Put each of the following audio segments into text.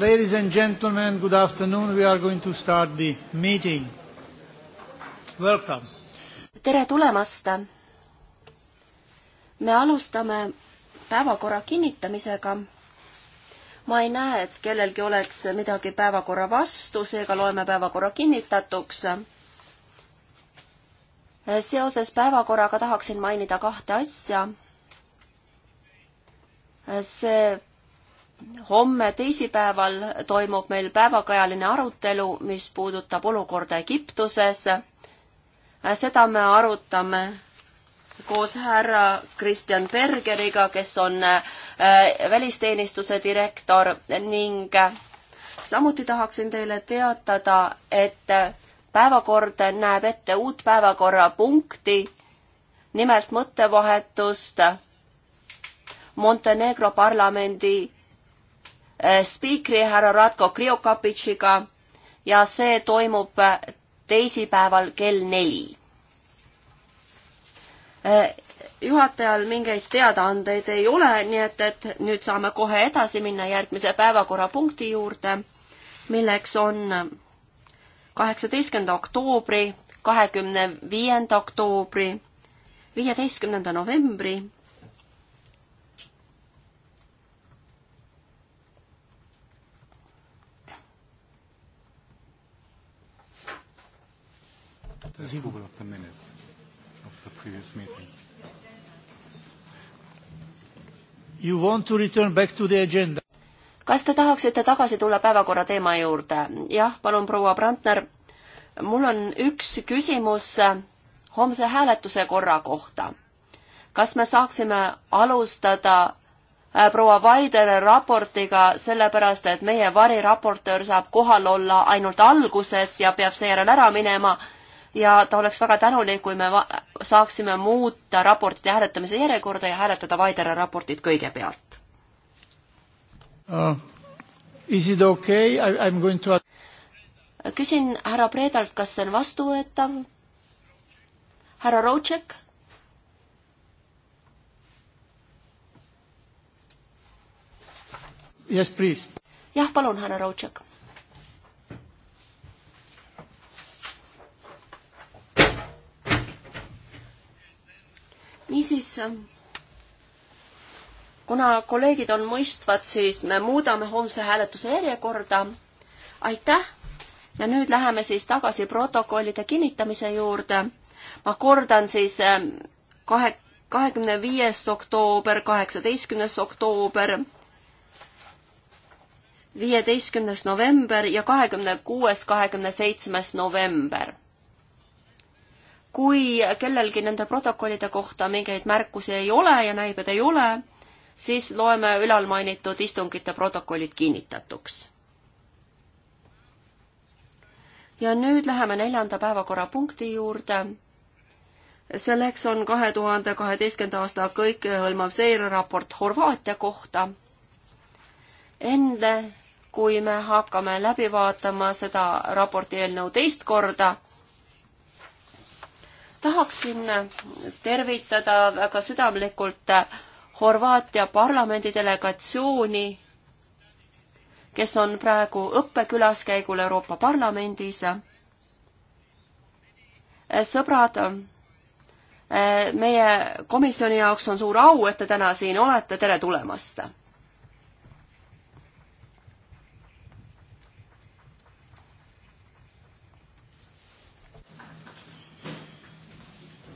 Ladies and gentlemen, good afternoon. We are going to start the meeting. Welcome. tere tulemast! me alustame päevakorra kinnitamisega. ma ei näe, et kellelgi oleks midagi päevakorra vastu, seega loeme päevakorra kinnitatuks. seoses päevakorraga tahaksin mainida kahte asja. see homme teisipäeval toimub meil päevakajaline arutelu, mis puudutab olukorda Egiptuses. seda me arutame koos härra Kristjan Bergeriga, kes on äh, välisteenistuse direktor ning äh, samuti tahaksin teile teatada, et äh, päevakord näeb ette uut päevakorrapunkti, nimelt mõttevahetust Montenegro parlamendi Eh, spiikri härra Ratko Kriokapitšiga ja see toimub eh, teisipäeval kell neli. Eh, juhatajal mingeid teadaandeid ei ole, nii et, et nüüd saame kohe edasi minna järgmise päevakorrapunkti juurde, milleks on kaheksateistkümnenda oktoobri, kahekümne viienda oktoobri, viieteistkümnenda novembri approval of the minutes of the previous meeting. You want to return back to the agenda? kas te tahaksite tagasi tulla päevakorra teema juurde? jah, palun, proua Brandner. mul on üks küsimus äh, homse hääletuse korra kohta. kas me saaksime alustada äh, proua Vaidere raportiga, sellepärast et meie variraportöör saab kohal olla ainult alguses ja peab seejärel ära minema ja ta oleks väga tänulik, kui me saaksime muuta raportite hääletamise järjekorda ja hääletada Vaidere raportit kõigepealt uh,. Is it okay? I am going to uh, küsin härra Predalt, kas see on vastuvõetav? härra Rootšek? Yes, please. jah, palun, härra Rootšek niisiis, kuna kolleegid on mõistvad, siis me muudame homse hääletuse järjekorda. aitäh ja nüüd läheme siis tagasi protokollide kinnitamise juurde. ma kordan siis ähm, kahe, kahekümne viies oktoober, kaheksateistkümnes oktoober viieteistkümnes november ja kahekümne kuues, kahekümne seitsmes november kui kellelgi nende protokollide kohta mingeid märkusi ei ole ja näibeid ei ole, siis loeme ülalmainitud istungite protokollid kinnitatuks. ja nüüd läheme neljanda päevakorrapunkti juurde. selleks on kahe tuhande kaheteistkümnenda aasta kõikehõlmav seireraport Horvaatia kohta. enne, kui me hakkame läbi vaatama seda raporti eelnõu teist korda tahaksin tervitada väga südamlikult Horvaatia parlamendi delegatsiooni, kes on praegu õppekülaskäigul Euroopa Parlamendis. sõbrad, meie komisjoni jaoks on suur au, et te täna siin olete, tere tulemast!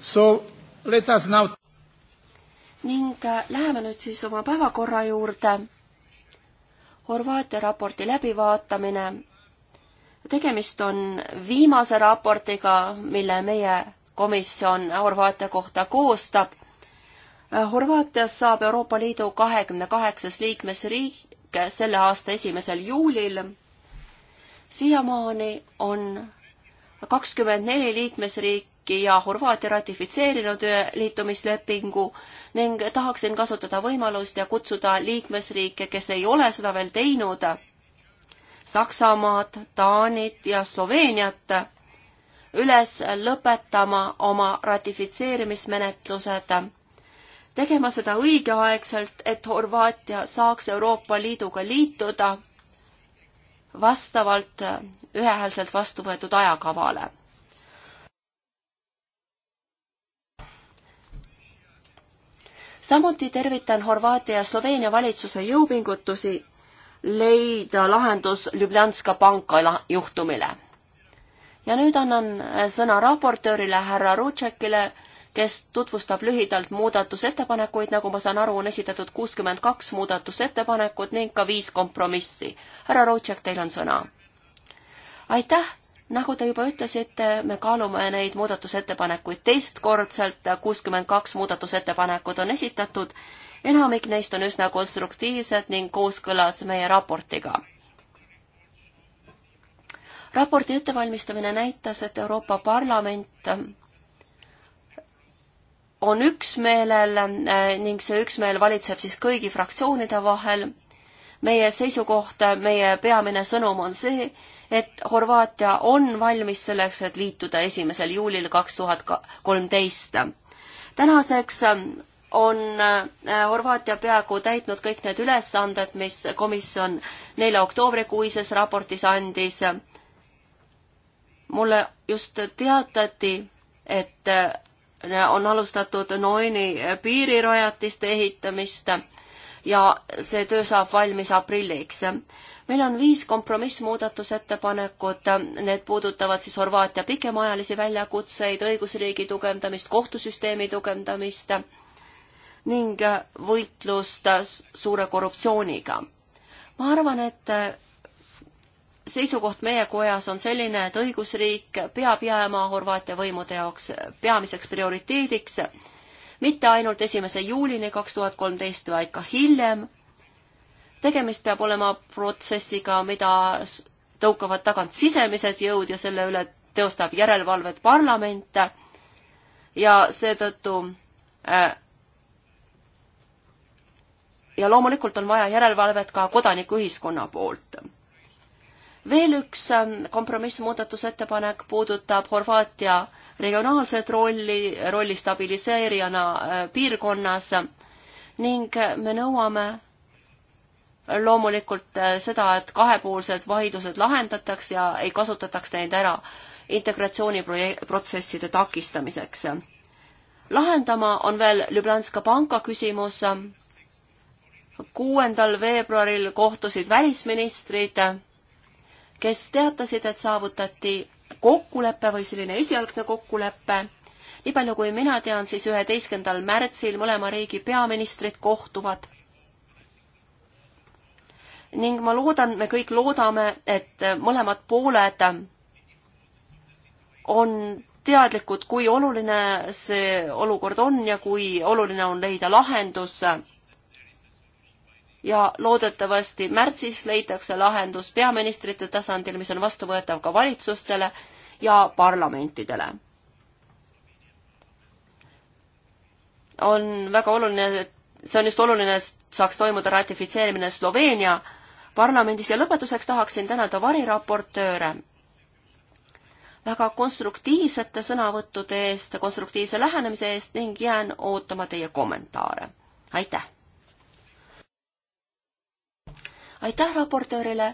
So let us now ning äh, läheme nüüd siis oma päevakorra juurde. Horvaatia raporti läbivaatamine. tegemist on viimase raportiga, mille meie komisjon Horvaatia kohta koostab. Äh, Horvaatias saab Euroopa Liidu kahekümne kaheksas liikmesriik äh, selle aasta esimesel juulil. siiamaani on kakskümmend neli liikmesriiki Slovakkia ja Horvaatia ratifitseerinud liitumislepingu ning tahaksin kasutada võimalust ja kutsuda liikmesriike, kes ei ole seda veel teinud, Saksamaad, Taanit ja Sloveeniat, üles lõpetama oma ratifitseerimismenetlused tegema seda õigeaegselt, et Horvaatia saaks Euroopa Liiduga liituda vastavalt ühehäälselt vastu võetud ajakavale. samuti tervitan Horvaatia ja Sloveenia valitsuse jõupingutusi leida lahendus Ljubljanska panka juhtumile. ja nüüd annan äh, sõna raportöörile härra Rutšekile, kes tutvustab lühidalt muudatusettepanekuid, nagu ma saan aru, on esitatud kuuskümmend kaks muudatusettepanekut ning ka viis kompromissi. härra Rutšek, teil on sõna. aitäh nagu te juba ütlesite, me kaalume neid muudatusettepanekuid teistkordselt, kuuskümmend kaks muudatusettepanekut on esitatud, enamik neist on üsna konstruktiivsed ning kooskõlas meie raportiga. raporti ettevalmistamine näitas, et Euroopa Parlament on üksmeelel eh, ning see üksmeel valitseb siis kõigi fraktsioonide vahel meie seisukoht, meie peamine sõnum on see, et Horvaatia on valmis selleks, et liituda esimesel juulil kaks tuhat kolmteist. tänaseks ähm, on äh, Horvaatia peaaegu täitnud kõik need ülesanded, mis komisjon neile oktoobrikuises raportis andis. mulle just teatati, et äh, on alustatud Noini piirirajatiste ehitamist ja see töö saab valmis aprilliks. meil on viis kompromissmuudatusettepanekut, need puudutavad siis Horvaatia pikemaajalisi väljakutseid, õigusriigi tugevdamist, kohtusüsteemi tugevdamist ning võitlust suure korruptsiooniga. ma arvan, et seisukoht meie kojas on selline, et õigusriik peab jääma Horvaatia võimude jaoks peamiseks prioriteediks mitte ainult esimese juulini kaks tuhat kolmteist, vaid ka hiljem. tegemist peab olema protsessiga, mida tõukavad tagant sisemised jõud ja selle üle teostab järelevalvet parlament ja seetõttu äh, ja loomulikult on vaja järelevalvet ka kodanikuühiskonna poolt veel üks ähm, kompromissmuudatusettepanek puudutab Horvaatia regionaalset rolli, rolli stabiliseerijana äh, piirkonnas ning äh, me nõuame loomulikult äh, seda, et kahepoolsed vaidlused lahendataks ja ei kasutataks neid ära integratsiooniprotsesside takistamiseks. lahendama on veel Ljubljanska panka küsimus. kuuendal veebruaril kohtusid välisministrid kes teatasid, et saavutati kokkulepe või selline esialgne kokkulepe. nii palju kui mina tean, siis üheteistkümnendal märtsil mõlema riigi peaministrid kohtuvad. ning ma loodan, me kõik loodame, et mõlemad pooled on teadlikud, kui oluline see olukord on ja kui oluline on leida lahendus ja loodetavasti märtsis leitakse lahendus peaministrite tasandil, mis on vastuvõetav ka valitsustele ja parlamentidele. on väga oluline, et see on just oluline, et saaks toimuda ratifitseerimine Sloveenia parlamendis ja lõpetuseks tahaksin tänada variraportööre väga konstruktiivsete sõnavõttude eest, konstruktiivse lähenemise eest ning jään ootama teie kommentaare. aitäh! aitäh raportöörile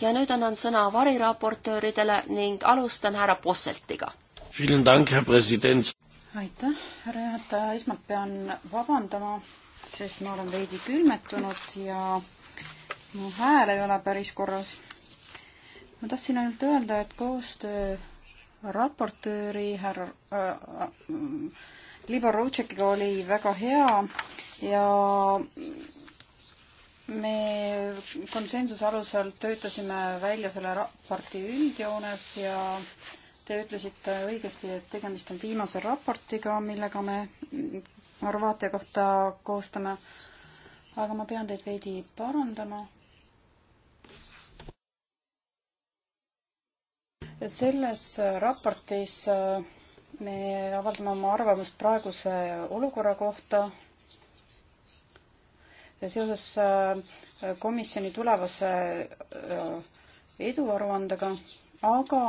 ja nüüd annan sõna variraportööridele ning alustan härra Posseltiga. aitäh, härra juhataja, esmalt pean vabandama, sest ma olen veidi külmetunud ja mu hääl ei ole päris korras. ma tahtsin ainult öelda, et koostöö raportööri härra äh, äh Libor Rutšekiga oli väga hea ja me konsensuse alusel töötasime välja selle raporti üldjooned ja te ütlesite õigesti, et tegemist on viimase raportiga, millega me Horvaatia kohta koostame. aga ma pean teid veidi parandama. selles raportis me avaldame oma arvamust praeguse olukorra kohta seoses äh, komisjoni tulevase äh, eduaruandega, aga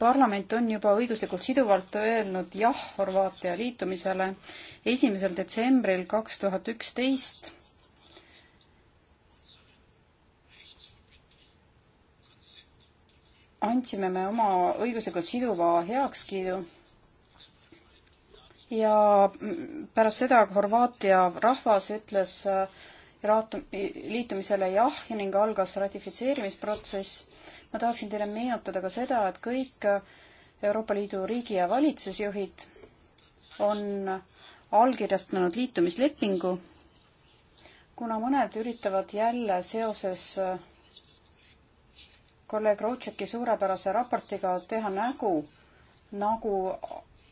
parlament on juba õiguslikult siduvalt öelnud jah Horvaatia liitumisele esimesel detsembril kaks tuhat üksteist. andsime me oma õiguslikult siduva heakskiidu ja pärast seda Horvaatia rahvas ütles äh, liitumisele jah ning algas ratifitseerimisprotsess. ma tahaksin teile meenutada ka seda, et kõik äh, Euroopa Liidu riigi- ja valitsusjuhid on allkirjastanud liitumislepingu, kuna mõned üritavad jälle seoses äh, kolleeg Rootšeki suurepärase raportiga teha nägu, nagu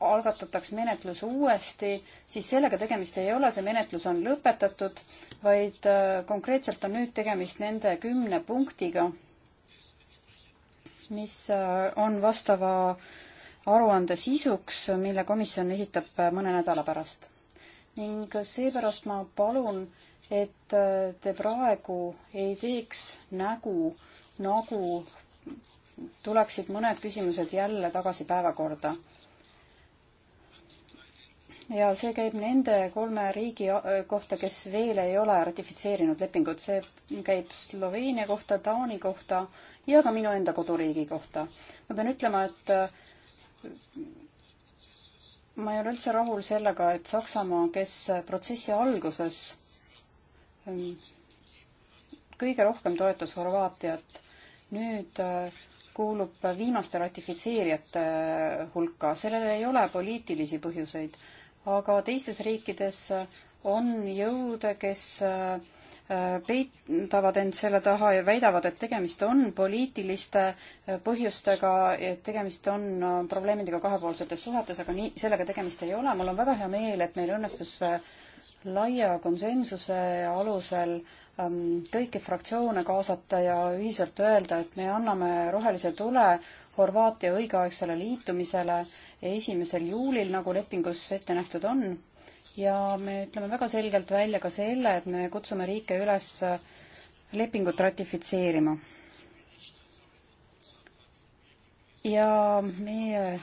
algatatakse menetlus uuesti, siis sellega tegemist ei ole, see menetlus on lõpetatud, vaid äh, konkreetselt on nüüd tegemist nende kümne punktiga, mis äh, on vastava aruande sisuks, mille komisjon esitab äh, mõne nädala pärast. ning seepärast ma palun, et te praegu ei teeks nägu, nagu tuleksid mõned küsimused jälle tagasi päevakorda ja see käib nende kolme riigi kohta, kes veel ei ole ratifitseerinud lepingut. see käib Sloveenia kohta, Taani kohta ja ka minu enda koduriigi kohta. ma pean ütlema, et ma ei ole üldse rahul sellega, et Saksamaa, kes protsessi alguses kõige rohkem toetas Horvaatiat, nüüd kuulub viimaste ratifitseerijate hulka, sellel ei ole poliitilisi põhjuseid aga teistes riikides on jõude, kes äh, peitavad end selle taha ja väidavad, et tegemist on poliitiliste äh, põhjustega, et tegemist on äh, probleemidega kahepoolsetes suhetes, aga nii, sellega tegemist ei ole. mul on väga hea meel, et meil õnnestus laia konsensuse alusel ähm, kõiki fraktsioone kaasata ja ühiselt öelda, et me anname rohelise tule Horvaatia õigeaegsele liitumisele äh, esimesel juulil, nagu lepingus ette nähtud on, ja me ütleme väga selgelt välja ka selle, et me kutsume riike üles lepingut ratifitseerima. ja meie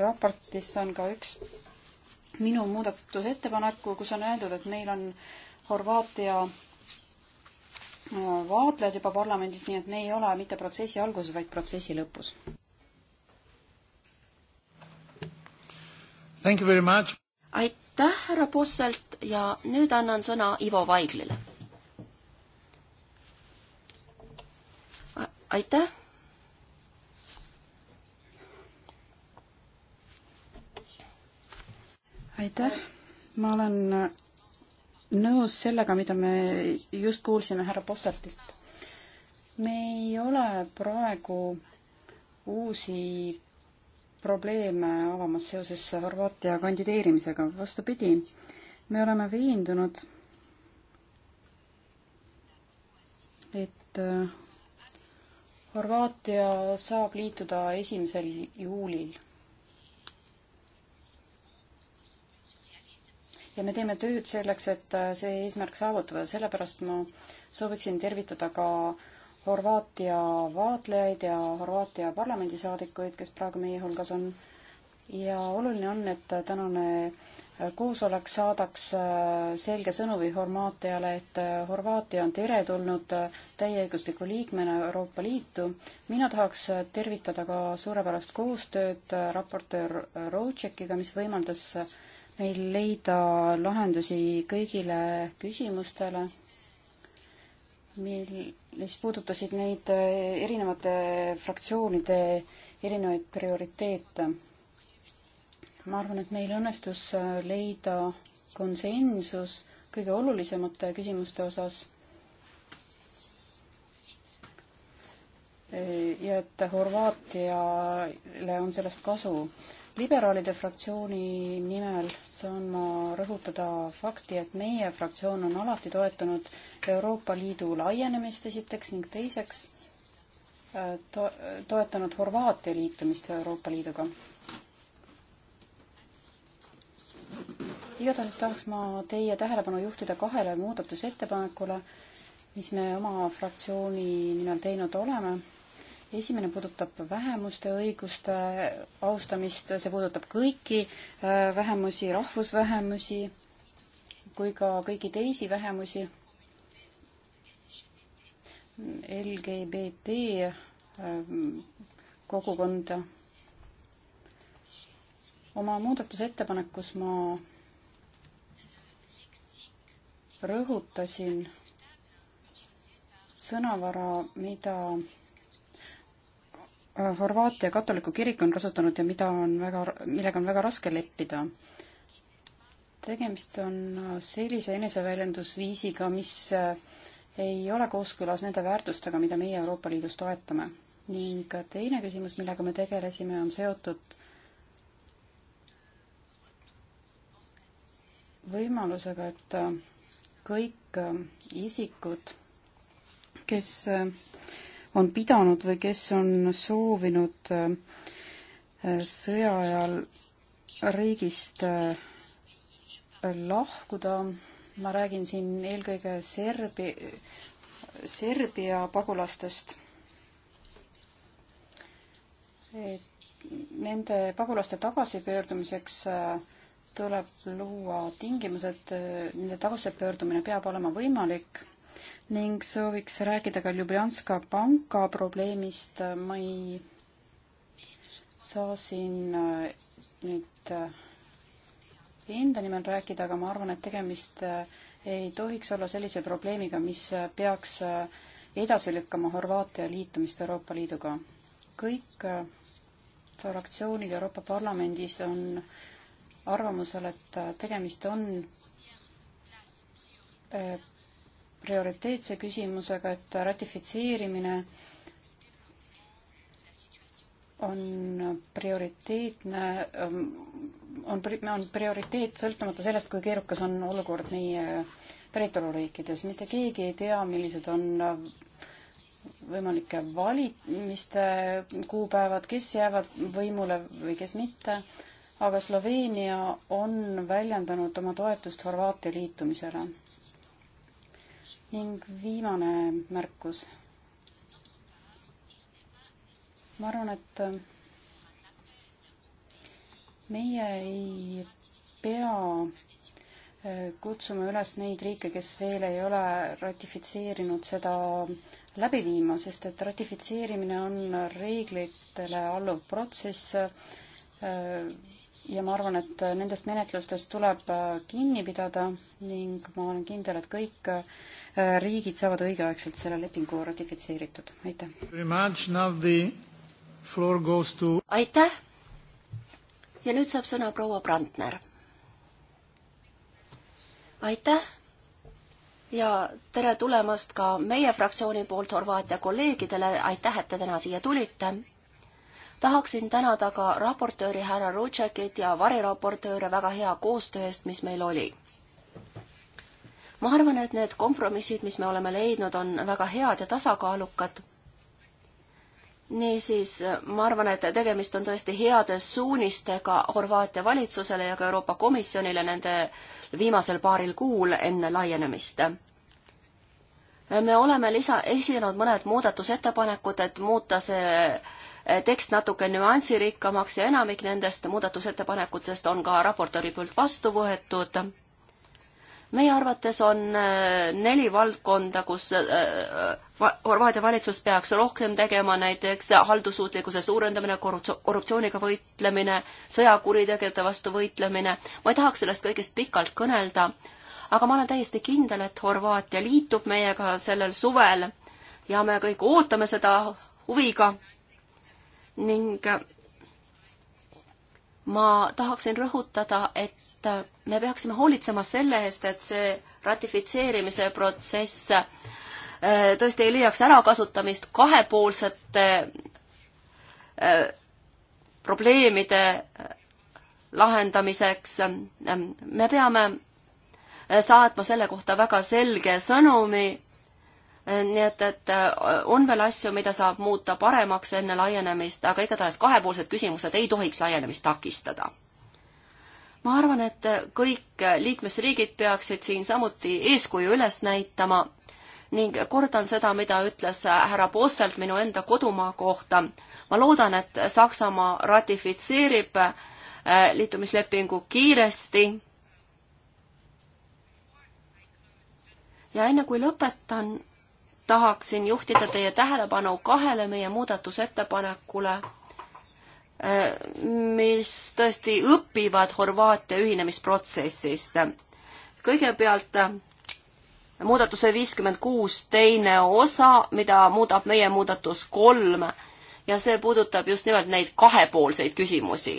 raportis on ka üks minu muudatusettepaneku, kus on öeldud, et meil on Horvaatia vaatlejad juba parlamendis, nii et me ei ole mitte protsessi alguses, vaid protsessi lõpus. aitäh, härra Posselt ja nüüd annan sõna Ivo Vaiglile. aitäh. aitäh, ma olen äh, nõus sellega, mida me just kuulsime härra Posseltilt. me ei ole praegu uusi probleeme avamas seoses Horvaatia kandideerimisega. vastupidi, me oleme veendunud, et äh, Horvaatia saab liituda esimesel juulil. ja me teeme tööd selleks, et äh, see eesmärk saavutada, sellepärast ma sooviksin tervitada ka äh, Horvaatia vaatlejaid ja Horvaatia parlamendisaadikuid, kes praegu meie hulgas on. ja oluline on, et tänane koosolek saadaks selge sõnumi Horvaatiale, et Horvaatia on teretulnud täieõigusliku liikmena Euroopa Liitu. mina tahaks tervitada ka suurepärast koostööd raportöör Rootšekiga, mis võimaldas meil leida lahendusi kõigile küsimustele, mil mis puudutasid neid eh, erinevate fraktsioonide erinevaid prioriteete. ma arvan, et meil õnnestus eh, leida konsensus kõige olulisemate küsimuste osas eh, ja et Horvaatiale on sellest kasu liberaalide fraktsiooni nimel saan ma rõhutada fakti, et meie fraktsioon on alati toetanud Euroopa Liidu laienemist esiteks ning teiseks äh, to-, toetanud Horvaatia liitumist Euroopa Liiduga. igatahes tahaks ma teie tähelepanu juhtida kahele muudatusettepanekule, mis me oma fraktsiooni nimel teinud oleme esimene puudutab vähemuste õiguste austamist, see puudutab kõiki äh, vähemusi, rahvusvähemusi kui ka kõiki teisi vähemusi. LGBT äh, kogukonda. oma muudatusettepanekus ma rõhutasin sõnavara, mida Horvaatia katoliku kirik on kasutanud ja mida on väga, millega on väga raske leppida. tegemist on sellise eneseväljendusviisiga, mis eh, ei ole kooskõlas nende väärtustega, mida meie Euroopa Liidus toetame. ning teine küsimus, millega me tegelesime, on seotud võimalusega, et kõik eh, isikud, kes eh, on pidanud või kes on soovinud äh, sõja ajal riigist äh, lahkuda. ma räägin siin eelkõige Serbi, Serbia pagulastest. et nende pagulaste tagasipöördumiseks äh, tuleb luua tingimused, nende tagasipöördumine peab olema võimalik ning sooviks rääkida ka Ljubljanska panka probleemist. ma ei saa siin äh, nüüd äh, enda nimel rääkida, aga ma arvan, et tegemist äh, ei tohiks olla sellise probleemiga, mis peaks edasi lükkama Horvaatia liitumist Euroopa Liiduga. kõik fraktsioonid Euroopa Parlamendis on arvamusel, et tegemist on prioriteetse küsimusega, et ratifitseerimine on prioriteetne, on, on prioriteet sõltumata sellest, kui keerukas on olukord meie päritoluriikides. mitte keegi ei tea, millised on võimalike valimiste kuupäevad, kes jäävad võimule või kes mitte, aga Sloveenia on väljendanud oma toetust Horvaatia liitumisele ning viimane märkus. ma arvan, et äh, meie ei pea äh, kutsume üles neid riike, kes veel ei ole ratifitseerinud seda läbi viima, sest et ratifitseerimine on reeglitele alluv protsess äh, ja ma arvan, et nendest menetlustest tuleb kinni pidada ning ma olen kindel, et kõik riigid saavad õigeaegselt selle lepingu ratifitseeritud, aitäh. aitäh ja nüüd saab sõna proua Brandner. aitäh ja tere tulemast ka meie fraktsiooni poolt Horvaatia kolleegidele, aitäh, et te täna siia tulite. tahaksin tänada ka raportööri härra Rutšekit ja variraportööre väga hea koostöö eest, mis meil oli ma arvan, et need kompromissid, mis me oleme leidnud, on väga head ja tasakaalukad niisiis, ma arvan, et tegemist on tõesti heade suunistega Horvaatia valitsusele ja ka Euroopa Komisjonile nende viimasel paaril kuul enne laienemist. me oleme lisa, esinenud mõned muudatusettepanekud, et muuta see tekst natuke nüansirikkamaks ja enamik nendest muudatusettepanekutest on ka raportööri poolt vastu võetud meie arvates on äh, neli valdkonda, kus äh, äh, Horvaatia valitsus peaks rohkem tegema, näiteks haldussuutlikkuse suurendamine, korruptsiooniga võitlemine, sõjakuritegude vastu võitlemine. ma ei tahaks sellest kõigest pikalt kõnelda, aga ma olen täiesti kindel, et Horvaatia liitub meiega sellel suvel ja me kõik ootame seda huviga ning ma tahaksin rõhutada, et et me peaksime hoolitsema selle eest, et see ratifitseerimise protsess äh, tõesti ei leiaks ärakasutamist kahepoolsete äh, probleemide äh, lahendamiseks. me peame saatma selle kohta väga selge sõnumi nii et, et on veel asju, mida saab muuta paremaks enne laienemist, aga igatahes kahepoolsed küsimused ei tohiks laienemist takistada ma arvan, et kõik liikmesriigid peaksid siin samuti eeskuju üles näitama ning kordan seda, mida ütles härra Posselt minu enda kodumaa kohta. ma loodan, et Saksamaa ratifitseerib äh, liitumislepingu kiiresti. ja enne kui lõpetan, tahaksin juhtida teie tähelepanu kahele meie muudatusettepanekule mis tõesti õpivad Horvaatia ühinemisprotsessist. kõigepealt äh, muudatuse viiskümmend kuus teine osa, mida muudab meie muudatus kolm ja see puudutab just nimelt neid kahepoolseid küsimusi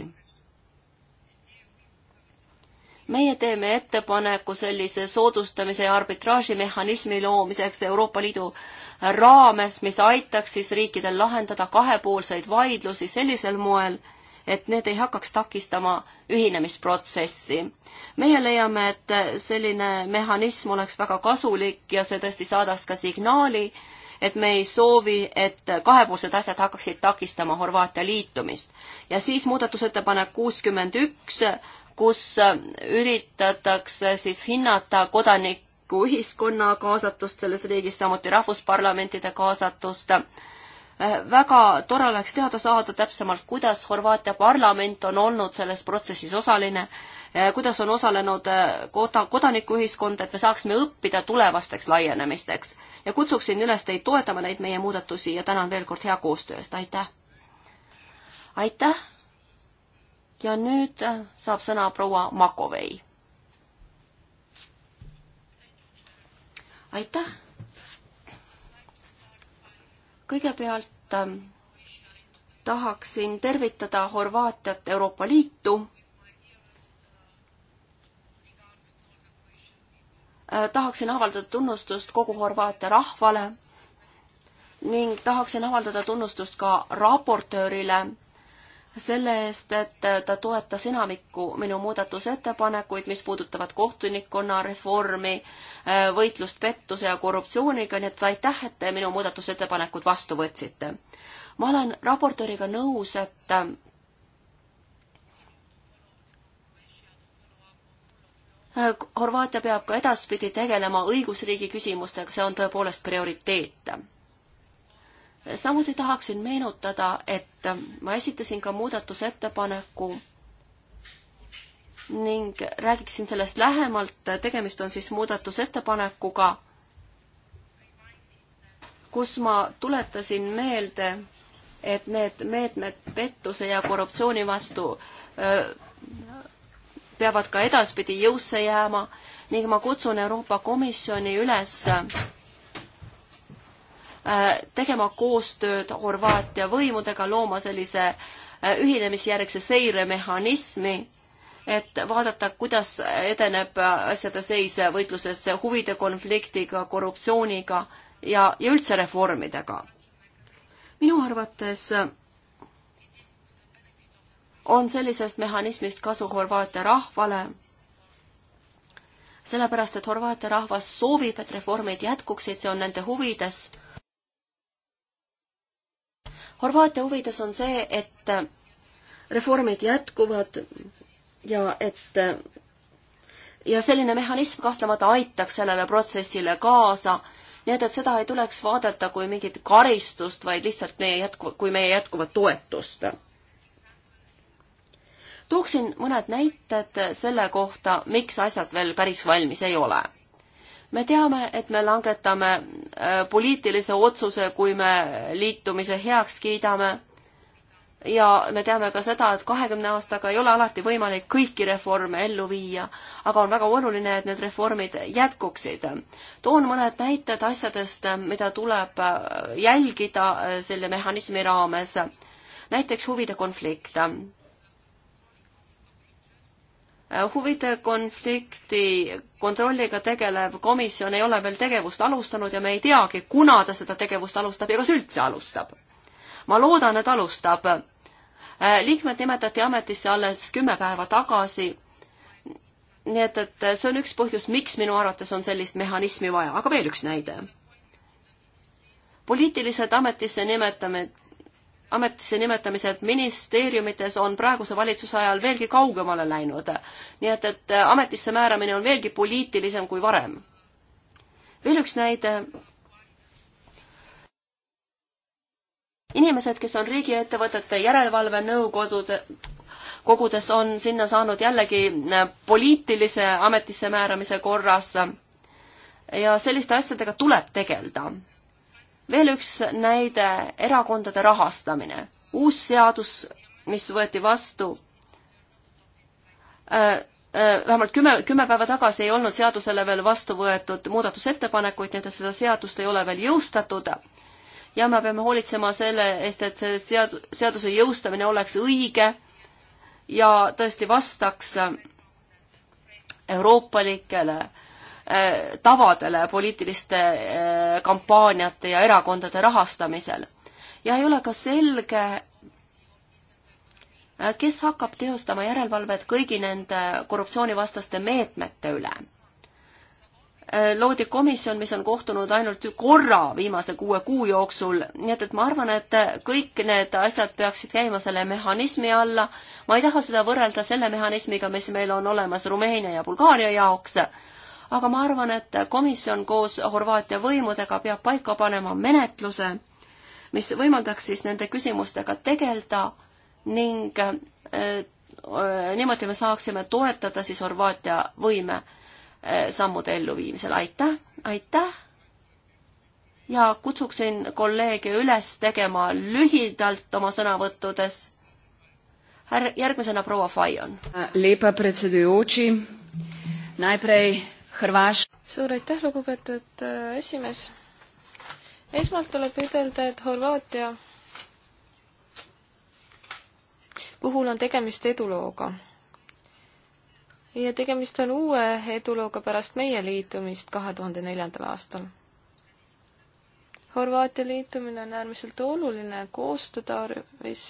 meie teeme ettepaneku sellise soodustamise ja arbitraažimehhanismi loomiseks Euroopa Liidu raames, mis aitaks siis riikidel lahendada kahepoolseid vaidlusi sellisel moel, et need ei hakkaks takistama ühinemisprotsessi. meie leiame, et selline mehhanism oleks väga kasulik ja see tõesti saadaks ka signaali, et me ei soovi, et kahepoolsed asjad hakkaksid takistama Horvaatia liitumist. ja siis muudatusettepanek kuuskümmend üks, kus äh, üritatakse siis hinnata kodanikuühiskonna kaasatust selles riigis, samuti rahvusparlamentide kaasatust. Äh, väga tore oleks teada saada täpsemalt, kuidas Horvaatia parlament on olnud selles protsessis osaline, äh, kuidas on osalenud koda-, kodanikuühiskond, et me saaksime õppida tulevasteks laienemisteks. ja kutsuksin üles teid toetama neid meie muudatusi ja tänan veel kord hea koostöö eest, aitäh! aitäh! ja nüüd äh, saab sõna proua Makovei. aitäh. kõigepealt ähm, tahaksin tervitada Horvaatiat Euroopa Liitu. Äh, tahaksin avaldada tunnustust kogu Horvaatia rahvale ning tahaksin avaldada tunnustust ka raportöörile selle eest, et ta toetas enamikku minu muudatusettepanekuid, mis puudutavad kohtunikkonna reformi, äh, võitlust pettuse ja korruptsiooniga, nii et aitäh, et te minu muudatusettepanekud vastu võtsite. ma olen raportööriga nõus, et äh, Horvaatia peab ka edaspidi tegelema õigusriigi küsimustega, see on tõepoolest prioriteet samuti tahaksin meenutada, et ma esitasin ka muudatusettepaneku ning räägiksin sellest lähemalt, tegemist on siis muudatusettepanekuga, kus ma tuletasin meelde, et need meetmed pettuse ja korruptsiooni vastu öö, peavad ka edaspidi jõusse jääma ning ma kutsun Euroopa Komisjoni üles Äh, tegema koostööd Horvaatia võimudega, looma sellise äh, ühinemisjärgse seiremehhanismi, et vaadata, kuidas edeneb asjade seis võitluses huvide konfliktiga, korruptsiooniga ja, ja üldse reformidega. minu arvates on sellisest mehhanismist kasu Horvaatia rahvale, sellepärast et Horvaatia rahvas soovib, et reformid jätkuksid, see on nende huvides Horvaatia huvides on see, et reformid jätkuvad ja et ja selline mehhanism kahtlemata aitaks sellele protsessile kaasa, nii et, et seda ei tuleks vaadelda kui mingit karistust, vaid lihtsalt meie jätku, kui meie jätkuvat toetust. tooksin mõned näited selle kohta, miks asjad veel päris valmis ei ole me teame, et me langetame äh, poliitilise otsuse, kui me liitumise heaks kiidame. ja me teame ka seda, et kahekümne aastaga ei ole alati võimalik kõiki reforme ellu viia, aga on väga oluline, et need reformid jätkuksid. toon mõned näited asjadest, mida tuleb äh, jälgida äh, selle mehhanismi raames. näiteks huvide konflikt Äh, huvide konflikti kontrolliga tegelev komisjon ei ole veel tegevust alustanud ja me ei teagi, kuna ta seda tegevust alustab ja kas üldse alustab. ma loodan, et alustab. Äh, liikmed nimetati ametisse alles kümme päeva tagasi. nii et, et see on üks põhjus, miks minu arvates on sellist mehhanismi vaja, aga veel üks näide. poliitilised ametisse nimetamised ametisse nimetamised ministeeriumites on praeguse valitsuse ajal veelgi kaugemale läinud. nii et, et ametisse määramine on veelgi poliitilisem kui varem. veel üks näide. inimesed, kes on riigiettevõtete järelevalvenõukogude, kogudes on sinna saanud jällegi äh, poliitilise ametisse määramise korras ja selliste asjadega tuleb tegeleda veel üks näide, erakondade rahastamine. uus seadus, mis võeti vastu äh, äh, vähemalt kümme, kümme päeva tagasi ei olnud seadusele veel vastu võetud muudatusettepanekuid, nii et seda seadust ei ole veel jõustatud. ja me peame hoolitsema selle eest, et see sead-, seaduse jõustamine oleks õige ja tõesti vastaks euroopalikele Äh, tavadele poliitiliste äh, kampaaniate ja erakondade rahastamisel. ja ei ole ka selge, äh, kes hakkab teostama järelevalvet kõigi nende korruptsioonivastaste meetmete üle loodi komisjon, mis on kohtunud ainult korra viimase kuue kuu jooksul, nii et, et ma arvan, et kõik need asjad peaksid käima selle mehhanismi alla. ma ei taha seda võrrelda selle mehhanismiga, mis meil on olemas Rumeenia ja Bulgaaria jaoks, aga ma arvan, et komisjon koos Horvaatia võimudega peab paika panema menetluse, mis võimaldaks siis nende küsimustega tegeleda ning äh, niimoodi me saaksime toetada siis Horvaatia võime äh, sammude elluviimisel. aitäh, aitäh! ja kutsuksin kolleege üles tegema lühidalt oma sõnavõttudes Här, järgmisena proua Fajon. Lepa predsedujoči. Najprej Hrvaš-. suur aitäh, lugupeetud äh, esimees. esmalt tuleb ütelda, et Horvaatia puhul on tegemist edulooga. ja tegemist on uue edulooga pärast meie liitumist kahe tuhande neljandal aastal. Horvaatia liitumine on äärmiselt oluline koostöötarvis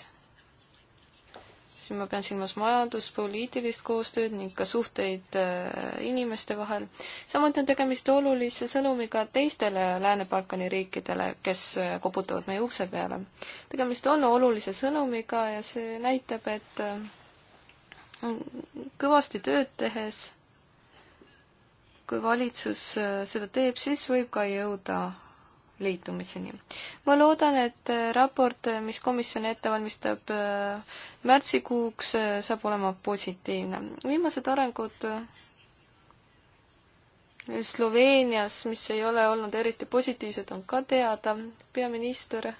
siin ma pean silmas majanduspoliitilist koostööd ning ka suhteid äh, inimeste vahel. samuti on tegemist olulise sõnumiga teistele Lääne-Balkani riikidele, kes äh, koputavad meie ukse peale. tegemist on olulise sõnumiga ja see näitab, et äh, kõvasti tööd tehes, kui valitsus seda teeb, siis võib ka jõuda liitumiseni. ma loodan, et äh, raport, äh, mis komisjon ette valmistab äh, märtsikuuks, saab olema positiivne. viimased arengud Sloveenias, mis ei ole olnud eriti positiivsed, on ka teada. peaminister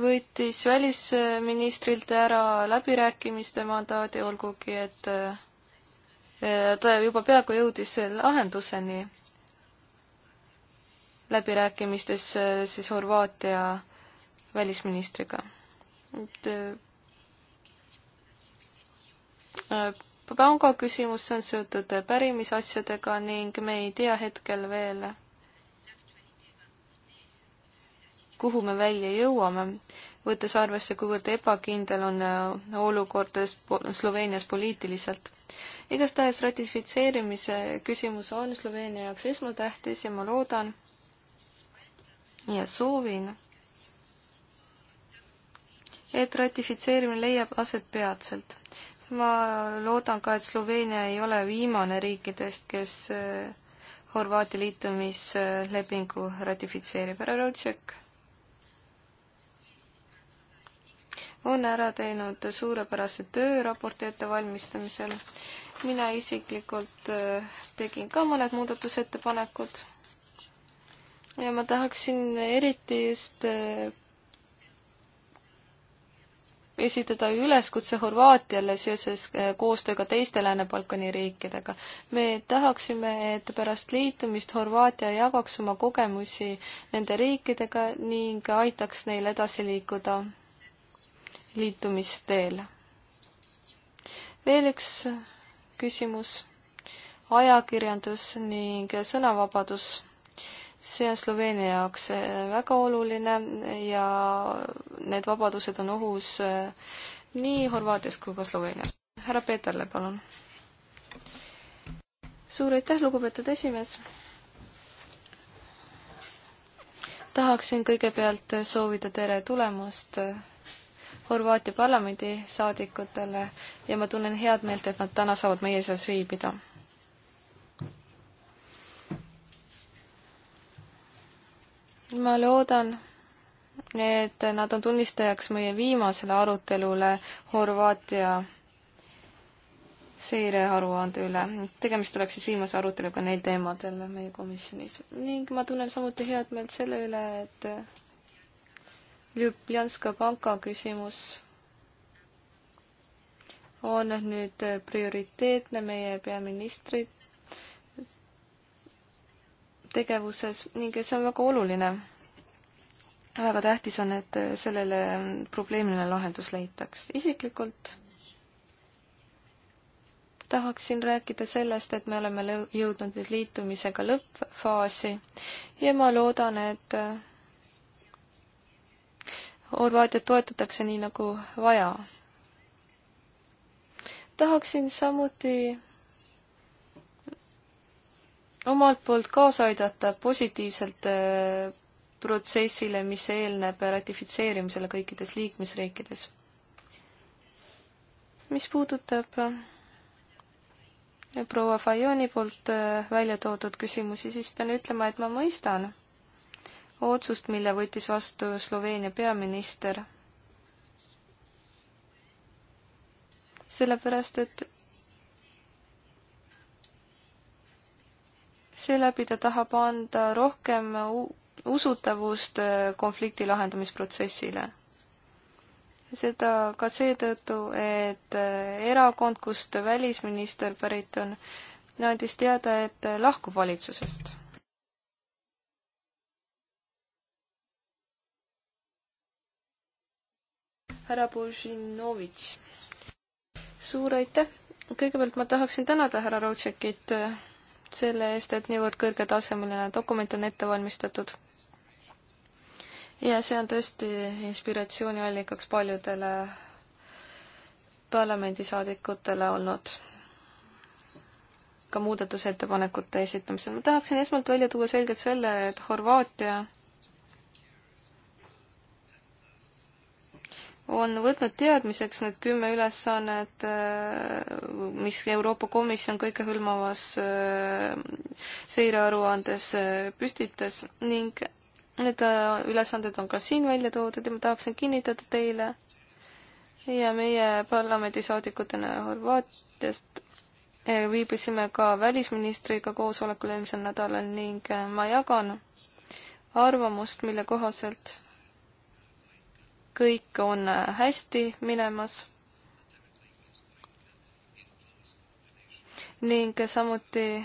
võttis välisministrilt ära läbirääkimiste mandaadi, olgugi et eh, ta juba peaaegu jõudis lahenduseni läbirääkimistes eh, siis Horvaatia välisministriga. et eh, panga küsimus on seotud pärimisasjadega ning me ei tea hetkel veel, kuhu me välja jõuame, võttes arvesse, kuivõrd ebakindel on äh, olukord Sloveenias poliitiliselt. igastahes ratifitseerimise küsimus on Sloveenia jaoks esmatähtis ja ma loodan ja soovin, et ratifitseerimine leiab aset peatselt. ma loodan ka, et Sloveenia ei ole viimane riikidest, kes äh, Horvaatia liitumislepingu ratifitseerib. härra Rootšek on ära teinud suurepärase töö raporti ettevalmistamisel. mina isiklikult äh, tegin ka mõned muudatusettepanekud ja ma tahaksin eriti just äh, esitada üleskutse Horvaatiale seoses äh, koostööga teiste Lääne-Balkani riikidega. me tahaksime, et pärast liitumist Horvaatia jagaks oma kogemusi nende riikidega ning aitaks neil edasi liikuda liitumisteel. veel üks küsimus, ajakirjandus ning sõnavabadus. see on Sloveenia jaoks eh, väga oluline ja need vabadused on ohus eh, nii Horvaatias kui ka Sloveenias. härra Peeterle, palun. suur aitäh, lugupeetud esimees tahaksin kõigepealt soovida tere tulemast eh, Horvaatia parlamendi saadikutele ja ma tunnen head meelt, et nad täna saavad meie seas viibida. ma loodan, et nad on tunnistajaks meie viimasele arutelule Horvaatia seirearuande üle. tegemist oleks siis viimase aruteluga neil teemadel meie komisjonis ning ma tunnen samuti head meelt selle üle, et Ljubljanska panka küsimus on nüüd prioriteetne meie peaministri tegevuses ning see on väga oluline. väga tähtis on, et sellele probleemile lahendus leitaks. isiklikult tahaksin rääkida sellest, et me oleme jõudnud nüüd liitumisega lõppfaasi ja ma loodan, et Horvaatiat toetatakse nii nagu vaja. tahaksin samuti omalt poolt kaasa aidata positiivselt eh, protsessile, mis eelneb ratifitseerimisele kõikides liikmesriikides. mis puudutab eh, proua Fajoni poolt eh, välja toodud küsimusi, siis pean ütlema, et ma mõistan otsust, mille võttis vastu Sloveenia peaminister. sellepärast, et seeläbi ta tahab anda rohkem usutavust äh, konflikti lahendamisprotsessile. seda ka seetõttu, et äh, erakond, kust välisminister pärit on, andis teada, et äh, lahkub valitsusest härra Bužinovitš. suur aitäh! kõigepealt ma tahaksin tänada härra Rootšekit äh, selle eest, et niivõrd kõrgetasemeline dokument on ette valmistatud. ja see on tõesti inspiratsiooniallikaks paljudele parlamendisaadikutele olnud ka muudatusettepanekute esitamisel. ma tahaksin esmalt välja tuua selgelt selle, et Horvaatia on võtnud teadmiseks need kümme ülesannet, äh, mis Euroopa Komisjon kõikehõlmavas äh, seirearuandes äh, püstitas ning need ülesanded on ka siin välja toodud ja ma tahaksin kinnitada teile ja meie parlamendisaadikutena Horvaatiast viibisime ka välisministriga koosolekul eelmisel nädalal ning ma jagan arvamust, mille kohaselt kõik on äh, hästi minemas. ning samuti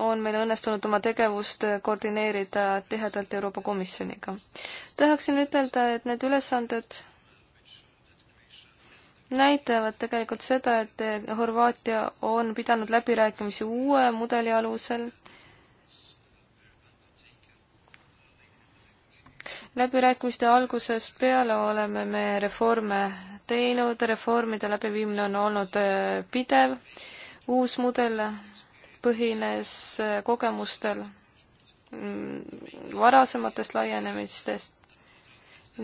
on meil õnnestunud oma tegevust koordineerida tihedalt Euroopa Komisjoniga. tahaksin ütelda, et need ülesanded näitavad tegelikult seda, et Horvaatia on pidanud läbirääkimisi uue mudeli alusel läbirääkimiste algusest peale oleme me reforme teinud, reformide läbiviimine on olnud äh, pidev, uus mudel põhines äh, kogemustel mm, varasematest laienemistest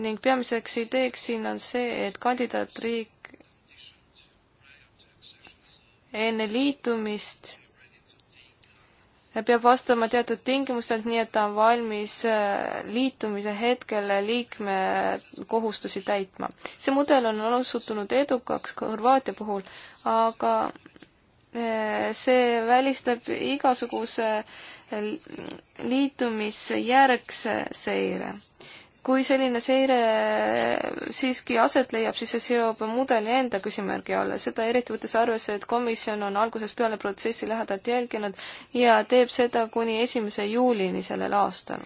ning peamiseks ideeks siin on see, et kandidaatriik enne liitumist peab vastama teatud tingimustelt, nii et ta on valmis äh, liitumise hetkel liikme kohustusi täitma. see mudel on osutunud edukaks ka Horvaatia puhul, aga äh, see välistab igasuguse äh, liitumisjärgse seire kui selline seire siiski aset leiab, siis see seob mudeli enda küsimärgi alla, seda eriti võttes arvesse, et komisjon on algusest peale protsessi lähedalt jälginud ja teeb seda kuni esimese juulini sellel aastal.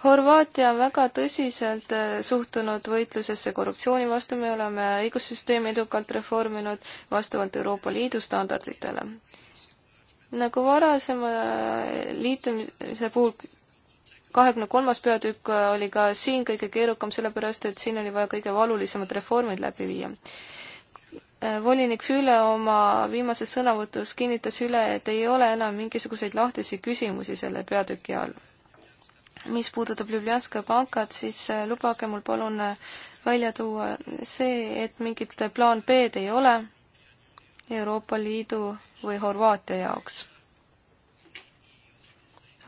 Horvaatia on väga tõsiselt äh, suhtunud võitlusesse korruptsiooni vastu, me oleme õigussüsteemi edukalt reforminud vastavalt Euroopa Liidu standarditele. nagu varasema äh, liitumise puhul kahekümne kolmas peatükk äh, oli ka siin kõige keerukam, sellepärast et siin oli vaja kõige valulisemad reformid läbi viia. Äh, volinik Füle oma viimases sõnavõtus kinnitas üle, et ei ole enam mingisuguseid lahtisi küsimusi selle peatüki all. mis puudutab Ljubljanska pankat, siis äh, lubage mul palun välja tuua see, et mingit plaan B-d ei ole Euroopa Liidu või Horvaatia jaoks.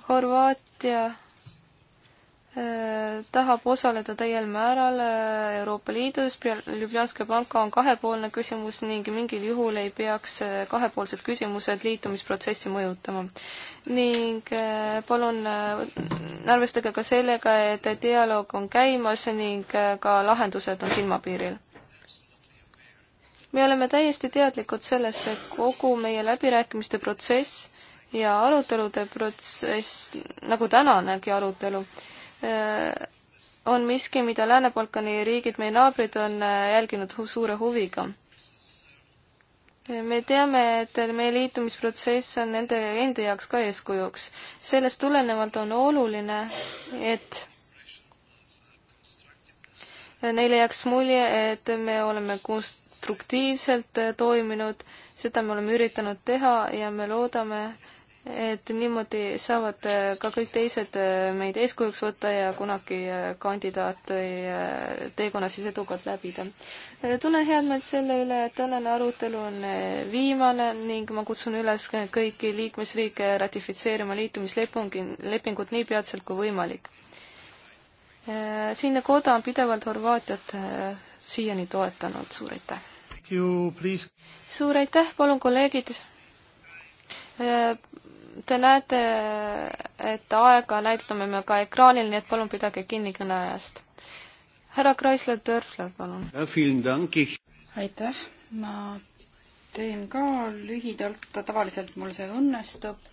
Horvaatia Äh, tahab osaleda täiel määral äh, Euroopa Liidus, Ljubljanska panka on kahepoolne küsimus ning mingil juhul ei peaks äh, kahepoolsed küsimused liitumisprotsessi mõjutama. ning palun arvestage ka sellega, et dialoog on käimas ning ka lahendused on silmapiiril. me oleme täiesti teadlikud sellest, et kogu meie läbirääkimiste protsess ja arutelude protsess, nagu tänanegi arutelu, Äh, on miski, mida Lääne-Balkani riigid, meie naabrid, on äh, jälginud suure huviga. Äh, me teame, et meie liitumisprotsess on nende endi jaoks ka eeskujuks. sellest tulenevalt on oluline, et neile jääks mulje, et me oleme konstruktiivselt toiminud, seda me oleme üritanud teha ja me loodame, et niimoodi saavad äh, ka kõik teised äh, meid eeskujuks võtta ja kunagi äh, kandidaat teekonna siis edukalt läbida. tunnen head meelt selle üle, et tänane arutelu on viimane ning ma kutsun üles kõiki liikmesriike ratifitseerima liitumislepingut nii peatselt kui võimalik. siinne koda on pidevalt Horvaatiat siiani toetanud, suur aitäh! suur aitäh, palun kolleegid! Te näete, et aega näitame me ka ekraanil, nii et palun pidage kinni kõneajast. härra Kreisler-Dörfler, palun. aitäh, ma teen ka lühidalt, tavaliselt mul see õnnestub.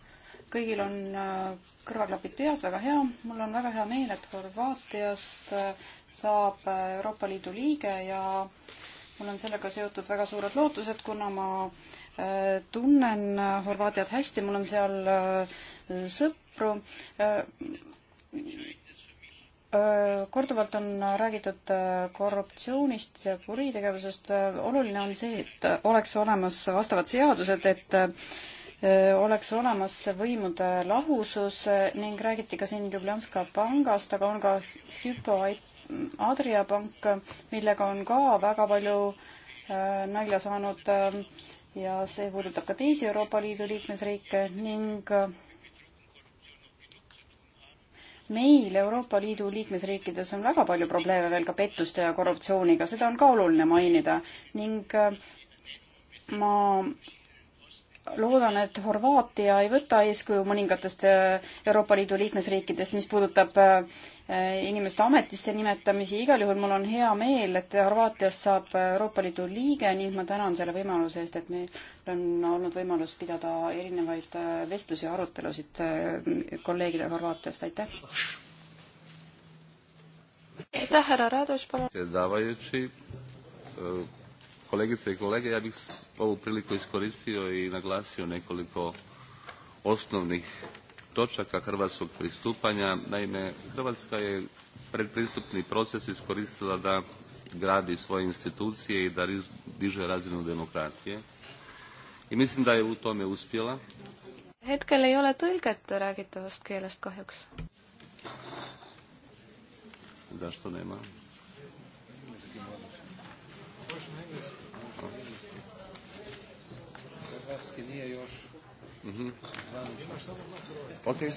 kõigil on äh, kõrvaklapid peas, väga hea. mul on väga hea meel, et Horvaatiast äh, saab äh, Euroopa Liidu liige ja mul on sellega seotud väga suured lootused, kuna ma äh, Äh, tunnen Horvaatiat hästi, mul on seal äh, sõpru. Äh, korduvalt on räägitud korruptsioonist ja kuritegevusest. oluline on see, et oleks olemas vastavad seadused, et oleks olemas võimude lahusus ning räägiti ka siin Ljubljanska pangast, aga on ka Hüpo Adria pank, millega on ka väga palju nalja saanud ja see puudutab ka teisi Euroopa Liidu liikmesriike ning äh, meil Euroopa Liidu liikmesriikides on väga palju probleeme veel ka pettuste ja korruptsiooniga, seda on ka oluline mainida ning äh, ma loodan, et Horvaatia ei võta eeskuju mõningatest äh, Euroopa Liidu liikmesriikidest, mis puudutab äh, inimeste ametisse nimetamisi. igal juhul mul on hea meel, et Horvaatiast saab Euroopa Liidu liige ning ma tänan selle võimaluse eest, et meil on olnud võimalus pidada erinevaid äh, vestlusi ja arutelusid kolleegidega Horvaatiast, aitäh! aitäh, härra Radoš, palun! kolegice i kolege. Ja bih ovu priliku iskoristio i naglasio nekoliko osnovnih točaka hrvatskog pristupanja. Naime, Hrvatska je predpristupni proces iskoristila da gradi svoje institucije i da diže razinu demokracije. I mislim da je u tome uspjela. Hetkel ei ole tõlget räägitavast keelest kahjuks. Zašto nema? Hrvatske nije još Mhm. Mm okay.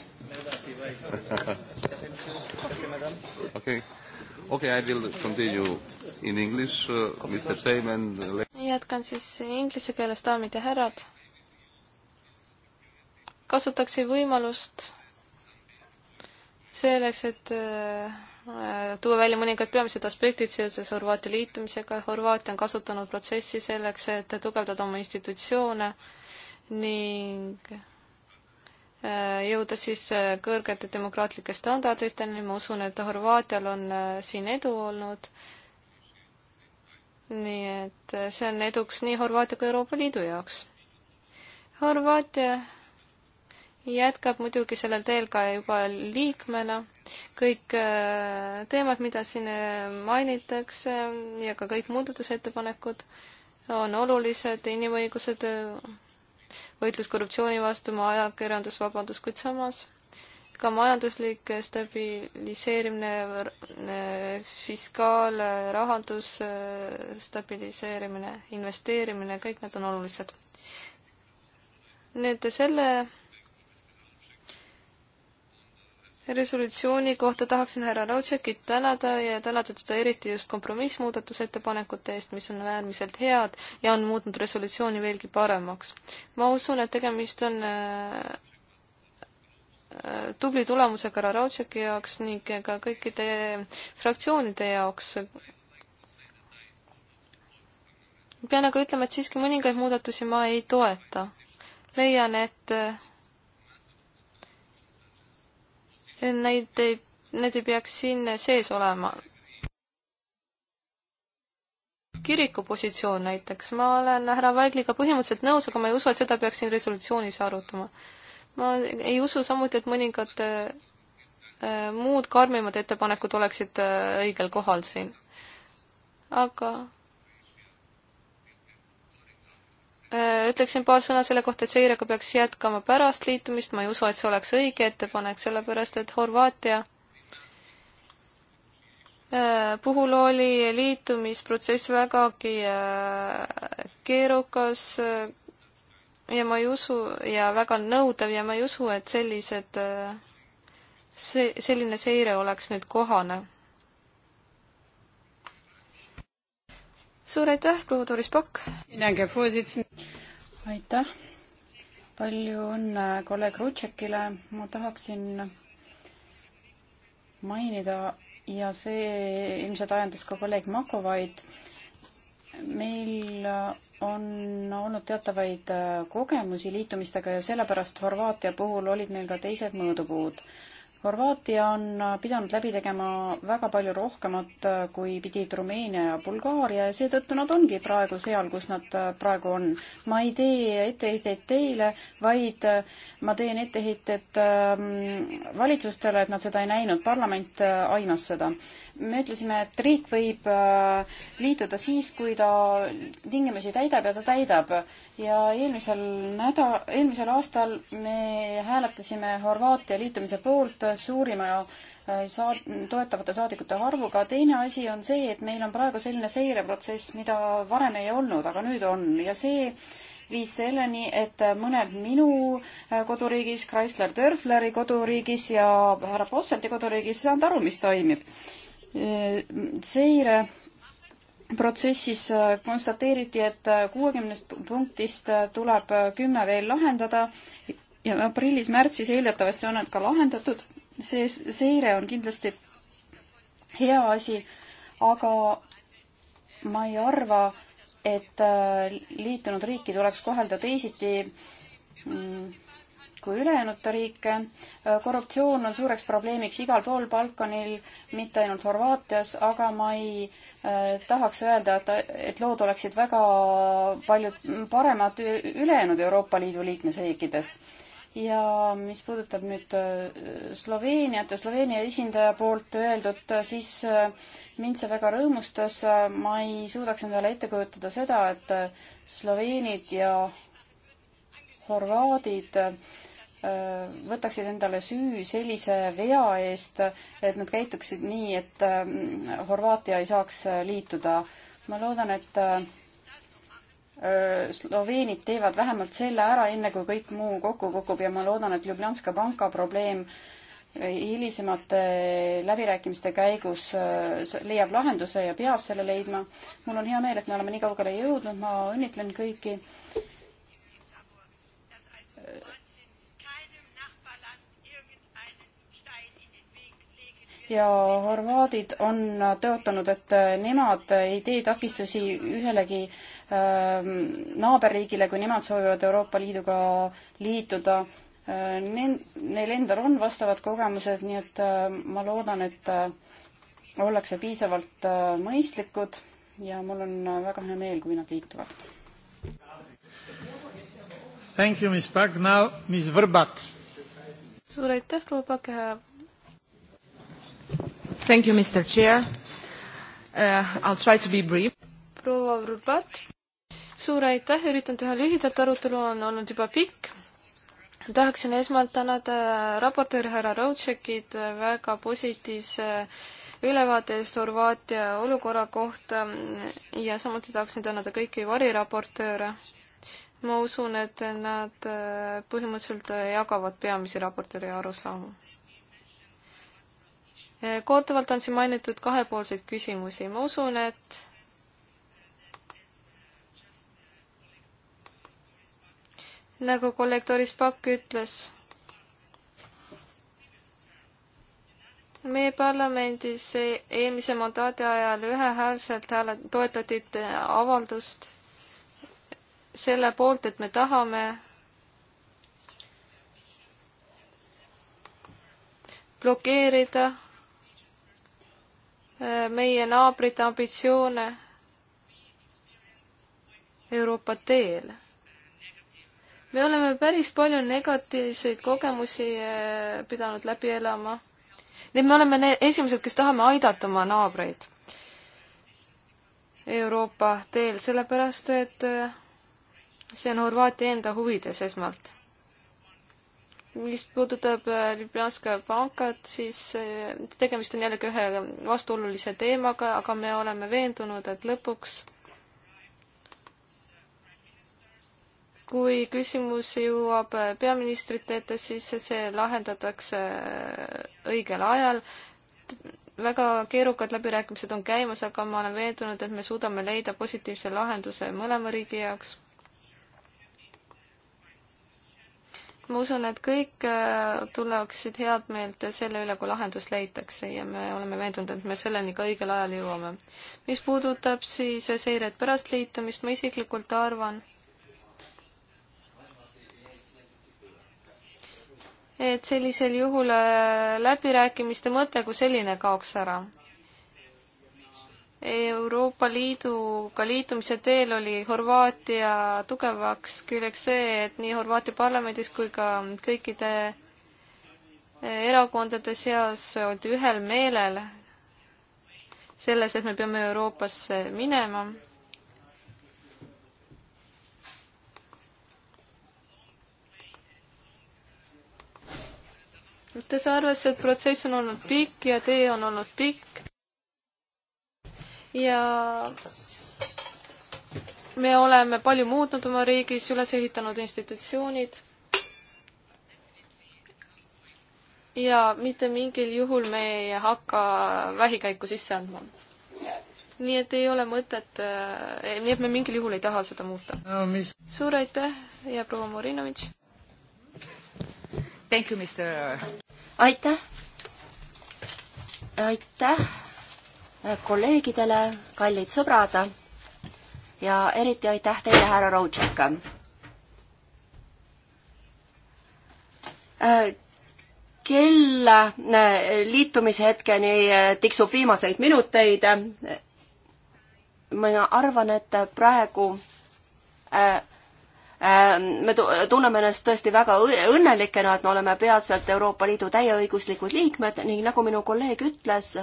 okay. Okay, I will continue in English, uh, Mr. Chairman. jätkan siis inglise keeles, daamid ja härrad. kasutaksin võimalust selleks, et uh, tuua välja mõningad peamised aspektid seoses Horvaatia liitumisega. Horvaatia on kasutanud protsessi selleks, et tugevdada oma institutsioone ning äh, jõuda siis äh, kõrgete demokraatlike standarditeni. ma usun, et Horvaatial on äh, siin edu olnud. nii et see on eduks nii Horvaatia kui Euroopa Liidu jaoks. Horvaatia jätkab muidugi sellel teel ka juba liikmena. kõik äh, teemad, mida siin äh, mainitakse äh, ja ka kõik muudatusettepanekud on olulised, inimõigused, võitlus korruptsiooni vastu, ajakirjandusvabadus, kuid samas ka majanduslik stabiliseerimine, fiskaal, rahandus stabiliseerimine, investeerimine, kõik need on olulised. nüüd selle resolutsiooni kohta tahaksin härra Raudsekit tänada ja tänada teda eriti just kompromissmuudatusettepanekute eest, mis on äärmiselt head ja on muutnud resolutsiooni veelgi paremaks. ma usun, et tegemist on äh, äh, tubli tulemusega härra Raudseki jaoks ning ka kõikide fraktsioonide jaoks. pean aga ütlema, et siiski mõningaid muudatusi ma ei toeta. leian, et äh, neid ei, need ei peaks siin sees olema. kiriku positsioon näiteks, ma olen härra Vaigliga põhimõtteliselt nõus, aga ma ei usu, et seda peaks siin resolutsioonis arutama. ma ei usu samuti, et mõningad äh, muud karmimad ettepanekud oleksid äh, õigel kohal siin. aga Äh, ütleksin paar sõna selle kohta, et seirega peaks jätkama pärast liitumist, ma ei usu, et see oleks õige ettepanek, sellepärast et Horvaatia äh, puhul oli liitumisprotsess vägagi äh, keerukas ja ma ei usu ja väga nõudev ja ma ei usu, et sellised, see, selline seire oleks nüüd kohane suur aitäh, proua Doris Pakk! aitäh! palju õnne kolleeg Rutšekile, ma tahaksin mainida ja see ilmselt ajendas ka kolleeg Makovaid. meil on olnud teatavaid kogemusi liitumistega ja sellepärast Horvaatia puhul olid meil ka teised mõõdupuud. Horvaatia on pidanud läbi tegema väga palju rohkemat, äh, kui pidid Rumeenia ja Bulgaaria ja seetõttu nad ongi praegu seal, kus nad äh, praegu on. ma ei tee etteheiteid teile, vaid äh, ma teen etteheited ähm, valitsustele, et nad seda ei näinud, parlament aimas seda me ütlesime, et riik võib äh, liituda siis, kui ta tingimusi täidab ja ta täidab. ja eelmisel nädal, eelmisel aastal me hääletasime Horvaatia liitumise poolt suurima äh, saad-, toetavate saadikute arvuga, teine asi on see, et meil on praegu selline seireprotsess, mida varem ei olnud, aga nüüd on ja see viis selleni, et mõned minu äh, koduriigis, Chrysler Dörfleri koduriigis ja härra Posselti koduriigis ei saanud aru, mis toimib seire protsessis äh, konstateeriti, et äh, kuuekümnest punktist äh, tuleb kümme veel lahendada ja aprillis-märtsis eeldatavasti on need ka lahendatud. see seire on kindlasti hea asi, aga ma ei arva, et liitunud riiki tuleks kohelda teisiti mm, kui ülejäänud riike. Äh, korruptsioon on suureks probleemiks igal pool Balkanil, mitte ainult Horvaatias, aga ma ei äh, tahaks öelda, et, et lood oleksid väga palju paremad ülejäänud Euroopa Liidu liikmesriikides ja mis puudutab nüüd äh, Sloveeniat ja Sloveenia esindaja poolt öeldut, siis mind see väga rõõmustas. ma ei suudaks endale ette kujutada seda, et sloveenid ja horvaadid äh, Äh, võtaksid endale süü sellise vea eest, et nad käituksid nii, et ähm, Horvaatia ei saaks äh, liituda. ma loodan, et äh, Sloveenid teevad vähemalt selle ära, enne kui kõik muu kokku kukub ja ma loodan, et Ljubljanska panka probleem hilisemate läbirääkimiste käigus leiab lahenduse ja peab selle leidma. mul on hea meel, et me oleme nii kaugele jõudnud, ma õnnitlen kõiki ja horvaadid on tõotanud, et nemad ei tee takistusi ühelegi ähm, naaberriigile, kui nemad soovivad Euroopa Liiduga liituda. Äh, neil endal on vastavad kogemused, nii et äh, ma loodan, et äh, ollakse piisavalt mõistlikud ja mul on väga hea meel, kui nad liituvad. Thank you, Miss Pagna, Miss Võrbat. suur aitäh, proua Pake Thank you, Mr Chair uh,. I'll try to be brief. proua Vrubat, suur aitäh, üritan teha lühidalt, arutelu on olnud juba pikk. tahaksin esmalt tänada raportööri härra Raudšekit väga positiivse uh, ülevaate eest Horvaatia olukorra kohta ja samuti tahaksin tänada kõiki variraportööre. ma usun, et nad põhimõtteliselt jagavad peamisi raportööri arusaamu korduvalt on siin mainitud kahepoolseid küsimusi, ma usun, et nagu kolleeg Doris Pakk ütles, meie parlamendis eelmise mandaadi ajal ühehäälselt hääle-, toetati avaldust selle poolt, et me tahame blokeerida meie naabrite ambitsioone Euroopa teel. me oleme päris palju negatiivseid kogemusi eh, pidanud läbi elama. nii et me oleme need esimesed, kes tahame aidata oma naabreid Euroopa teel, sellepärast et eh, see on Horvaatia enda huvides esmalt mis puudutab äh, Ljubljanska pankat, siis äh, tegemist on jällegi ühe vastuolulise teemaga, aga me oleme veendunud, et lõpuks kui küsimus jõuab äh, peaministrite ette, siis see lahendatakse õigel ajal. väga keerukad läbirääkimised on käimas, aga ma olen veendunud, et me suudame leida positiivse lahenduse mõlema riigi jaoks ma usun, et kõik äh, tunneksid head meelt selle üle, kui lahendus leitakse ja me oleme veendunud, et me selleni ka õigel ajal jõuame. mis puudutab siis seiret pärast liitumist, ma isiklikult arvan, et sellisel juhul äh, läbirääkimiste mõte kui selline kaoks ära Euroopa Liiduga liitumise teel oli Horvaatia tugevaks küljeks see, et nii Horvaatia parlamendis kui ka kõikide eh, erakondade seas oldi ühel meelel selles, et me peame Euroopasse minema. võttes arvesse, et protsess on olnud pikk ja tee on olnud pikk, ja me oleme palju muutnud oma riigis, üles ehitanud institutsioonid. ja mitte mingil juhul me ei hakka vähikäiku sisse andma. nii et ei ole mõtet, eh, nii et me mingil juhul ei taha seda muuta no,. Mis... suur aitäh ja proua Murinovitš. Thank you, Mr. aitäh. aitäh kolleegidele, kallid sõbrad ja eriti aitäh teile, härra Rootšek. Äh, kell äh, liitumise hetkeni äh, tiksub viimaseid minuteid. ma arvan, et praegu me tunneme ennast tõesti väga õnnelikena, et me oleme peatselt Euroopa Liidu täieõiguslikud liikmed ning nagu minu kolleeg ütles,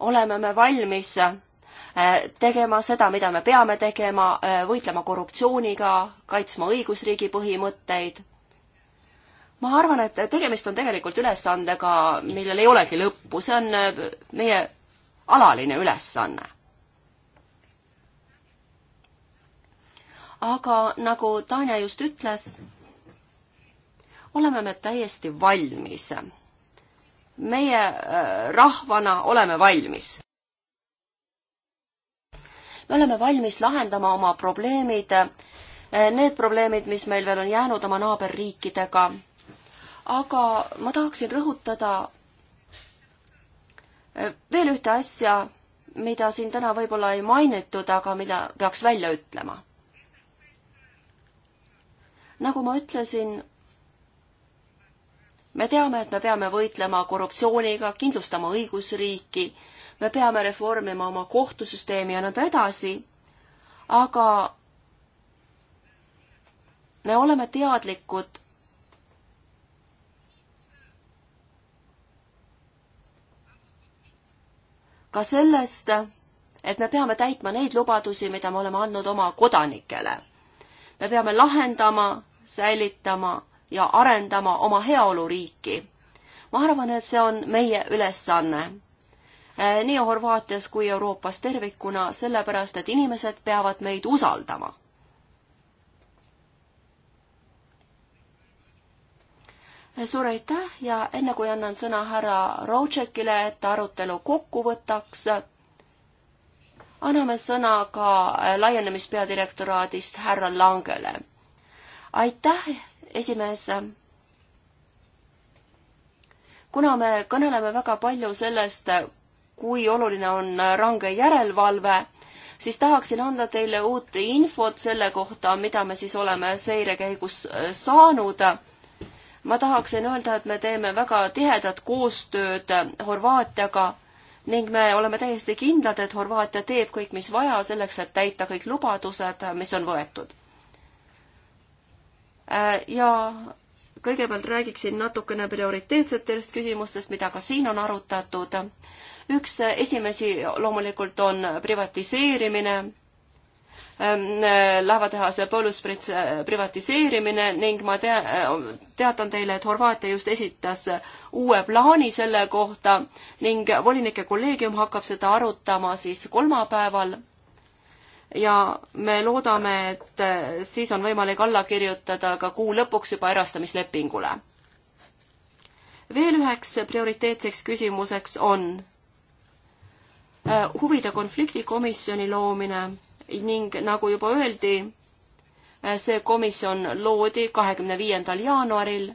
oleme me valmis äh, tegema seda, mida me peame tegema, äh, võitlema korruptsiooniga, kaitsma õigusriigi põhimõtteid. ma arvan, et tegemist on tegelikult ülesandega, millel ei olegi lõppu, see on äh, meie alaline ülesanne aga nagu Tanja just ütles, oleme me täiesti valmis meie äh, rahvana oleme valmis. me oleme valmis lahendama oma probleemid, äh, need probleemid, mis meil veel on jäänud oma naaberriikidega. aga ma tahaksin rõhutada äh, veel ühte asja, mida siin täna võib-olla ei mainitud, aga mida peaks välja ütlema. nagu ma ütlesin me teame, et me peame võitlema korruptsiooniga, kindlustama õigusriiki, me peame reformima oma kohtusüsteemi ja nõnda edasi, aga me oleme teadlikud ka sellest, et me peame täitma neid lubadusi, mida me oleme andnud oma kodanikele. me peame lahendama, säilitama ja arendama oma heaoluriiki. ma arvan, et see on meie ülesanne eh, nii Horvaatias kui Euroopas tervikuna, sellepärast et inimesed peavad meid usaldama. suur aitäh ja enne kui annan sõna härra Raudšekile, et arutelu kokku võtaks, anname sõna ka laienemispeadirektoraadist härra Langele. aitäh esimees kuna me kõneleme väga palju sellest, kui oluline on range järelevalve, siis tahaksin anda teile uut infot selle kohta, mida me siis oleme seire käigus äh, saanud. ma tahaksin öelda, et me teeme väga tihedat koostööd Horvaatiaga ning me oleme täiesti kindlad, et Horvaatia teeb kõik, mis vaja selleks, et täita kõik lubadused, mis on võetud Äh, ja kõigepealt räägiksin natukene prioriteetsetest küsimustest, mida ka siin on arutatud. üks esimesi loomulikult on privatiseerimine ähm, laevatehase Põllusprits äh, privatiseerimine ning ma tea, teatan teile, et Horvaatia just esitas uue plaani selle kohta ning volinike kolleegium hakkab seda arutama siis kolmapäeval ja me loodame, et eh, siis on võimalik alla kirjutada ka kuu lõpuks juba erastamislepingule. veel üheks prioriteetseks küsimuseks on eh, huvide konflikti komisjoni loomine ning nagu juba öeldi, eh, see komisjon loodi kahekümne viiendal jaanuaril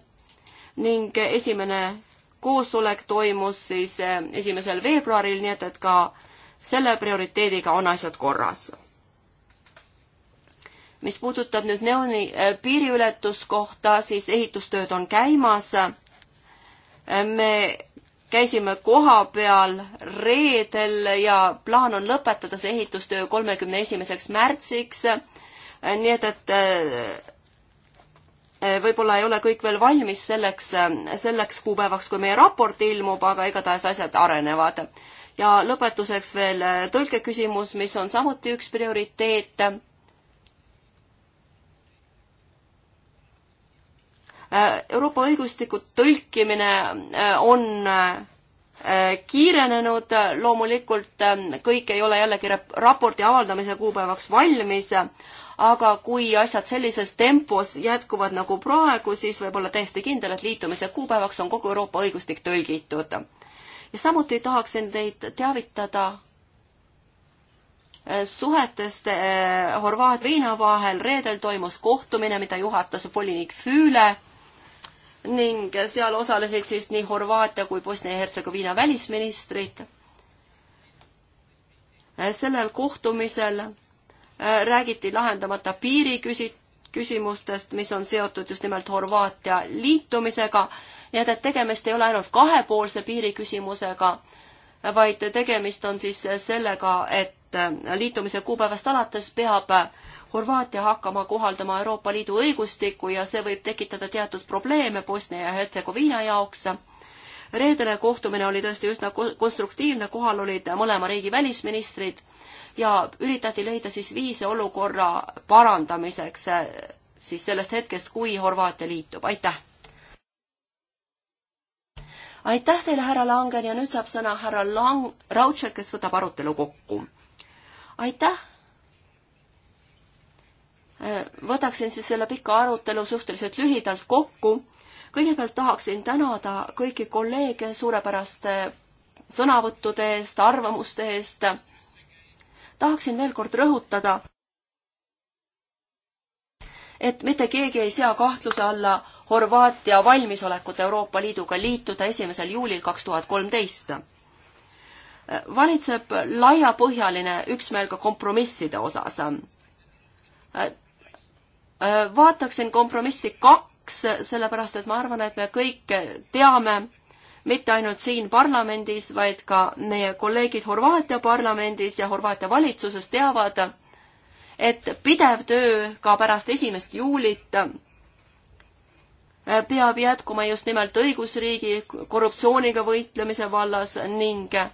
ning esimene koosolek toimus siis esimesel veebruaril, nii et, et ka selle prioriteediga on asjad korras mis puudutab nüüd Neoni äh, piiriületuskohta, siis ehitustööd on käimas. Äh, me käisime koha peal reedel ja plaan on lõpetada see ehitustöö kolmekümne esimeseks märtsiks. Äh, nii et, et võib-olla ei ole kõik veel valmis selleks, selleks kuupäevaks, kui meie raport ilmub, aga igatahes asjad arenevad. ja lõpetuseks veel tõlkeküsimus, mis on samuti üks prioriteet Äh, Euroopa õigustiku tõlkimine äh, on äh, kiirenenud, loomulikult kõik ei ole jällegi raporti avaldamise kuupäevaks valmis, aga kui asjad sellises tempos jätkuvad nagu praegu, siis võib olla täiesti kindel, et liitumise kuupäevaks on kogu Euroopa õigustik tõlgitud. ja samuti tahaksin teid teavitada suhetest Horvaatia-Viina vahel. reedel toimus kohtumine, mida juhatas volinik Füüle ning seal osalesid siis nii Horvaatia kui Bosnia-Hertsegoviina välisministrid. sellel kohtumisel äh, räägiti lahendamata piiriküsi-, küsimustest, mis on seotud just nimelt Horvaatia liitumisega, nii et, et tegemist ei ole ainult kahepoolse piiriküsimusega, vaid tegemist on siis sellega, et äh, liitumise kuupäevast alates peab äh, Horvaatia hakkama kohaldama Euroopa Liidu õigustikku ja see võib tekitada teatud probleeme Bosnia ja Hertsegoviina jaoks. reedene kohtumine oli tõesti üsna konstruktiivne, kohal olid mõlema riigi välisministrid ja üritati leida siis viise olukorra parandamiseks siis sellest hetkest, kui Horvaatia liitub, aitäh! aitäh teile, härra Langen ja nüüd saab sõna härra Lang-, Raudšek, kes võtab arutelu kokku. aitäh, Äh, võtaksin siis selle pika arutelu suhteliselt lühidalt kokku. kõigepealt tahaksin tänada kõiki kolleege suurepäraste sõnavõttude eest, arvamuste eest. tahaksin veel kord rõhutada, et mitte keegi ei sea kahtluse alla Horvaatia valmisolekut Euroopa Liiduga liituda esimesel juulil kaks tuhat kolmteist. valitseb laiapõhjaline üksmeel ka kompromisside osas Äh, vaataksin kompromissi kaks, sellepärast et ma arvan, et me kõik teame, mitte ainult siin parlamendis, vaid ka meie kolleegid Horvaatia parlamendis ja Horvaatia valitsuses teavad, et pidev töö ka pärast esimest juulit äh, peab jätkuma just nimelt õigusriigi, korruptsiooniga võitlemise vallas ning äh,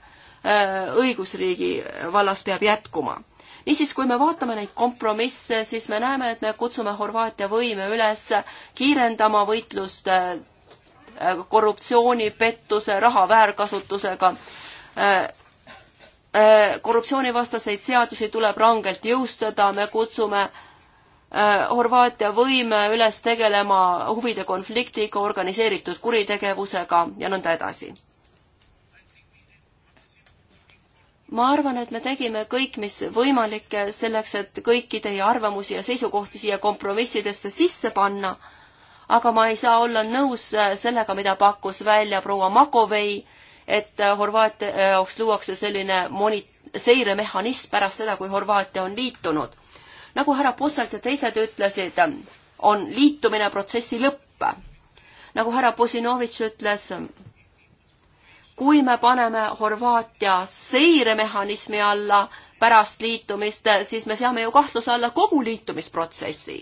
õigusriigi vallas peab jätkuma niisiis, kui me vaatame neid kompromisse, siis me näeme, et me kutsume Horvaatia võime üles kiirendama võitlust äh, korruptsiooni, pettuse, raha väärkasutusega. Äh, äh, korruptsioonivastaseid seadusi tuleb rangelt jõustada, me kutsume Horvaatia võime üles tegelema huvide konfliktiga, organiseeritud kuritegevusega ja nõnda edasi ma arvan, et me tegime kõik, mis võimalik selleks, et kõiki teie arvamusi ja seisukohti siia kompromissidesse sisse panna. aga ma ei saa olla nõus äh, sellega, mida pakkus välja proua Makovei, et äh, Horvaatia jaoks äh, luuakse selline moni-, seiremehhanism pärast seda, kui Horvaatia on liitunud. nagu härra Pussalt ja teised ütlesid, on liitumine protsessi lõpp. nagu härra Posinovitš ütles, kui me paneme Horvaatia seiremehhanismi alla pärast liitumist, siis me seame ju kahtluse alla kogu liitumisprotsessi.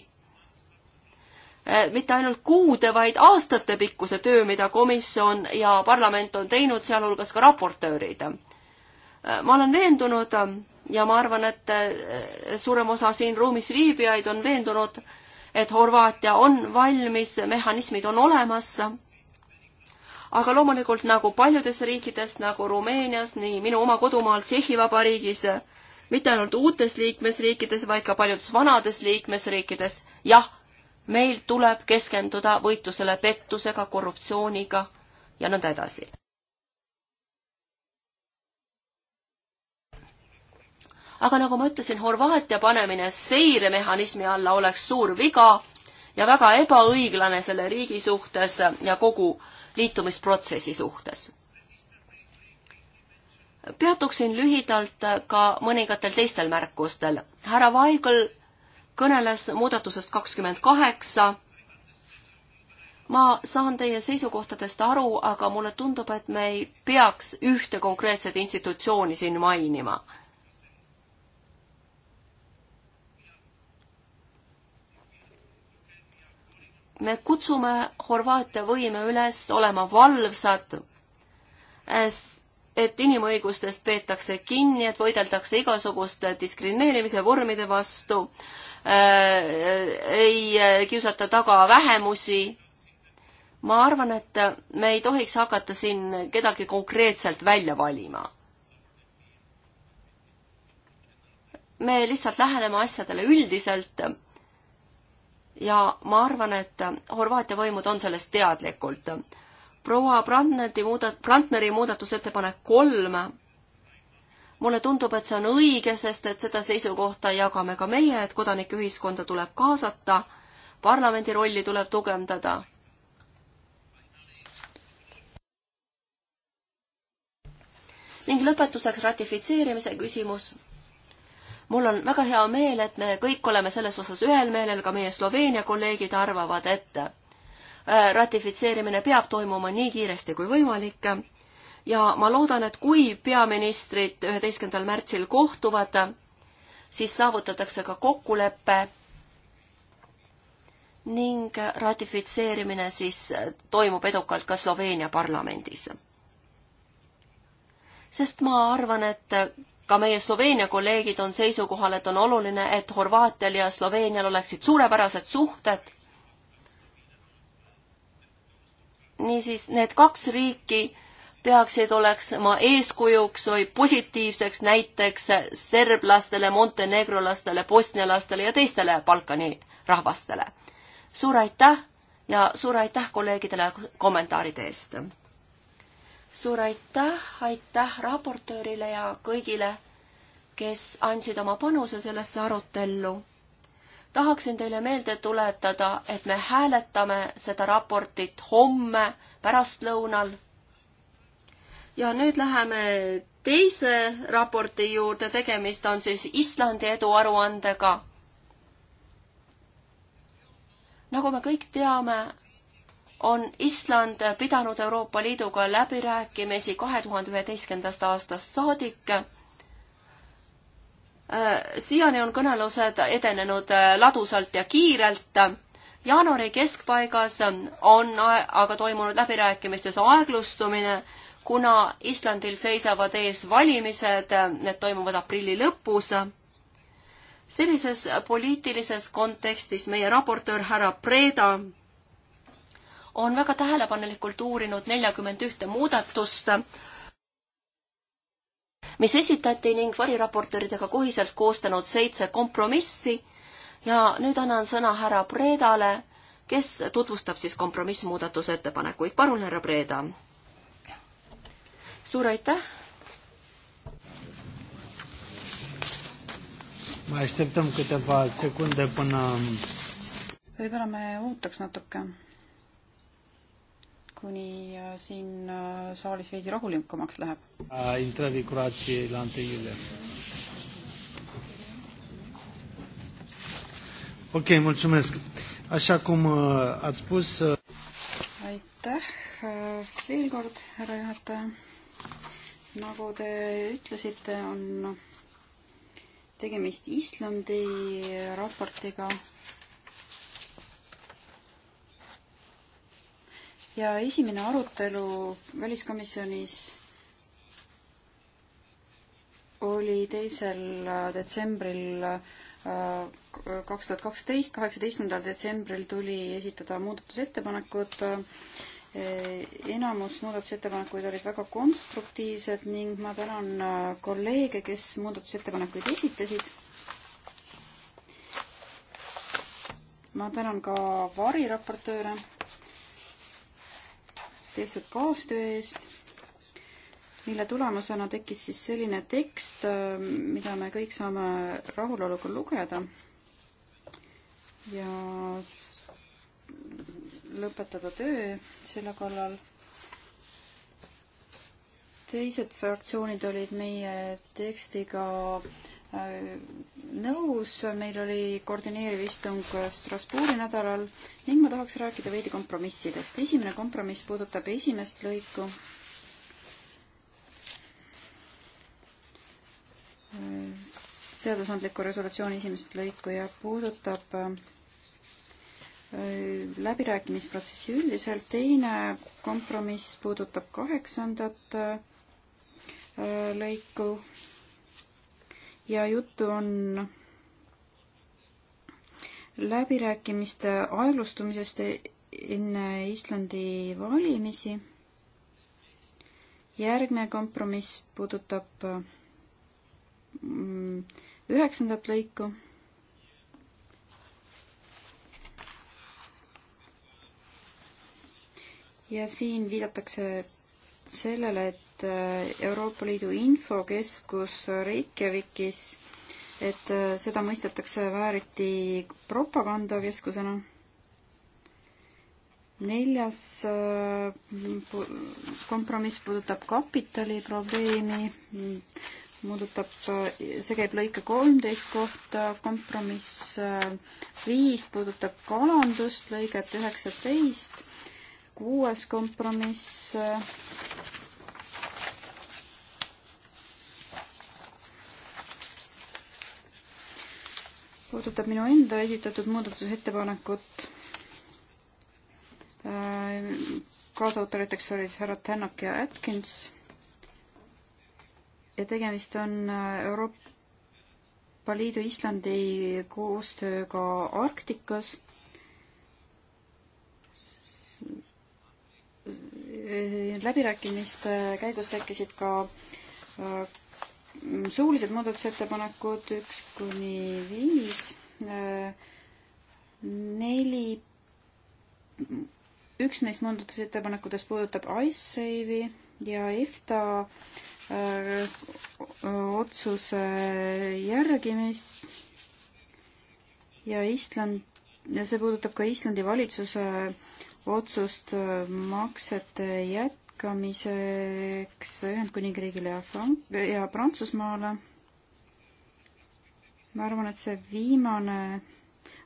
Eh, mitte ainult kuude, vaid aastate pikkuse töö, mida komisjon ja parlament on teinud, sealhulgas ka raportöörid. Eh, ma olen veendunud ja ma arvan, et eh, suurem osa siin ruumis viibijaid on veendunud, et Horvaatia on valmis, mehhanismid on olemas aga loomulikult nagu paljudes riikides, nagu Rumeenias, nii minu oma kodumaal Tšehhi Vabariigis, mitte ainult uutes liikmesriikides, vaid ka paljudes vanades liikmesriikides, jah, meil tuleb keskenduda võitlusele pettusega, korruptsiooniga ja nõnda edasi. aga nagu ma ütlesin, Horvaatia panemine seiremehhanismi alla oleks suur viga ja väga ebaõiglane selle riigi suhtes ja kogu äh, liitumisprotsessi suhtes. peatuksin lühidalt ka mõningatel teistel märkustel. härra Vaigel kõneles muudatusest kakskümmend kaheksa. ma saan teie seisukohtadest aru, aga mulle tundub, et me ei peaks ühte konkreetset institutsiooni siin mainima me kutsume Horvaatia võime üles olema valvsad, et inimõigustest peetakse kinni, et võideldakse igasuguste diskrimineerimise vormide vastu, e, ei kiusata taga vähemusi. ma arvan, et me ei tohiks hakata siin kedagi konkreetselt välja valima. me lihtsalt läheneme asjadele üldiselt ja ma arvan, et Horvaatia võimud on sellest teadlikult. proua Brandneri muudat-, Brandneri muudatusettepanek kolm, mulle tundub, et see on õige, sest et seda seisukohta jagame ka meie, et kodanikeühiskonda tuleb kaasata, parlamendi rolli tuleb tugevdada. ning lõpetuseks ratifitseerimise küsimus mul on väga hea meel, et me kõik oleme selles osas ühel meelel, ka meie Sloveenia kolleegid arvavad, et äh, ratifitseerimine peab toimuma nii kiiresti kui võimalik ja ma loodan, et kui peaministrid üheteistkümnendal märtsil kohtuvad, siis saavutatakse ka kokkulepe ning ratifitseerimine siis toimub edukalt ka Sloveenia parlamendis. sest ma arvan, et ka meie Sloveenia kolleegid on seisukohal, et on oluline, et Horvaatial ja Sloveenial oleksid suurepärased suhted. niisiis, need kaks riiki peaksid olema eeskujuks või positiivseks näiteks serblastele, montenegrolastele, bosnialastele ja teistele Balkani rahvastele. suur aitäh ja suur aitäh kolleegidele kommentaaride eest! suur aitäh, aitäh raportöörile ja kõigile, kes andsid oma panuse sellesse arutellu. tahaksin teile meelde tuletada, et me hääletame seda raportit homme pärastlõunal. ja nüüd läheme teise raporti juurde, tegemist on siis Islandi eduaruandega. nagu me kõik teame, on Island pidanud Euroopa Liiduga läbirääkimisi kahe tuhande üheteistkümnendast aastast saadik. Äh, siiani on kõnelused edenenud äh, ladusalt ja kiirelt. jaanuari keskpaigas on aga toimunud läbirääkimistes aeglustumine, kuna Islandil seisavad ees valimised, need toimuvad aprilli lõpus sellises poliitilises kontekstis meie raportöör härra Preda on väga tähelepanelikult uurinud neljakümmend ühte muudatust, mis esitati ning variraportööridega kohiselt koostanud seitse kompromissi ja nüüd annan sõna härra Predale, kes tutvustab siis kompromissmuudatusettepanekuid. palun, härra Preda. suur aitäh. ma așteptăm câteva secunde până võib-olla me ootaks natuke kuni äh, siin äh, saalis veidi rahulikumaks läheb. Intrării Croației la 1 iulie. Ok, mulțumesc. Așa cum uh, ați spus... Uh, Aitäh äh, veel kord, härra juhataja. Nagu te ütlesite, on tegemist Islandi raportiga ja esimene arutelu väliskomisjonis oli teisel äh, detsembril äh, kaks tuhat kaksteist, kaheksateistkümnendal detsembril tuli esitada muudatusettepanekud. Äh, enamus muudatusettepanekuid olid väga konstruktiivsed ning ma tänan kolleege, kes muudatusettepanekuid esitasid. ma tänan ka variraportööre tehtud kaastöö eest, mille tulemusena tekkis siis selline tekst, äh, mida me kõik saame rahuloluga lugeda ja lõpetada töö selle kallal. teised fraktsioonid olid meie tekstiga äh, Äh, nõus, meil oli koordineeriv istung Strasbourgi nädalal ning ma tahaks rääkida veidi kompromissidest. esimene kompromiss puudutab esimest lõiku. Äh, seadusandliku resolutsiooni esimest lõiku ja puudutab äh, läbirääkimisprotsessi üldiselt. teine kompromiss puudutab kaheksandat lõiku ja juttu on läbirääkimiste aeglustumisest enne Islandi valimisi. järgmine kompromiss puudutab mm, üheksandat lõiku. ja siin viidatakse sellele, et et äh, Euroopa Liidu infokeskus Reykjavikis, et äh, seda mõistetakse vääriti propagandakeskusena. neljas äh, kompromiss puudutab kapitali probleemi, muudutab, see käib lõike kolmteist kohta, kompromiss viis puudutab kalandust, lõiget üheksateist kuues kompromiss puudutab minu enda esitatud muudatusettepanekut. Äh, kaasautoriteks olid härra Tänak ja Atkins. ja tegemist on äh, Euroopa Liidu Islandi koostööga Arktikas. Äh, läbirääkimiste käigus tekkisid ka suulised muudatusettepanekud üks kuni viis, neli, üks neist muudatusettepanekutest puudutab Icesave'i ja EFTA äh, otsuse järgimist ja Island, ja see puudutab ka Islandi valitsuse otsust äh, maksete jät-, jätkamiseks Ühendkuningriigile ja Frank- ja Prantsusmaale. ma arvan, et see viimane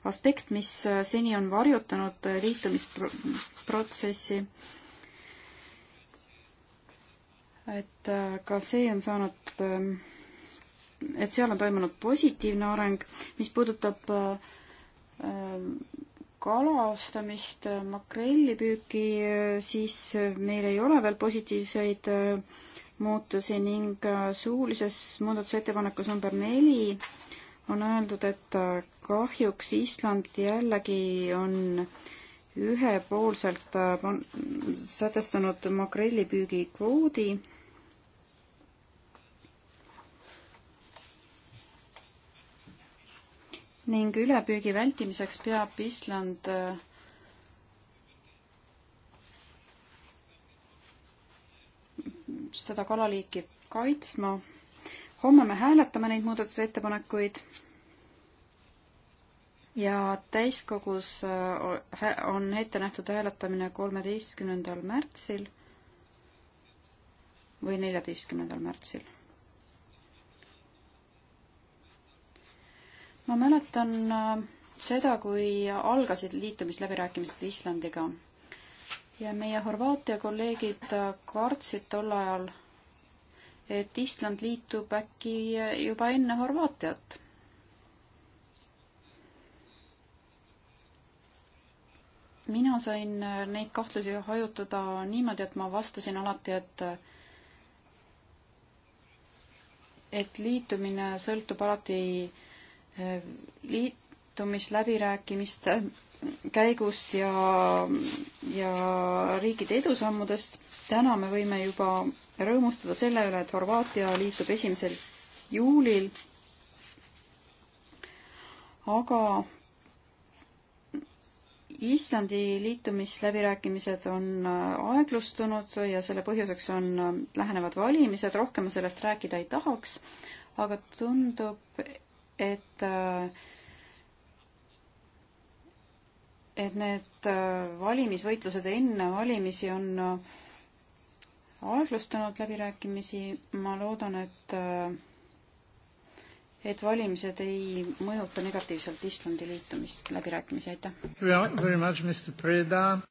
aspekt, mis seni on varjutanud liitumisprotsessi, et äh, ka see on saanud, ähm, et seal on toimunud positiivne areng, mis puudutab äh, ähm, kalastamist, äh, makrellipüüki, äh, siis äh, meil ei ole veel positiivseid muutusi ning suulises muudatusettepanekus number neli on öeldud, et kahjuks Island jällegi on ühepoolselt sätestanud makrellipüügi kvoodi ning ülepüügi vältimiseks peab Island äh, seda kalaliiki kaitsma. homme me hääletame neid muudatusettepanekuid ja täiskogus äh, on ette nähtud hääletamine kolmeteistkümnendal märtsil või neljateistkümnendal märtsil. ma mäletan äh, seda, kui algasid liitumisläbirääkimised Islandiga ja meie Horvaatia kolleegid äh, kartsid tol ajal, et Island liitub äkki juba enne Horvaatiat. mina sain äh, neid kahtlusi hajutada niimoodi, et ma vastasin alati, et et liitumine sõltub alati äh, liitumisläbirääkimiste käigust ja, ja riikide edusammudest. täna me võime juba rõõmustada selle üle, et Horvaatia liitub esimesel juulil. aga Islandi liitumisläbirääkimised on aeglustunud ja selle põhjuseks on lähenevad valimised, rohkem ma sellest rääkida ei tahaks, aga tundub, et et need valimisvõitlused enne valimisi on aeglustanud läbirääkimisi, ma loodan, et et valimised ei mõjuta negatiivselt Islandi liitumist läbirääkimisi, aitäh!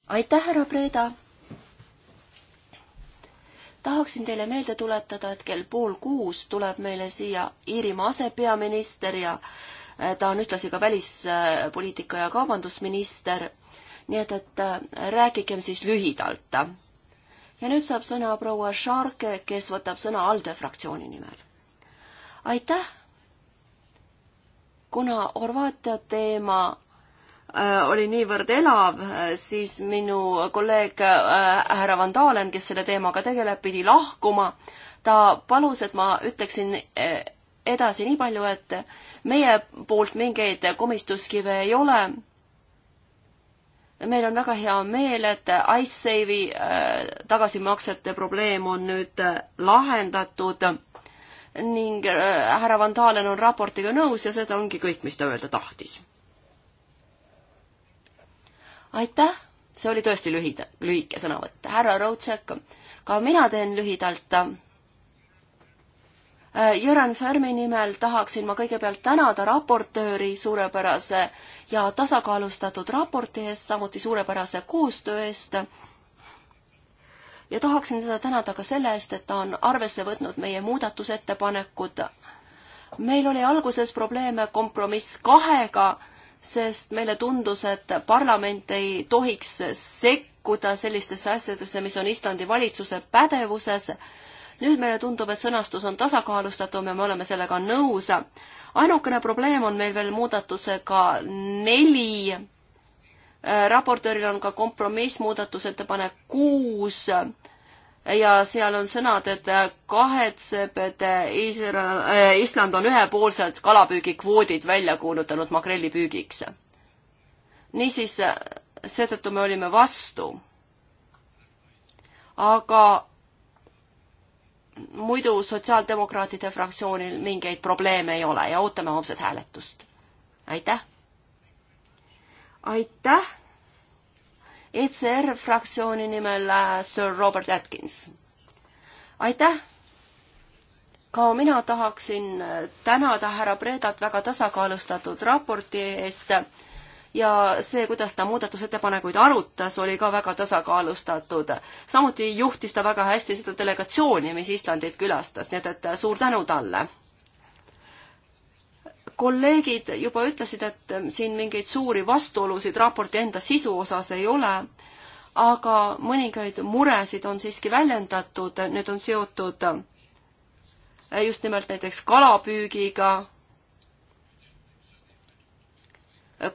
aitäh, härra Preda! tahaksin teile meelde tuletada, et kell pool kuus tuleb meile siia Iirimaa asepeaminister ja äh, ta on ühtlasi ka välispoliitika ja kaubandusminister. nii et, et äh, rääkigem siis lühidalt. ja nüüd saab sõna proua Sharke, kes võtab sõna ALDE fraktsiooni nimel. aitäh! kuna Horvaatia teema Äh, oli niivõrd elav, äh, siis minu kolleeg äh, härra Van Dalen, kes selle teemaga tegeleb, pidi lahkuma. ta palus, et ma ütleksin edasi nii palju, et meie poolt mingeid komistuskive ei ole. meil on väga hea meel, et Icesave'i tagasimaksete probleem on nüüd lahendatud ning härra Van Dalen on raportiga nõus ja seda ongi kõik, mis ta öelda tahtis aitäh, see oli tõesti lühida, lühike sõnavõtt. härra Rootšek, ka mina teen lühidalt. Äh, Jüran Färmi nimel tahaksin ma kõigepealt tänada raportööri suurepärase ja tasakaalustatud raporti eest, samuti suurepärase koostöö eest. ja tahaksin teda tänada ka selle eest, et ta on arvesse võtnud meie muudatusettepanekud. meil oli alguses probleeme kompromiss kahega sest meile tundus, et parlament ei tohiks sekkuda sellistesse asjadesse, mis on Islandi valitsuse pädevuses. nüüd meile tundub, et sõnastus on tasakaalustatum ja me oleme sellega nõus. ainukene probleem on meil veel muudatusega neli. Äh, raportööril on ka kompromiss muudatusettepanek kuus ja seal on sõnad, et kahetseb, et Iisrael, äh, Island on ühepoolselt kalapüügikvoodid välja kuulutanud makrellipüügiks. niisiis, seetõttu me olime vastu. aga muidu sotsiaaldemokraatide fraktsioonil mingeid probleeme ei ole ja ootame homset hääletust. aitäh! aitäh! ECR fraktsiooni nimel äh, Sir Robert Atkins. aitäh! ka mina tahaksin äh, tänada härra Predat väga tasakaalustatud raporti eest ja see, kuidas ta muudatusettepanekuid arutas, oli ka väga tasakaalustatud. samuti juhtis ta väga hästi seda delegatsiooni, mis Islandit külastas, nii et, et äh, suur tänu talle kolleegid juba ütlesid, et ähm, siin mingeid suuri vastuolusid raporti enda sisu osas ei ole, aga mõningaid muresid on siiski väljendatud, need on seotud äh, just nimelt näiteks kalapüügiga.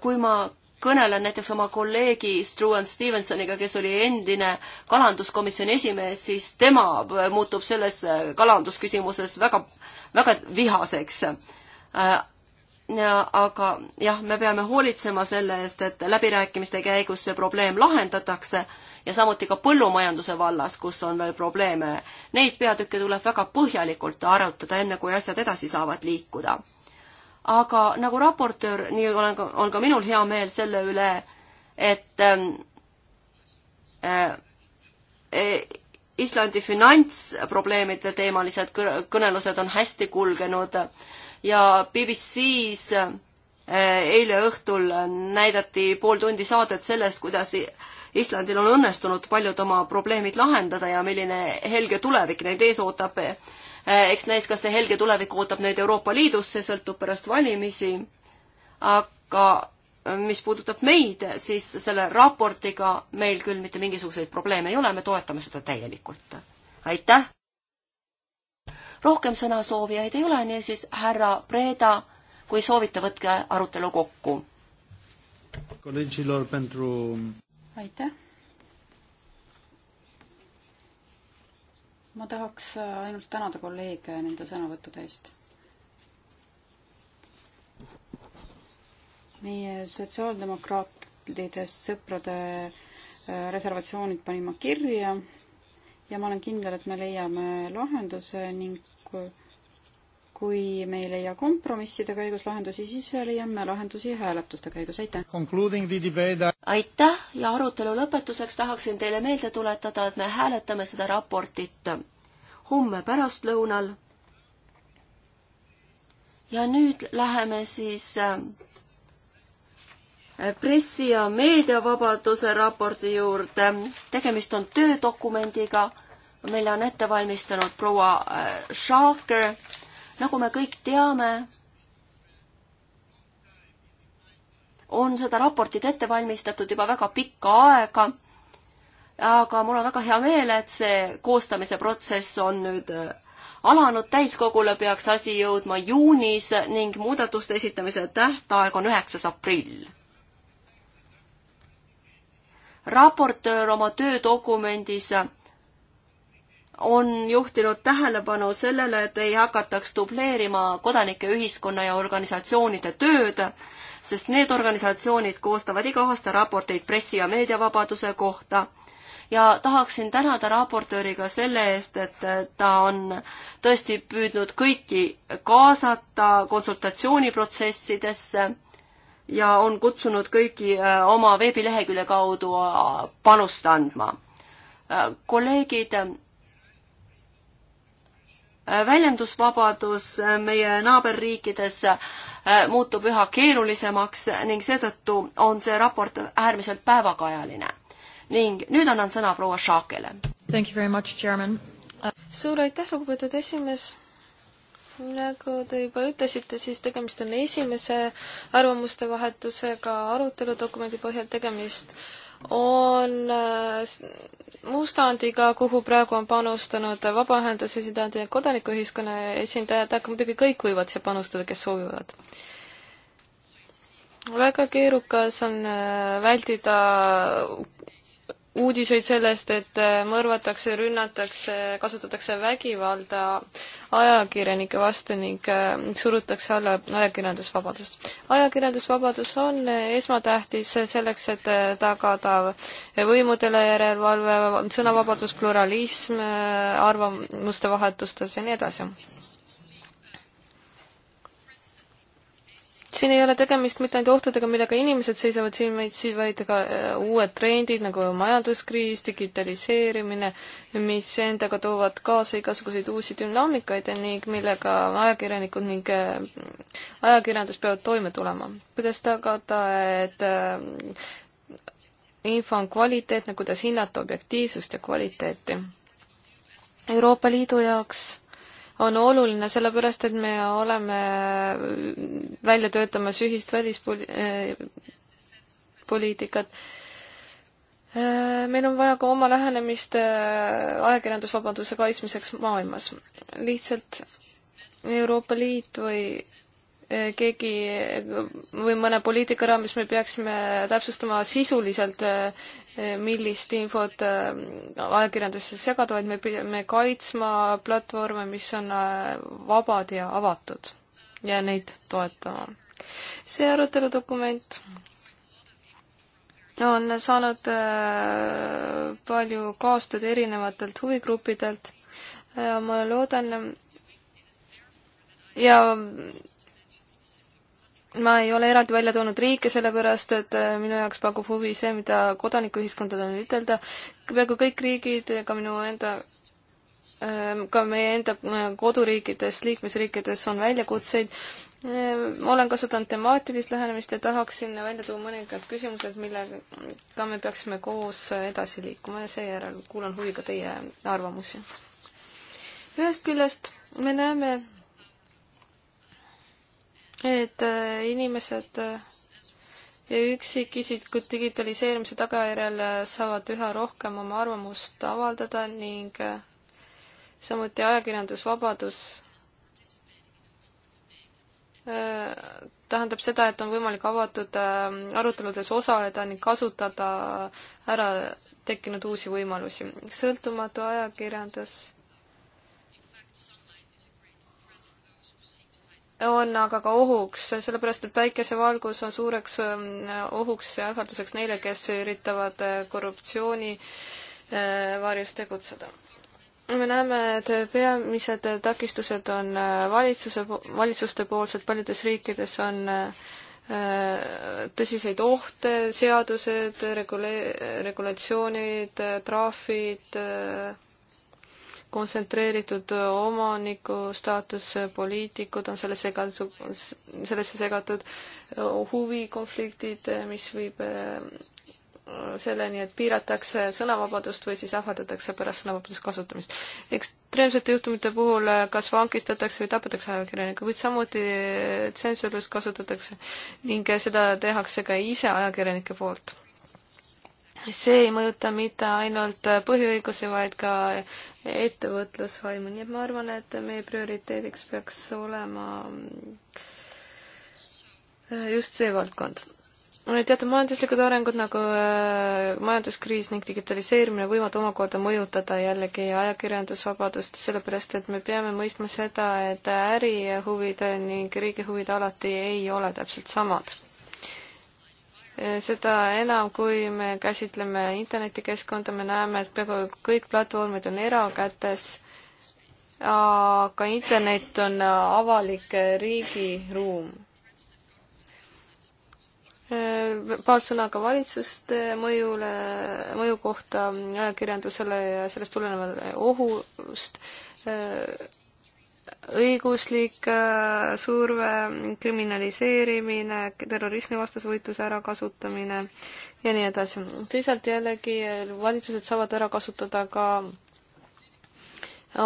kui ma kõnelen näiteks oma kolleegi Struan Stevensoniga, kes oli endine kalanduskomisjoni esimees, siis tema äh, muutub selles äh, kalandusküsimuses väga, väga vihaseks aga jah, me peame hoolitsema selle eest, et läbirääkimiste käigus see probleem lahendatakse ja samuti ka põllumajanduse vallas, kus on veel probleeme. Neid peatükke tuleb väga põhjalikult arutada, enne kui asjad edasi saavad liikuda. aga nagu raportöör, nii olen ka, on ka minul hea meel selle üle, et ähm, äh, äh, Islandi finantsprobleemide teemalised kõnelused on hästi kulgenud äh, ja BBC-s eh, eile õhtul näidati pool tundi saadet sellest, kuidas Islandil on õnnestunud paljud oma probleemid lahendada ja milline helge tulevik neid ees ootab. Eh, eks näis, kas see helge tulevik ootab neid Euroopa Liidus, see sõltub pärast valimisi. aga eh, mis puudutab meid, siis selle raportiga meil küll mitte mingisuguseid probleeme ei ole, me toetame seda täielikult. aitäh! rohkem sõnasoovijaid ei ole, niisiis härra Breda, kui soovite, võtke arutelu kokku. aitäh. ma tahaks ainult tänada kolleege nende sõnavõttude eest meie sotsiaaldemokraatidest sõprade äh, reservatsioonid panin ma kirja ja ma olen kindel, et me leiame lahenduse ning kui me ei leia kompromisside käigus lahendusi, siis leiame lahendusi hääletuste käigus, aitäh! aitäh ja arutelu lõpetuseks tahaksin teile meelde tuletada, et me hääletame seda raportit homme pärastlõunal. ja nüüd läheme siis äh, pressi- ja meediavabaduse raporti juurde. tegemist on töödokumendiga, mille on ette valmistanud proua äh, Schalker. nagu me kõik teame, on seda raportit ette valmistatud juba väga pikka aega. aga mul on väga hea meel, et see koostamise protsess on nüüd äh, alanud täiskogule peaks asi jõudma juunis ning muudatuste esitamise tähtaeg on üheksas aprill raportöör oma töödokumendis on juhtinud tähelepanu sellele, et ei hakataks dubleerima kodanike ühiskonna ja organisatsioonide tööd, sest need organisatsioonid koostavad iga aasta raporteid pressi- ja meediavabaduse kohta. ja tahaksin tänada raportööri ka selle eest, et ta on tõesti püüdnud kõiki kaasata konsultatsiooniprotsessidesse ja on kutsunud kõiki äh, oma veebilehekülje kaudu äh, panust andma. Äh, kolleegid, väljendusvabadus meie naaberriikides muutub üha keerulisemaks ning seetõttu on see raport äärmiselt päevakajaline. ning nüüd annan sõna proua Šaakele. suur aitäh, lugupeetud esimees nagu te juba ütlesite, siis tegemist on esimese arvamuste vahetusega aruteludokumendi põhjal tegemist on äh, mustandiga, kuhu praegu on panustanud vabaühenduse esindajad ja kodanikuühiskonna esindajad, aga muidugi kõik võivad siia panustada, kes soovivad. väga keerukas on äh, vältida uudiseid sellest, et äh, mõrvatakse, rünnatakse, kasutatakse vägivalda ajakirjanike vastu ning äh, surutakse alla ajakirjandusvabadust. ajakirjandusvabadus on äh, esmatähtis selleks, et tagada võimudele järelevalve, sõnavabadus, pluralism, arvamuste vahetustes ja nii edasi siin ei ole tegemist mitte ainult ohtudega, millega inimesed seisavad silmitsi, vaid ka äh, uued trendid nagu majanduskriis, digitaliseerimine, mis endaga toovad kaasa igasuguseid uusi dünaamikaid ning millega ajakirjanikud ning äh, ajakirjandus peavad toime tulema. kuidas tagada, et äh, info on kvaliteetne, kuidas hinnata objektiivsust ja kvaliteeti? Euroopa Liidu jaoks on oluline, sellepärast et me oleme välja töötamas ühist välispoliitikat. Eh, eh, meil on vaja ka oma lähenemist eh, ajakirjandusvabaduse kaitsmiseks maailmas. lihtsalt Euroopa Liit või Eh, keegi eh, või mõne poliitika raames me peaksime täpsustama sisuliselt, eh, millist infot ajakirjandusse segada, vaid me peame kaitsma platvorme, mis on vabad ja avatud ja neid toetama. see aruteludokument on saanud palju kaastööd erinevatelt huvigruppidelt ja ma loodan ja ma ei ole eraldi välja toonud riike, sellepärast et äh, minu jaoks pakub huvi see, mida kodanikuühiskondadel on ütelda. peaaegu kõik riigid, ka minu enda, ähm, ka meie enda äh, koduriikides, liikmesriikides on väljakutseid. ma ähm, olen kasutanud temaatilist lähenemist ja tahaksin välja tuua mõningad küsimused, millega me peaksime koos edasi liikuma ja seejärel kuulan huviga teie arvamusi. ühest küljest me näeme et äh, inimesed äh, ja üksikisikud digitaliseerimise tagajärjel äh, saavad üha rohkem oma arvamust avaldada ning samuti ajakirjandusvabadus tähendab seda, et on võimalik avatud aruteludes osaleda ning kasutada ära tekkinud uusi võimalusi. sõltumatu ajakirjandus on aga ka ohuks, sellepärast et päikesevalgus on suureks ähm, ohuks ja ähvarduseks neile, kes üritavad äh, korruptsiooni äh, varjus tegutseda. me näeme, et peamised takistused on äh, valitsuse, valitsuste poolsed, paljudes riikides on tõsiseid ohte, seadused, regule-, regulatsioonid, trahvid, kontsentreeritud omaniku staatus, poliitikud on sellesse segatud, sellesse segatud huvikonfliktid, mis viib selleni, et piiratakse sõnavabadust või siis ähvardatakse pärast sõnavabaduse kasutamist. ekstreemsete juhtumite puhul kas vangistatakse või tapetakse ajakirjanikke, kuid samuti tsensurlust kasutatakse ning seda tehakse ka ise ajakirjanike poolt see ei mõjuta mitte ainult põhiõigusi, vaid ka ettevõtlusvaimu, nii et ma arvan, et meie prioriteediks peaks olema just see valdkond teatud majanduslikud arengud nagu äh, majanduskriis ning digitaliseerimine võivad omakorda mõjutada jällegi ajakirjandusvabadust, sellepärast et me peame mõistma seda, et ärihuvid ning riigi huvid alati ei ole täpselt samad. Eh, seda enam, kui me käsitleme internetikeskkonda, me näeme, et peaaegu kõik platvormid on erakätes, aga internet on avalik riigiruum. Eh, paar sõna ka valitsuste mõjule, mõju kohta ajakirjandusele ja sellest tulenevale ohust eh, õiguslik äh, surve, kriminaliseerimine, terrorismivastase võitluse ärakasutamine ja nii edasi. teisalt jällegi äh, valitsused saavad ära kasutada ka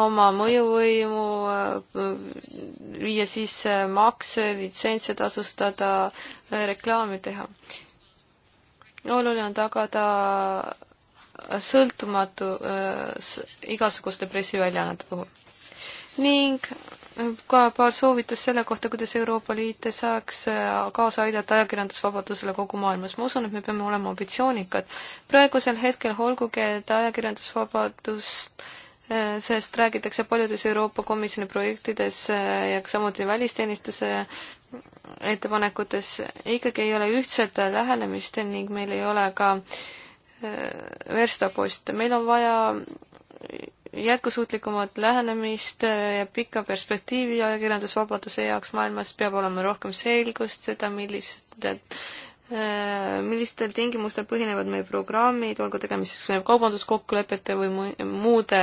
oma mõjuvõimu, äh, viia sisse makse, litsentse tasustada, reklaami teha. oluline on tagada sõltumatu äh, igasuguste pressiväljaannete puhul ning äh, ka paar soovitust selle kohta, kuidas Euroopa Liit saaks äh, kaasa aidata ajakirjandusvabadusele kogu maailmas. ma usun, et me peame olema ambitsioonikad. praegusel hetkel olgugi, et ajakirjandusvabadust äh, sest räägitakse paljudes Euroopa Komisjoni projektides ja samuti välisteenistuse ettepanekutes, ikkagi ei ole ühtset lähenemist ning meil ei ole ka verstapost, meil on vaja jätkusuutlikumat lähenemist ja pikka perspektiivi ajakirjandusvabaduse heaks maailmas peab olema rohkem selgust seda, millised Äh, millistel tingimustel põhinevad meie programmid, olgu tegemist siis kaubanduskokkulepete või muude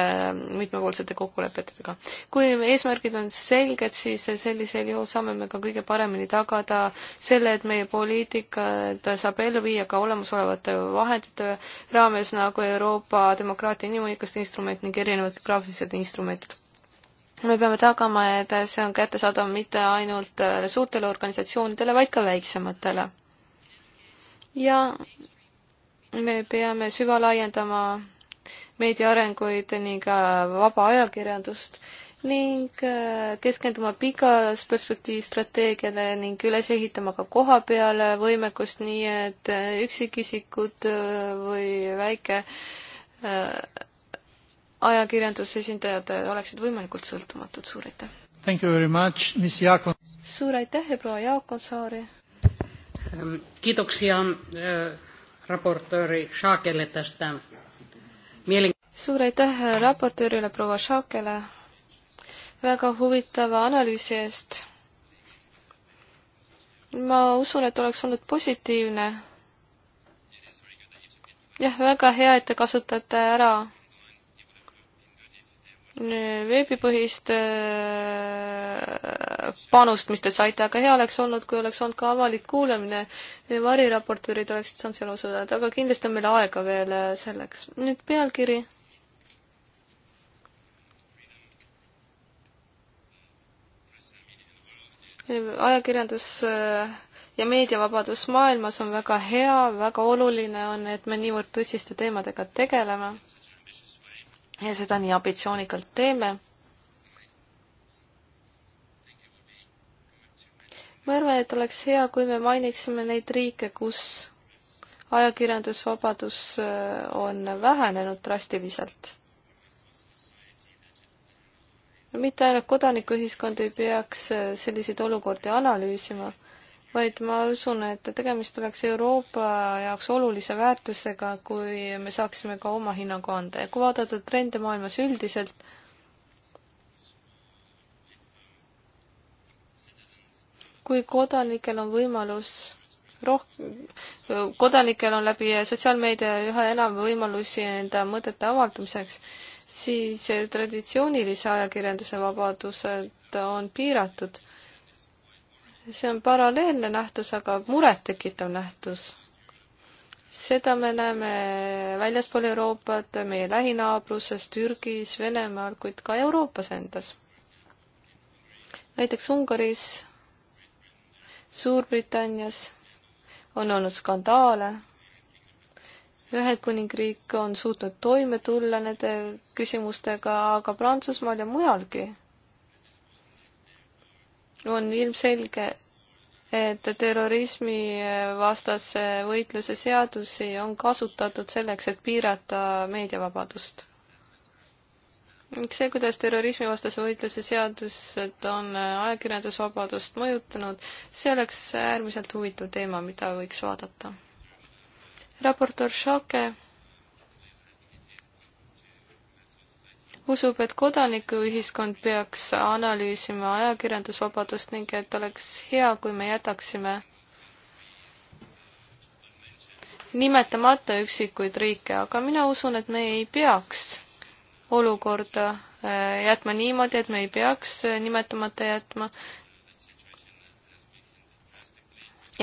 mitmepoolsete kokkulepetega. kui eesmärgid on selged, siis sellisel juhul saame me ka kõige paremini tagada selle, et meie poliitikat saab ellu viia ka olemasolevate vahendite raames, nagu Euroopa demokraatia inimõiguste instrument ning erinevad graafilised instrumendid me peame tagama, et see on kättesaadav mitte ainult suurtele organisatsioonidele, vaid ka väiksematele ja me peame süvalaiendama meedia arenguid ning äh, vaba ajakirjandust ning äh, keskenduma pikas perspektiivis strateegiale ning üles ehitama ka koha peale võimekust, nii et äh, üksikisikud või väike ajakirjanduse esindajad oleksid võimalikult sõltumatud, suur aitäh! suur aitäh ja proua Jaak Onsaari! Ehm, kiitoksia eh, raportööri Shaakele tästä mielen... Suur aitäh eh, raportöörile proua Shaakele väga huvitava analüüsi eest. ma usun, et oleks olnud positiivne. jah, väga hea, et te kasutate ära veebipõhist äh, panust, mis te saite, aga hea oleks olnud, kui oleks olnud ka avalik kuulamine. variraportöörid oleksid saanud seal osaleda, aga kindlasti on meil aega veel äh, selleks. nüüd pealkiri. ajakirjandus äh, ja meediavabadus maailmas on väga hea, väga oluline on, et me niivõrd tõsiste teemadega tegeleme ja seda nii ambitsioonikalt teeme. ma arvan, et oleks hea, kui me mainiksime neid riike, kus ajakirjandusvabadus äh, on vähenenud drastiliselt. mitte ainult kodanikuühiskond ei peaks äh, selliseid olukordi analüüsima vaid ma usun, et tegemist oleks Euroopa jaoks olulise väärtusega, kui me saaksime ka oma hinnangu anda ja kui vaadata trende maailmas üldiselt, kui kodanikel on võimalus roh-, kodanikel on läbi sotsiaalmeedia üha enam võimalusi enda mõtete avaldamiseks, siis traditsioonilise ajakirjanduse vabadused on piiratud see on paralleelne nähtus, aga murettekitav nähtus. seda me näeme väljaspool Euroopat, meie lähinaabruses, Türgis, Venemaal, kuid ka Euroopas endas. näiteks Ungaris, Suurbritannias on olnud skandaale Ühendkuningriik on suutnud toime tulla nende küsimustega, aga Prantsusmaal ja mujalgi on ilmselge, et terrorismi eh, vastase võitluse seadusi on kasutatud selleks, et piirata meediavabadust. see, kuidas terrorismivastase võitluse seadused on eh, ajakirjandusvabadust mõjutanud, see oleks äärmiselt huvitav teema, mida võiks vaadata. raportöör Šake usub, et kodanikuühiskond peaks analüüsima ajakirjandusvabadust ning et oleks hea, kui me jätaksime nimetamata üksikuid riike, aga mina usun, et me ei peaks olukorda äh, jätma niimoodi, et me ei peaks äh, nimetamata jätma.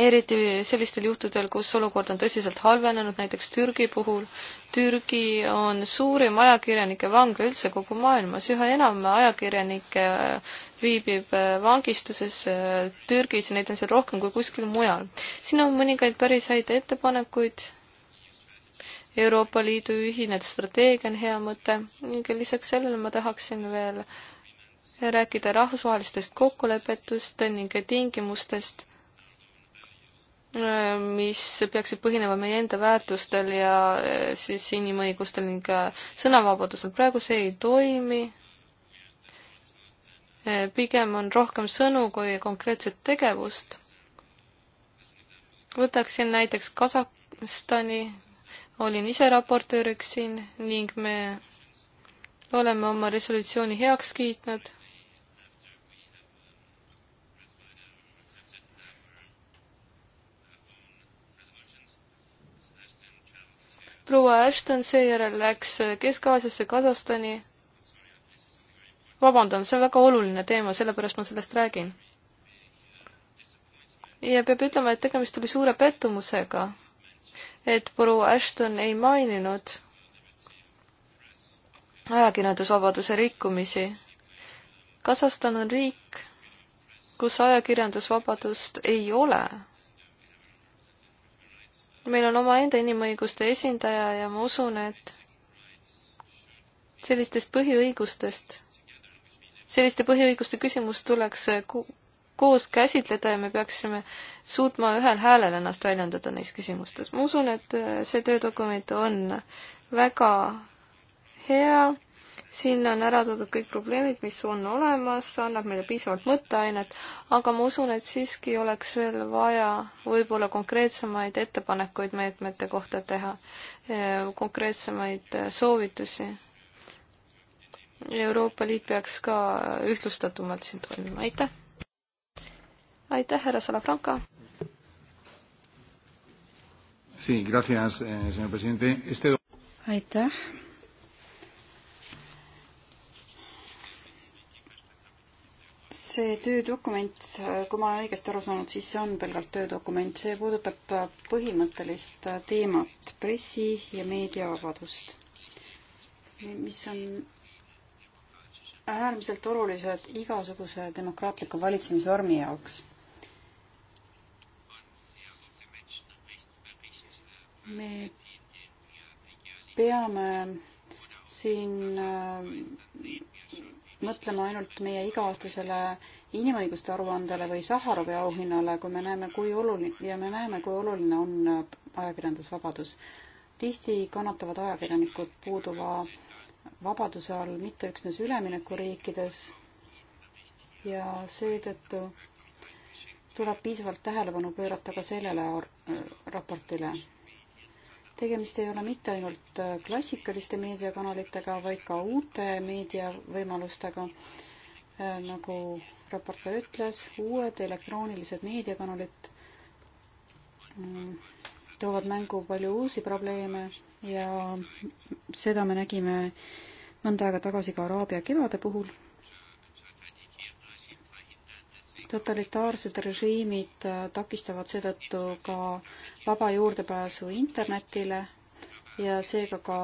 eriti sellistel juhtudel, kus olukord on tõsiselt halvenenud, näiteks Türgi puhul, Türgi on suurim ajakirjanike vangla üldse kogu maailmas, üha enam ajakirjanikke viibib äh, vangistuses äh, Türgis ja neid on seal rohkem kui kuskil mujal. siin on mõningaid päris häid ettepanekuid. Euroopa Liidu ühine strateegia on hea mõte ning lisaks sellele ma tahaksin veel rääkida rahvusvahelistest kokkulepetest ning tingimustest mis peaksid põhinema meie enda väärtustel ja eh, siis inimõigustel ning eh, sõnavabadusel. praegu see ei toimi. Eh, pigem on rohkem sõnu kui konkreetset tegevust. võtaksin näiteks Kasahstani, olin ise raportööriks siin ning me oleme oma resolutsiooni heaks kiitnud proua Ashton seejärel läks Kesk-Aasiasse, Kasahstani. vabandan, see on väga oluline teema, sellepärast ma sellest räägin. ja peab ütlema, et tegemist oli suure pettumusega, et proua Ashton ei maininud ajakirjandusvabaduse rikkumisi. Kasahstan on riik, kus ajakirjandusvabadust ei ole meil on omaenda inimõiguste esindaja ja ma usun, et sellistest põhiõigustest, selliste põhiõiguste küsimust tuleks koos käsitleda ja me peaksime suutma ühel häälel ennast väljendada neis küsimustes. ma usun, et äh, see töödokument on väga hea siin on ära toodud kõik probleemid, mis on olemas, annab meile piisavalt mõtteainet, aga ma usun, et siiski oleks veel vaja võib-olla konkreetsemaid ettepanekuid meetmete kohta teha, eh, konkreetsemaid eh, soovitusi. Euroopa Liit peaks ka ühtlustatumalt siin toimima, aitäh! aitäh, härra Salafranca! Eh, aitäh! see töödokument, kui ma olen õigesti aru saanud, siis see on pelgalt töödokument, see puudutab põhimõttelist teemat, pressi- ja meediavabadust, mis on äärmiselt olulised igasuguse demokraatliku valitsemisvormi jaoks. me peame siin äh, mõtlema ainult meie iga-aastasele inimõiguste aruandele või Saharovi auhinnale, kui me näeme, kui oluline ja me näeme, kui oluline on ajakirjandusvabadus. tihti kannatavad ajakirjanikud puuduva vabaduse all mitte üksnes üleminekuriikides ja seetõttu tuleb piisavalt tähelepanu pöörata ka sellele raportile tegemist ei ole mitte ainult äh, klassikaliste meediakanalitega, vaid ka uute meediavõimalustega, äh, nagu raportöör ütles, uued elektroonilised meediakanalid mm, toovad mängu palju uusi probleeme ja seda me nägime mõnda aega tagasi ka Araabia kevade puhul totalitaarsed režiimid äh, takistavad seetõttu ka vaba juurdepääsu internetile ja seega ka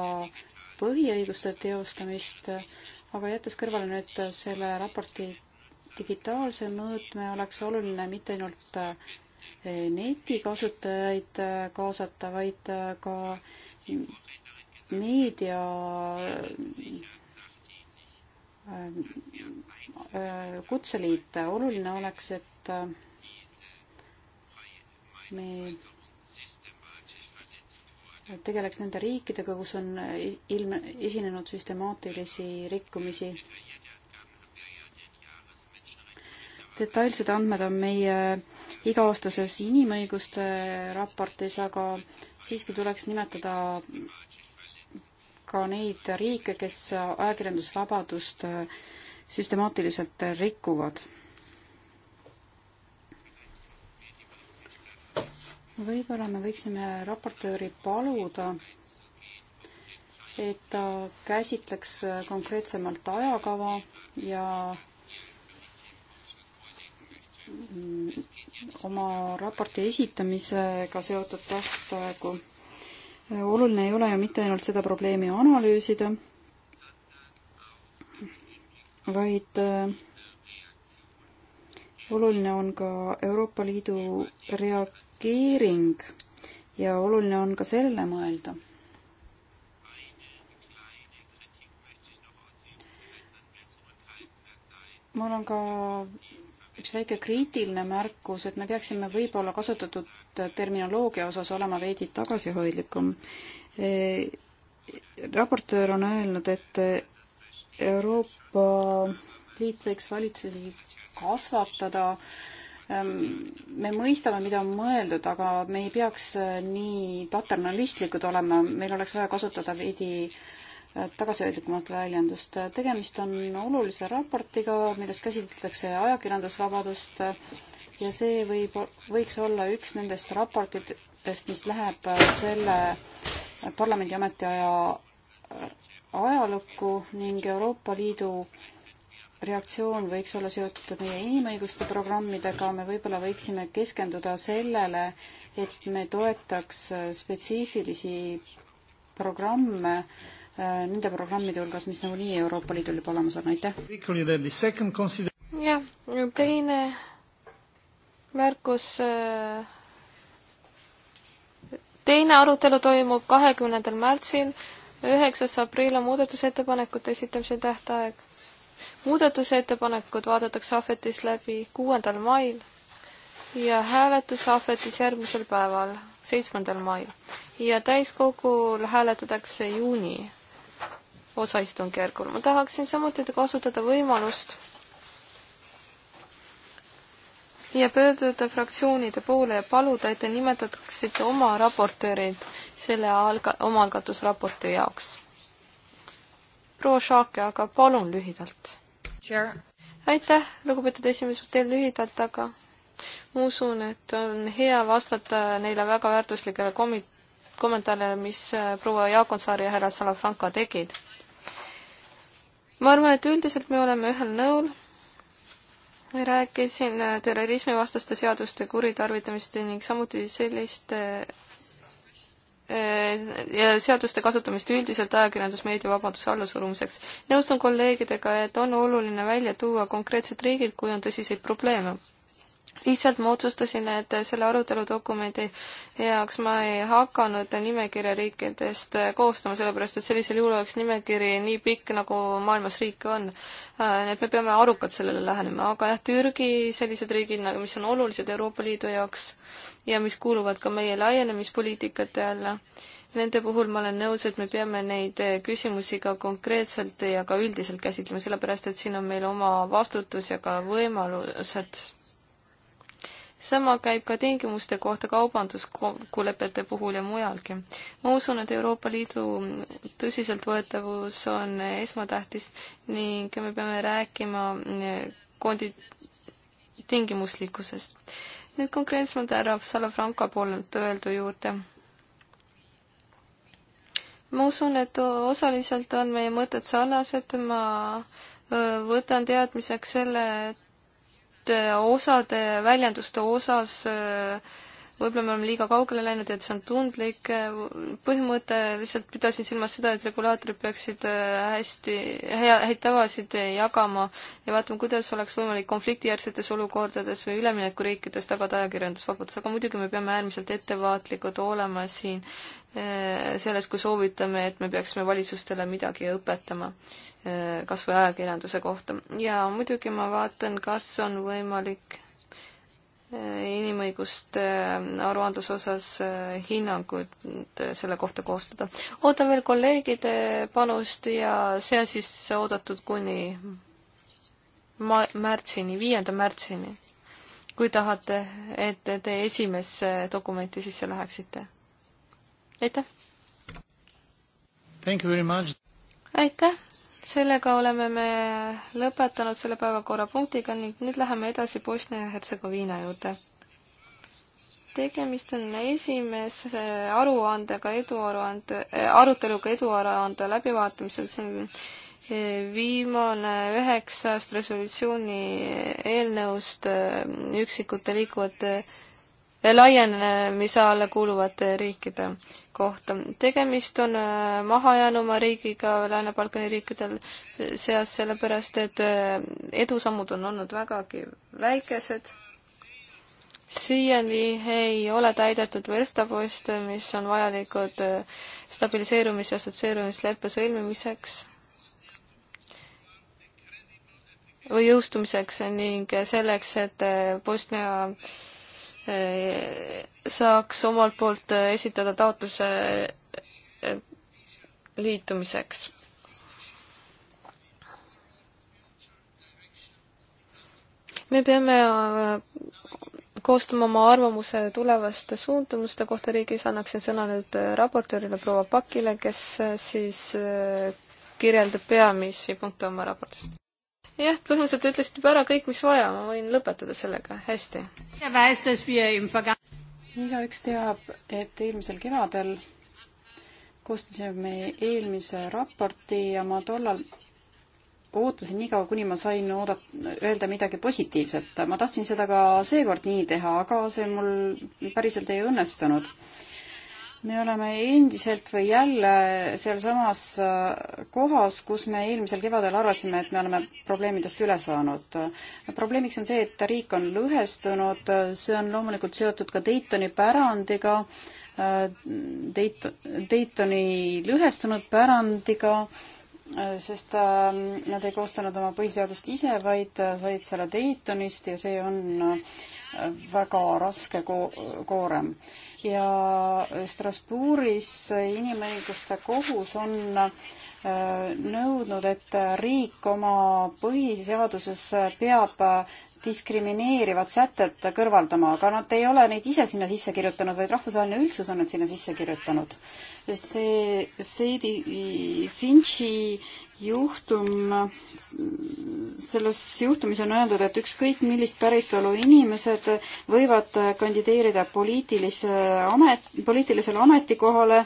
põhiõiguste teostamist, aga jättes kõrvale nüüd selle raporti digitaalse mõõtme, oleks oluline mitte ainult äh, netikasutajaid äh, kaasata, vaid ka meedia kutseliite. oluline oleks, et me tegeleks nende riikidega, kus on ilm, esinenud süstemaatilisi rikkumisi. detailsed andmed on meie iga-aastases inimõiguste raportis, aga siiski tuleks nimetada ka neid riike, kes ajakirjandusvabadust süstemaatiliselt rikuvad. võib-olla me võiksime raportööri paluda, et ta käsitleks konkreetsemalt ajakava ja oma raporti esitamisega seotud tähtaegu. oluline ei ole ju mitte ainult seda probleemi analüüsida vaid äh, oluline on ka Euroopa Liidu reageering ja oluline on ka sellele mõelda. mul on ka üks väike kriitiline märkus, et me peaksime võib-olla kasutatud terminoloogia osas olema veidi tagasihoidlikum. raportöör on öelnud, et Euroopa Liit võiks valitsusi kasvatada. Ehm, me mõistame, mida on mõeldud, aga me ei peaks eh, nii paternalistlikud olema, meil oleks vaja kasutada veidi eh, tagasihoidlikumat väljendust. tegemist on olulise raportiga, milles käsitletakse ajakirjandusvabadust eh, ja see võib, võiks olla üks nendest raportitest, mis läheb selle parlamendi ametiaja ajalukku ning Euroopa Liidu reaktsioon võiks olla seotud meie inimõiguste programmidega, me võib-olla võiksime keskenduda sellele, et me toetaks spetsiifilisi programme, äh, nende programmide hulgas, mis nagunii Euroopa Liidul juba olemas on, aitäh! jah, teine märkus, äh, teine arutelu toimub kahekümnendal märtsil üheksas aprill on muudatusettepanekute esitamise tähtaeg. muudatusettepanekud vaadatakse ahvetis läbi kuuendal mail ja hääletus ahvetis järgmisel päeval, seitsmendal mail. ja täiskogul hääletatakse juuni osaistungjärgul. ma tahaksin samuti kasutada võimalust ja pöörduda fraktsioonide poole ja paluda, et te nimetaksite oma raportöörid selle alga-, omaalgatusraporti jaoks. proua Šaake, aga palun lühidalt sure.. aitäh, lugupeetud esimees, teen lühidalt, aga ma usun, et on hea vastata neile väga väärtuslikele komi-, kommentaare, mis äh, proua Jaakonsaar ja härra Salafranca tegid. ma arvan, et üldiselt me oleme ühel nõul rääkisin äh, terrorismivastaste seaduste kuritarvitamist ning samuti selliste äh, ja seaduste kasutamist üldiselt ajakirjandusmeedia vabaduse allasurumiseks. nõustun kolleegidega, et on oluline välja tuua konkreetsed riigid, kui on tõsiseid probleeme lihtsalt ma otsustasin, et selle aruteludokumendi jaoks ma ei hakanud nimekirja riikidest koostama, sellepärast et sellisel juhul oleks nimekiri nii pikk, nagu maailmas riike on. nii äh, et me peame arukalt sellele lähenema, aga jah, Türgi, sellised riigid, nagu mis on olulised Euroopa Liidu jaoks ja mis kuuluvad ka meie laienemispoliitikate alla, nende puhul ma olen nõus, et me peame neid küsimusi ka konkreetselt ja ka üldiselt käsitlema, sellepärast et siin on meil oma vastutus ja ka võimalused sama käib ka tingimuste kohta kaubanduskokkulepete puhul ja mujalgi. ma usun, et Euroopa Liidu tõsiseltvõetavus on esmatähtis ning me peame rääkima eh, kondi tingimuslikkusest. nüüd konkreetsemalt härra Salafranca poolt öeldu juurde. ma usun, et osaliselt on meie mõtted sarnased, ma eh, võtan teadmiseks selle, et Äh, osade väljenduste osas äh, võib-olla me oleme liiga kaugele läinud, et see on tundlik eh, põhimõte, lihtsalt pidasin silmas seda, et regulaatorid peaksid eh, hästi, hea, häid tavasid jagama ja vaatama, kuidas oleks võimalik konfliktijärgsetes olukordades või üleminekuriikides tagada ajakirjandusvabadus, aga muidugi me peame äärmiselt ettevaatlikud olema siin eh, selles, kui soovitame, et me peaksime valitsustele midagi õpetama kas või ajakirjanduse kohta. ja muidugi ma vaatan, kas on võimalik inimõiguste äh, aruandluse osas äh, hinnanguid äh, selle kohta koostada. ootan veel kolleegide panust ja see on siis oodatud kuni ma-, märtsini, viienda märtsini. kui tahate, et te esimesse dokumenti sisse läheksite. aitäh! aitäh! sellega oleme me lõpetanud selle päevakorrapunktiga ning nüüd läheme edasi Bosnia ja Hertsegoviina juurde. tegemist on esimese aruandega eduaruande, eh, aruteluga eduaruande läbivaatamisel, see on eh, viimane üheksast resolutsiooni eelnõust eh, üksikute liikuvate laienemise alla kuuluvate riikide kohta. tegemist on äh, mahajäänuma riigiga Lääne-Balkani riikidel seas, sellepärast et äh, edusammud on olnud vägagi väikesed. siiani ei ole täidetud verstaposte, mis on vajalikud äh, stabiliseerumis- ja assotsieerumisleppe sõlmimiseks või jõustumiseks ning selleks, et Bosnia saaks omalt poolt esitada taotluse liitumiseks. me peame äh, koostama oma arvamuse tulevaste suundumuste kohta riigis, annaksin sõna nüüd raportöörile proua Pakile, kes äh, siis äh, kirjeldab peamisi punkte oma raportist jah, põhimõtteliselt ütlesite juba ära kõik, mis vaja, ma võin lõpetada sellega, hästi. igaüks teab, et eelmisel kevadel koostasime me eelmise raporti ja ma tollal ootasin niikaua, kuni ma sain oodat-, öelda midagi positiivset. ma tahtsin seda ka seekord nii teha, aga see mul päriselt ei õnnestunud me oleme endiselt või jälle sealsamas äh, kohas, kus me eelmisel kevadel arvasime, et me oleme probleemidest üle saanud. probleemiks on see, et riik on lõhestunud, see on loomulikult seotud ka Daytoni pärandiga, äh, Dayt-, Daytoni lõhestunud pärandiga, äh, sest nad ei koostanud oma põhiseadust ise, vaid said selle Daytonist ja see on väga raske ko-, koorem ja Strasbourgis Inimõiguste Kohus on äh, nõudnud, et riik oma põhiseaduses peab diskrimineerivad sätted kõrvaldama, aga nad ei ole neid ise sinna sisse kirjutanud, vaid rahvusvaheline üldsus on nad sinna sisse kirjutanud. see Seedi Finchi juhtum, selles juhtumis on öeldud, et ükskõik millist päritolu inimesed võivad kandideerida poliitilise amet, poliitilisele ametikohale,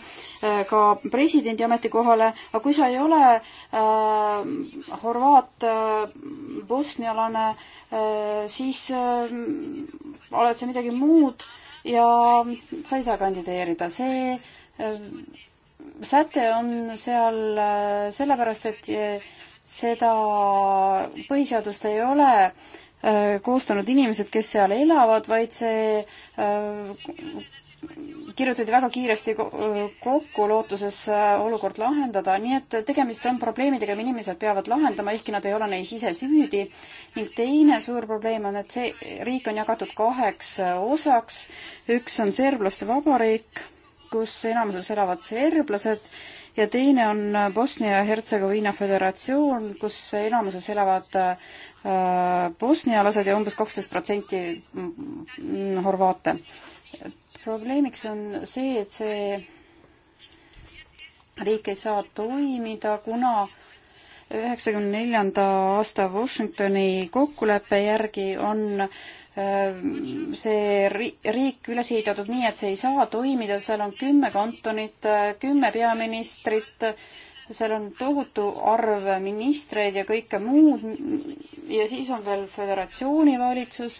ka presidendi ametikohale, aga kui sa ei ole äh, horvaat äh, bosnialane äh,, siis äh, oled sa midagi muud ja sa ei saa kandideerida. see äh, säte on seal äh, sellepärast, et äh, seda põhiseadust ei ole äh, koostanud inimesed, kes seal elavad, vaid see kirjutati väga kiiresti kokku, lootuses olukord lahendada, nii et tegemist on probleemidega, mida inimesed peavad lahendama, ehkki nad ei ole neis ise süüdi. ning teine suur probleem on, et see riik on jagatud kaheks osaks. üks on serblaste vabariik kus enamuses elavad serblased ja teine on Bosnia ja Hertsegoviina föderatsioon, kus enamuses elavad äh, bosnialased ja umbes kaksteist protsenti mm, horvaate. probleemiks on see, et see riik ei saa toimida, kuna üheksakümne neljanda aasta Washingtoni kokkuleppe järgi on Ehm, see riik üles ehitatud nii, et see ei saa toimida, seal on kümme kantonit, kümme peaministrit, seal on tohutu arv ministreid ja kõike muud ja siis on veel föderatsiooni valitsus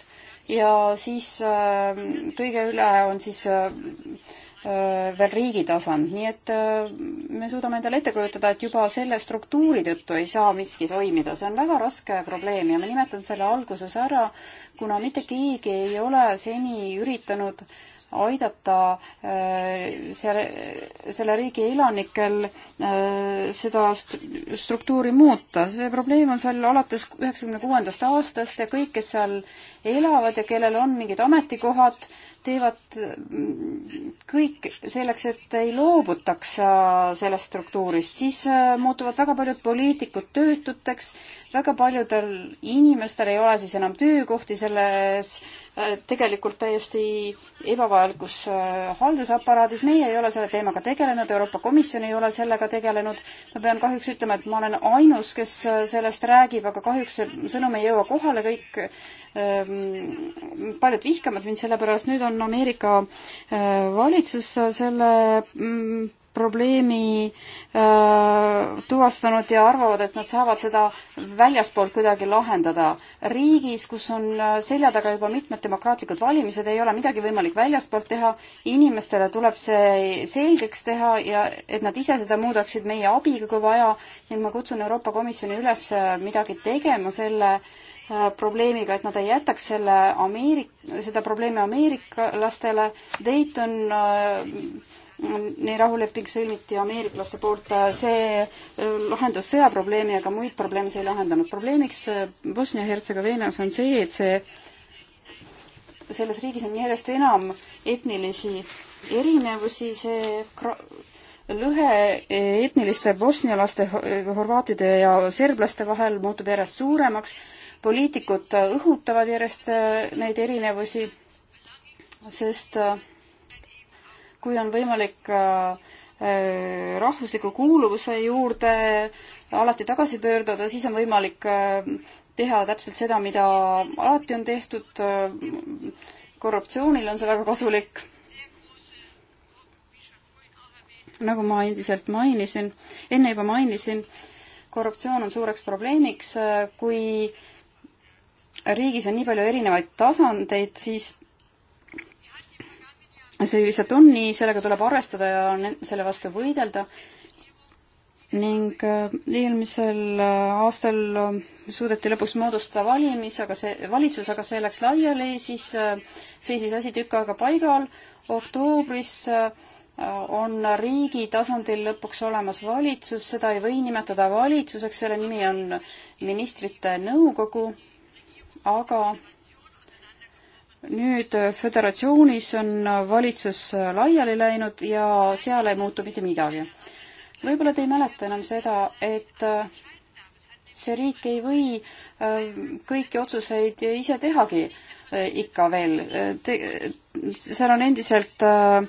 ja siis ehm, kõige üle on siis ehm, Äh, veel riigi tasand, nii et äh, me suudame endale ette kujutada, et juba selle struktuuri tõttu ei saa miski toimida, see on väga raske probleem ja ma nimetan selle alguses ära, kuna mitte keegi ei ole seni üritanud aidata äh, selle, selle riigi elanikel seda struktuuri muuta. see probleem on seal alates üheksakümne kuuendast aastast ja kõik, kes seal elavad ja kellel on mingid ametikohad, teevad kõik selleks, et ei loobutaks sellest struktuurist, siis äh, muutuvad väga paljud poliitikud töötuteks, väga paljudel inimestel ei ole siis enam töökohti selles äh, tegelikult täiesti ebavajalikus äh, haldusaparaadis, meie ei ole selle teemaga tegelenud, Euroopa Komisjon ei ole sellega tegelenud, ma pean kahjuks ütlema, et ma olen ainus, kes sellest räägib, aga kahjuks see sõnum ei jõua kohale, kõik Ehm, paljud vihkavad mind selle pärast, nüüd on Ameerika äh, valitsus selle mm, probleemi äh, tuvastanud ja arvavad, et nad saavad seda väljaspoolt kuidagi lahendada. riigis, kus on äh, selja taga juba mitmed demokraatlikud valimised, ei ole midagi võimalik väljaspoolt teha, inimestele tuleb see selgeks teha ja et nad ise seda muudaksid meie abiga, kui vaja, nii et ma kutsun Euroopa Komisjoni üles äh, midagi tegema selle äh, Äh, probleemiga, et nad ei jätaks selle Ameerik-, seda probleemi ameeriklastele. Dayton äh, nii rahuleping sõlmiti ameeriklaste poolt, äh, see lahendas sõjaprobleemi, aga muid probleeme see ei lahendanud. probleemiks Bosnia-Hertsegoviinas on see, et see, selles riigis on järjest enam etnilisi erinevusi, see lõhe etniliste bosnialaste, horvaatide ja serblaste vahel muutub järjest suuremaks poliitikud õhutavad järjest äh, neid erinevusi, sest äh, kui on võimalik äh, rahvusliku kuuluvuse juurde alati tagasi pöörduda, siis on võimalik teha täpselt seda, mida alati on tehtud. korruptsioonil on see väga kasulik. nagu ma endiselt mainisin, enne juba mainisin, korruptsioon on suureks probleemiks, kui äh, riigis on nii palju erinevaid tasandeid, siis see lihtsalt on nii, sellega tuleb arvestada ja selle vastu võidelda. ning äh, eelmisel äh, aastal äh, suudeti lõpuks moodustada valimis, aga see, valitsus, aga see läks laiali, siis seisis asi tükk aega paigal. oktoobris on riigi tasandil lõpuks olemas valitsus, seda ei või nimetada valitsuseks, selle nimi on ministrite nõukogu aga nüüd äh, föderatsioonis on äh, valitsus äh, laiali läinud ja seal ei muutu mitte midagi. võib-olla te ei mäleta enam seda, et see riik ei või kõiki otsuseid ise tehagi ikka veel. seal on endiselt äh,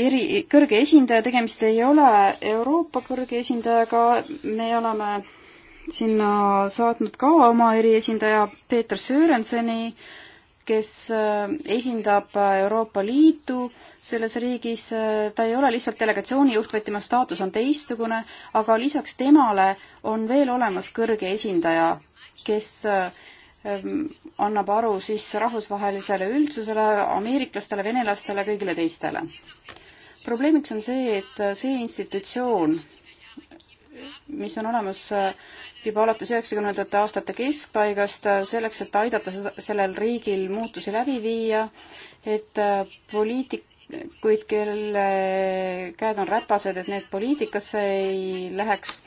eri, kõrge esindaja, tegemist ei ole Euroopa kõrge esindajaga, me oleme sinna saatnud ka oma eriesindaja Peeter Sörenseni, kes äh, esindab äh, Euroopa Liitu selles riigis, äh, ta ei ole lihtsalt delegatsiooni juht, vaid tema staatus on teistsugune, aga lisaks temale on veel olemas kõrge esindaja, kes ähm, annab aru siis rahvusvahelisele üldsusele, ameeriklastele, venelastele, kõigile teistele. probleemiks on see, et see institutsioon, mis on olemas juba alates üheksakümnendate aastate keskpaigast äh, selleks, et aidata seda, sellel riigil muutusi läbi viia, et äh, poliitikuid, kelle käed on räpased, et need poliitikasse ei läheks.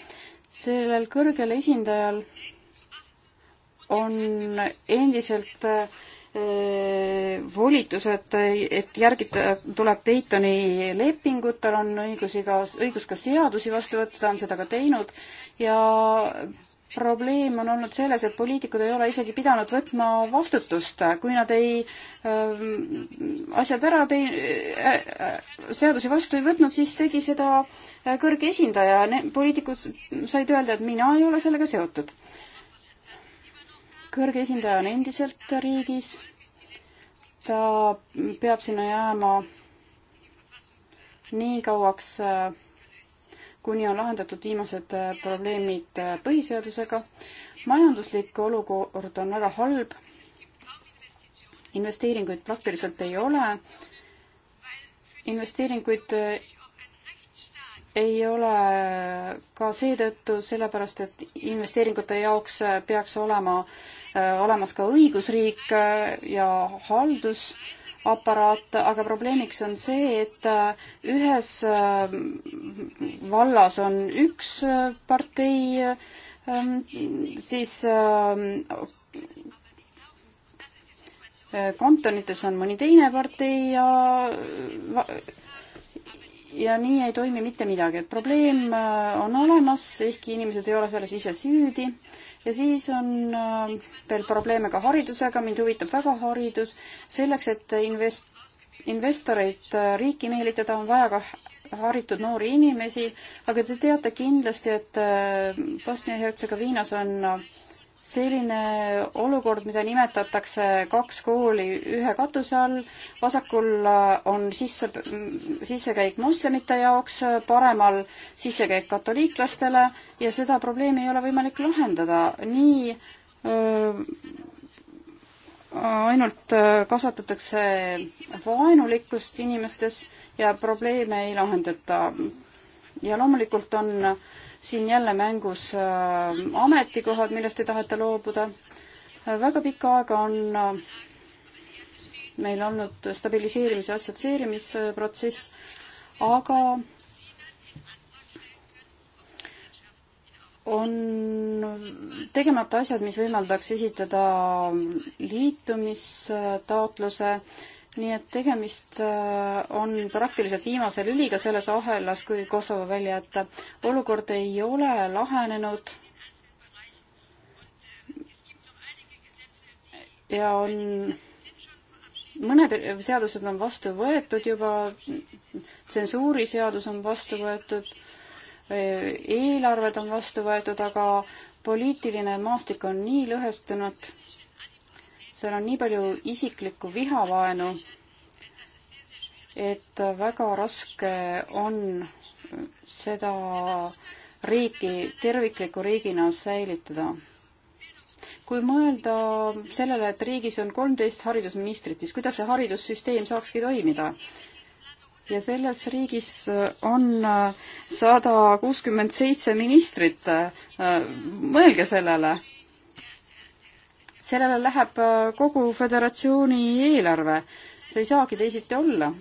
sellel kõrgel esindajal on endiselt äh, volitused, et järgida tuleb Daytoni lepingut, tal on õigus iga, õigus ka seadusi vastu võtta, ta on seda ka teinud ja probleem on olnud selles, et poliitikud ei ole isegi pidanud võtma vastutust, kui nad ei äh, asjad ära tei- äh,, seadusi vastu ei võtnud, siis tegi seda äh, kõrge esindaja, poliitikud said öelda, et mina ei ole sellega seotud. kõrge esindaja on endiselt riigis, ta peab sinna jääma nii kauaks äh, kuni on lahendatud viimased äh, probleemid äh, põhiseadusega. majanduslik olukord on väga halb. investeeringuid praktiliselt ei ole. investeeringuid äh, ei ole ka seetõttu, sellepärast et investeeringute jaoks peaks olema olemas ka õigusriik ja haldus äh, aparaat, aga probleemiks on see, et äh, ühes äh, vallas on üks äh, partei, ähm, siis ähm, kantonites on mõni teine partei ja ja nii ei toimi mitte midagi, et probleem on olemas, ehkki inimesed ei ole selles ise süüdi ja siis on äh, veel probleeme ka haridusega, mind huvitab väga haridus. selleks, et invest-, investoreid äh, riiki meelitada, on vaja ka haritud noori inimesi, aga te teate kindlasti, et äh, Bosnia-Hertsegoviinas on selline olukord, mida nimetatakse kaks kooli ühe katuse all, vasakul äh, on sisse, sissekäik moslemite jaoks, äh, paremal sissekäik katoliiklastele ja seda probleemi ei ole võimalik lahendada nii öö, äh, ainult kasvatatakse vaenulikkust inimestes ja probleeme ei lahendata. ja loomulikult on äh, siin jälle mängus äh, ametikohad, millest te tahate loobuda. Äh, väga pikka aega on äh, meil olnud stabiliseerimise assotsieerimisprotsess, aga on tegemata asjad, mis võimaldaks esitada liitumistaotluse äh, nii et tegemist äh, on praktiliselt viimase lüliga selles ahelas, kui Kosovo välja jätta. olukord ei ole lahenenud. ja on, mõned seadused on vastu võetud juba, tsensuuriseadus on vastu võetud, e, eelarved on vastu võetud, aga poliitiline maastik on nii lõhestunud seal on nii palju isiklikku vihavaenu, et väga raske on seda riiki tervikliku riigina säilitada. kui mõelda sellele, et riigis on kolmteist haridusministrit, siis kuidas see haridussüsteem saakski toimida? ja selles riigis on sada kuuskümmend seitse ministrit. mõelge sellele sellele läheb äh, kogu föderatsiooni eelarve. see ei saagi teisiti olla.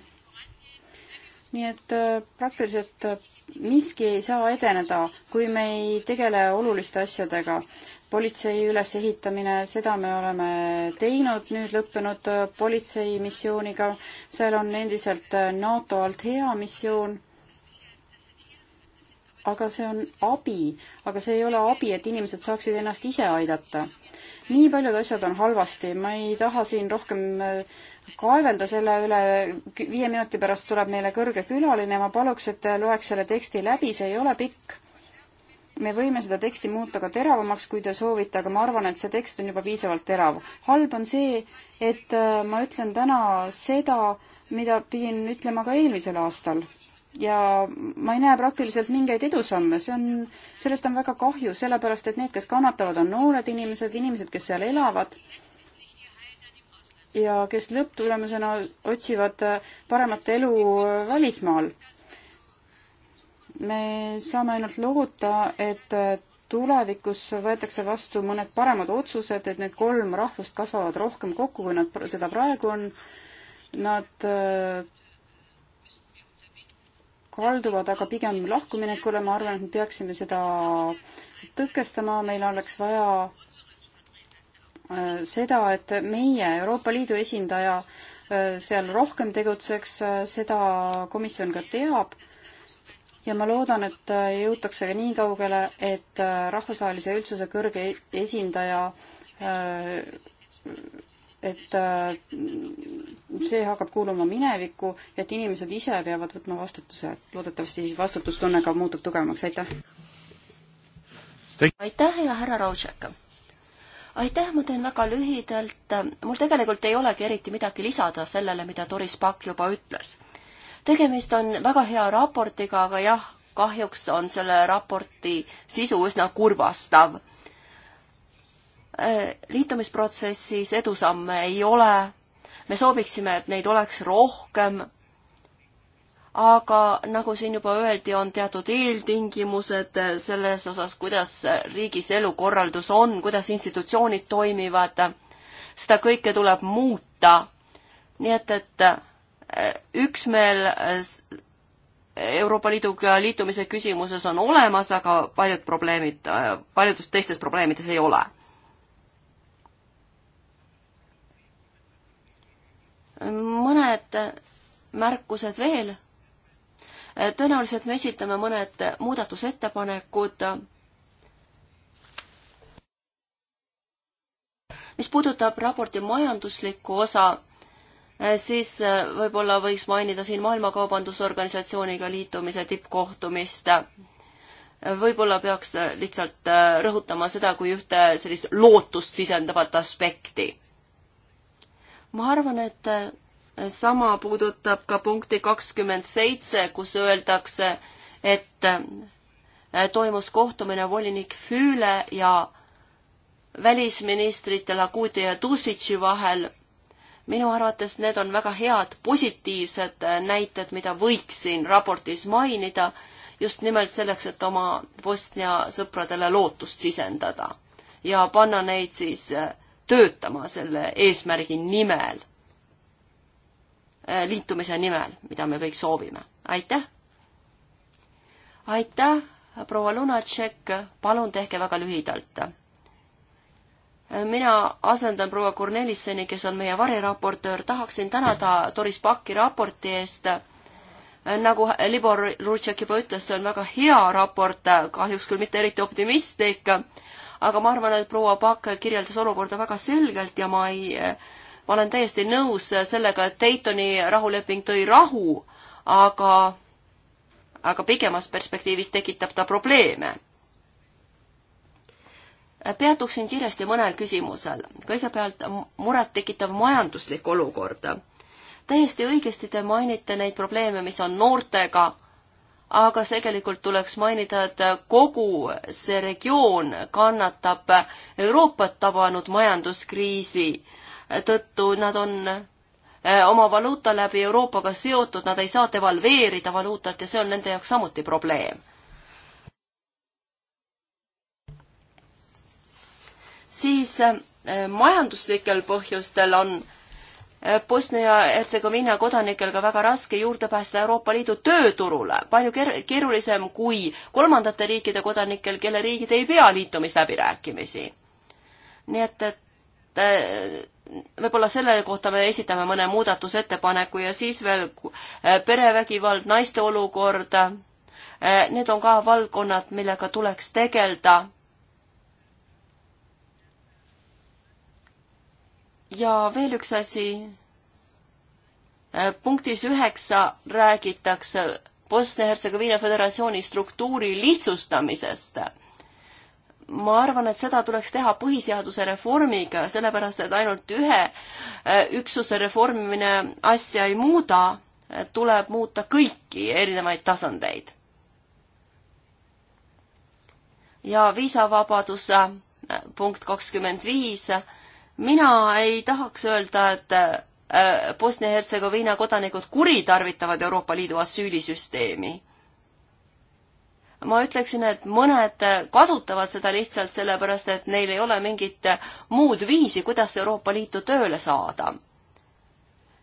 nii et äh, praktiliselt äh, miski ei saa edeneda, kui me ei tegele oluliste asjadega. politsei ülesehitamine, seda me oleme teinud nüüd lõppenud politseimissiooniga, seal on endiselt NATO alt hea missioon aga see on abi, aga see ei ole abi, et inimesed saaksid ennast ise aidata nii paljud asjad on halvasti, ma ei taha siin rohkem äh, kaevelda selle üle, viie minuti pärast tuleb meile kõrge külaline, ma paluks, et loeks selle teksti läbi, see ei ole pikk. me võime seda teksti muuta ka teravamaks, kui te soovite, aga ma arvan, et see tekst on juba piisavalt terav. halb on see, et äh, ma ütlen täna seda, mida pidin ütlema ka eelmisel aastal ja ma ei näe praktiliselt mingeid edusamme, see on, sellest on väga kahju, sellepärast et need, kes kannatavad, on noored inimesed, inimesed, kes seal elavad ja kes lõpptulemusena otsivad äh, paremat elu äh, välismaal. me saame ainult loota, et äh, tulevikus võetakse vastu mõned paremad otsused, et need kolm rahvust kasvavad rohkem kokku, kui nad seda praegu on. Nad kalduvad aga pigem lahkuminekule, ma arvan, et me peaksime seda tõkestama, meil oleks vaja äh, seda, et meie, Euroopa Liidu esindaja, äh, seal rohkem tegutseks, äh, seda komisjon ka teab ja ma loodan, et jõutakse ka nii kaugele, et rahvusvahelise üldsuse kõrge e-, esindaja et äh, see hakkab kuuluma minevikku, et inimesed ise peavad võtma vastutuse, et loodetavasti siis vastutustunne ka muutub tugevamaks, aitäh! aitäh ja härra Raudšek! aitäh, ma teen väga lühidalt, mul tegelikult ei olegi eriti midagi lisada sellele, mida Doris Pakk juba ütles. tegemist on väga hea raportiga, aga jah, kahjuks on selle raporti sisu üsna kurvastav Äh, liitumisprotsessis edusamme ei ole, me sooviksime, et neid oleks rohkem, aga nagu siin juba öeldi, on teatud eeltingimused selles osas, kuidas riigis elukorraldus on, kuidas institutsioonid toimivad, seda kõike tuleb muuta. nii et, et äh, üksmeel äh, Euroopa Liiduga liitumise küsimuses on olemas, aga paljud probleemid, paljudes teistes probleemides ei ole mõned märkused veel. tõenäoliselt me esitame mõned muudatusettepanekud, mis puudutab raporti majanduslikku osa, siis võib-olla võiks mainida siin Maailma Kaubandusorganisatsiooniga liitumise tippkohtumist. võib-olla peaks lihtsalt rõhutama seda kui ühte sellist lootust sisendavat aspekti ma arvan, et eh, sama puudutab ka punkti kakskümmend seitse, kus öeldakse, et eh, toimus kohtumine volinik Füüle ja välisministrite Laguti ja Tusitši vahel. minu arvates need on väga head positiivsed eh, näited, mida võiks siin raportis mainida, just nimelt selleks, et oma Bosnia sõpradele lootust sisendada ja panna neid siis äh, töötama selle eesmärgi nimel, äh, liitumise nimel, mida me kõik soovime. aitäh! aitäh, proua Lunatšek, palun tehke väga lühidalt. Äh, mina asendan proua Kornelisseni, kes on meie variraportöör, tahaksin tänada Doris Pakki raporti eest äh, nagu Libor Rutšek juba ütles, see on väga hea raport, kahjuks küll mitte eriti optimistlik, aga ma arvan, et proua Pakk kirjeldas olukorda väga selgelt ja ma ei, ma olen täiesti nõus sellega, et Daytoni rahuleping tõi rahu, aga, aga pikemas perspektiivis tekitab ta probleeme. peatuksin kiiresti mõnel küsimusel. kõigepealt murettekitav majanduslik olukord täiesti õigesti te mainite neid probleeme, mis on noortega aga tegelikult tuleks mainida, et kogu see regioon kannatab Euroopat tabanud majanduskriisi tõttu, nad on eh, oma valuuta läbi Euroopaga seotud, nad ei saa devalveerida valuutat ja see on nende jaoks samuti probleem. siis eh, majanduslikel põhjustel on Bosnia-Hertsegoviina kodanikel ka väga raske juurde pääseda Euroopa Liidu tööturule, palju ker-, keerulisem kui kolmandate riikide kodanikel, kelle riigid ei pea liitumisläbirääkimisi. nii et, et võib-olla selle kohta me esitame mõne muudatusettepaneku ja siis veel eh, perevägivald, naiste olukord, eh, need on ka valdkonnad, millega tuleks tegeleda ja veel üks asi. Äh, punktis üheksa räägitakse Bosnia-Hertsegoviina Föderatsiooni struktuuri lihtsustamisest. ma arvan, et seda tuleks teha põhiseaduse reformiga, sellepärast et ainult ühe äh, üksuse reformimine asja ei muuda, tuleb muuta kõiki erinevaid tasandeid. ja viisavabadus äh, punkt kakskümmend viis mina ei tahaks öelda, et äh, Bosnia-Hertsegoviina kodanikud kuritarvitavad Euroopa Liidu asüülisüsteemi. ma ütleksin, et mõned kasutavad seda lihtsalt sellepärast, et neil ei ole mingit muud viisi, kuidas Euroopa Liitu tööle saada.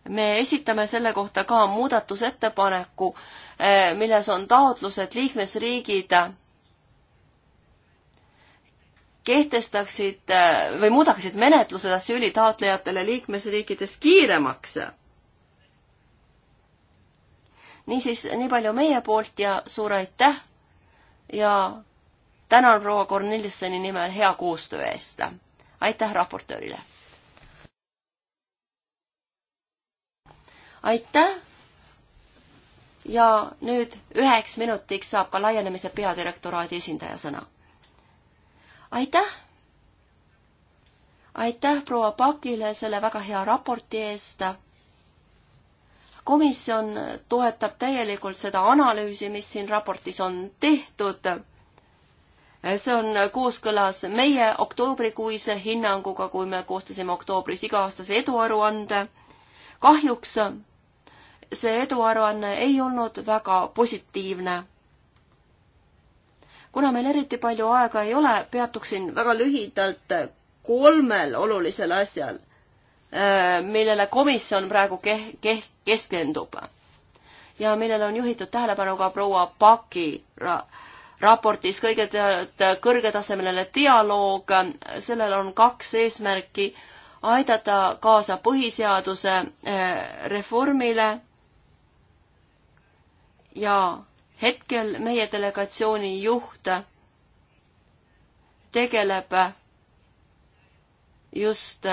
me esitame selle kohta ka muudatusettepaneku, äh, milles on taotlus, et liikmesriigid kehtestaksid äh, või muudaksid menetlused asüülitaotlejatele liikmesriikides kiiremaks. niisiis, nii palju meie poolt ja suur aitäh ja tänan proua Kornelissoni nimel hea koostöö eest. aitäh raportöörile! aitäh! ja nüüd üheks minutiks saab ka laienemise peadirektoraadi esindaja sõna aitäh! aitäh proua Pakile selle väga hea raporti eest. komisjon toetab täielikult seda analüüsi, mis siin raportis on tehtud. see on kooskõlas meie oktoobrikuise hinnanguga, kui me koostasime oktoobris iga-aastase eduaruande. kahjuks see eduaruanne ei olnud väga positiivne kuna meil eriti palju aega ei ole, peatuksin väga lühidalt kolmel olulisel asjal, äh, millele komisjon praegu keh-, keh-, keskendub. ja millele on juhitud tähelepanu ka proua Paki ra-, raportis kõigepealt kõrgetasemeline dialoog, sellel on kaks eesmärki, aidata kaasa põhiseaduse äh, reformile ja hetkel meie delegatsiooni juht tegeleb just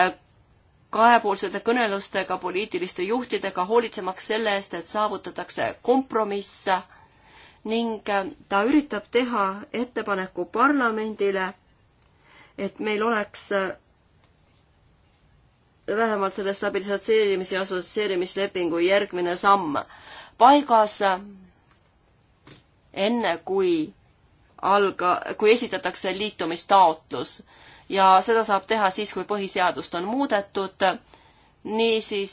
äh, kahepoolsete kõnelustega poliitiliste juhtidega, hoolitsemaks selle eest, et saavutatakse kompromiss ning äh, ta üritab teha ettepaneku parlamendile, et meil oleks äh, vähemalt selle stabiliseerimis- ja assotsieerimislepingu järgmine samm paigas enne kui alga, kui esitatakse liitumistaotlus ja seda saab teha siis, kui põhiseadust on muudetud. niisiis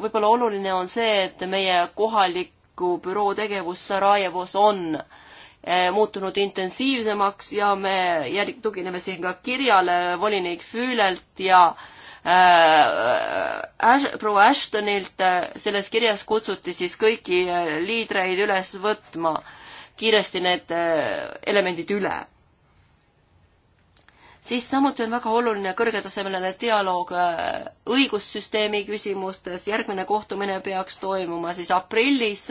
võib-olla oluline on see, et meie kohaliku büroo tegevus Sarajevos on eh, muutunud intensiivsemaks ja me järg-, tugineme siin ka kirjale volinik Füülelt ja eh, Ash, proua Ashtonilt, selles kirjas kutsuti siis kõiki eh, liidreid üles võtma äh, kiiresti need äh, elemendid üle. siis samuti on väga oluline kõrgetasemeline dialoog äh, õigussüsteemi küsimustes, järgmine kohtumine peaks toimuma siis aprillis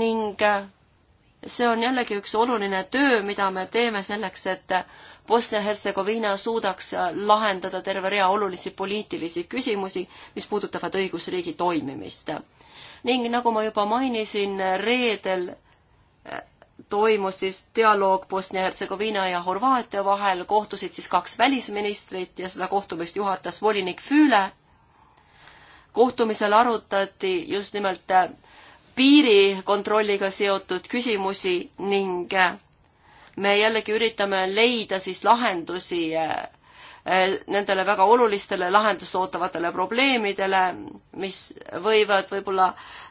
ning äh, see on jällegi üks oluline töö, mida me teeme selleks, et Bosnia-Hertsegoviina suudaks lahendada terve rea olulisi poliitilisi küsimusi, mis puudutavad õigusriigi toimimist ning nagu ma juba mainisin, reedel äh, toimus siis dialoog Bosnia-Hertsegoviina ja Horvaatia vahel, kohtusid siis kaks välisministrit ja seda kohtumist juhatas volinik Füüle. kohtumisel arutati just nimelt äh, piirikontrolliga seotud küsimusi ning äh, me jällegi üritame leida siis lahendusi Eh, nendele väga olulistele lahendust ootavatele probleemidele, mis võivad võib-olla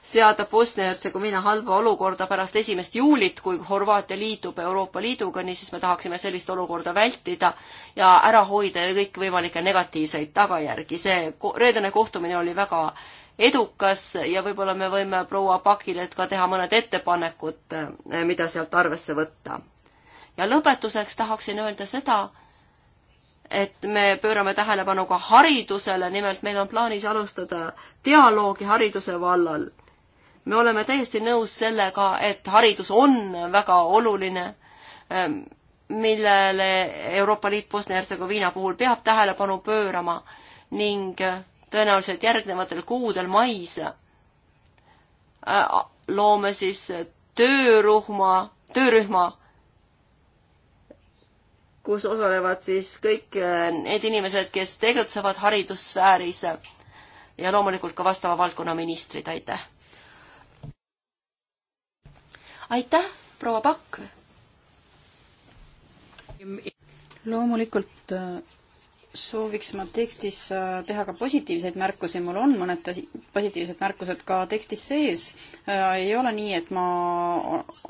seada Bosnia-Hertsegoviina halba olukorda pärast esimest juulit, kui Horvaatia liitub Euroopa Liiduga, niisiis me tahaksime sellist olukorda vältida ja ära hoida kõikvõimalikke negatiivseid tagajärgi. see reedene kohtumine oli väga edukas ja võib-olla me võime proua Pakile ka teha mõned ettepanekud, eh, mida sealt arvesse võtta. ja lõpetuseks tahaksin öelda seda, et me pöörame tähelepanu ka haridusele, nimelt meil on plaanis alustada dialoogi hariduse vallal. me oleme täiesti nõus sellega, et haridus on väga oluline, ehm, millele Euroopa Liit Bosnia-Hertsegoviina puhul peab tähelepanu pöörama ning tõenäoliselt järgnevatel kuudel mais äh, loome siis töörühma, töörühma kus osalevad siis kõik äh, need inimesed, kes tegutsevad haridussfääris ja loomulikult ka vastava valdkonna ministrid, aitäh! aitäh, proua Pakk! loomulikult äh, sooviks ma tekstis äh, teha ka positiivseid märkusi, mul on mõned positiivsed märkused ka tekstis sees. Äh, ei ole nii, et ma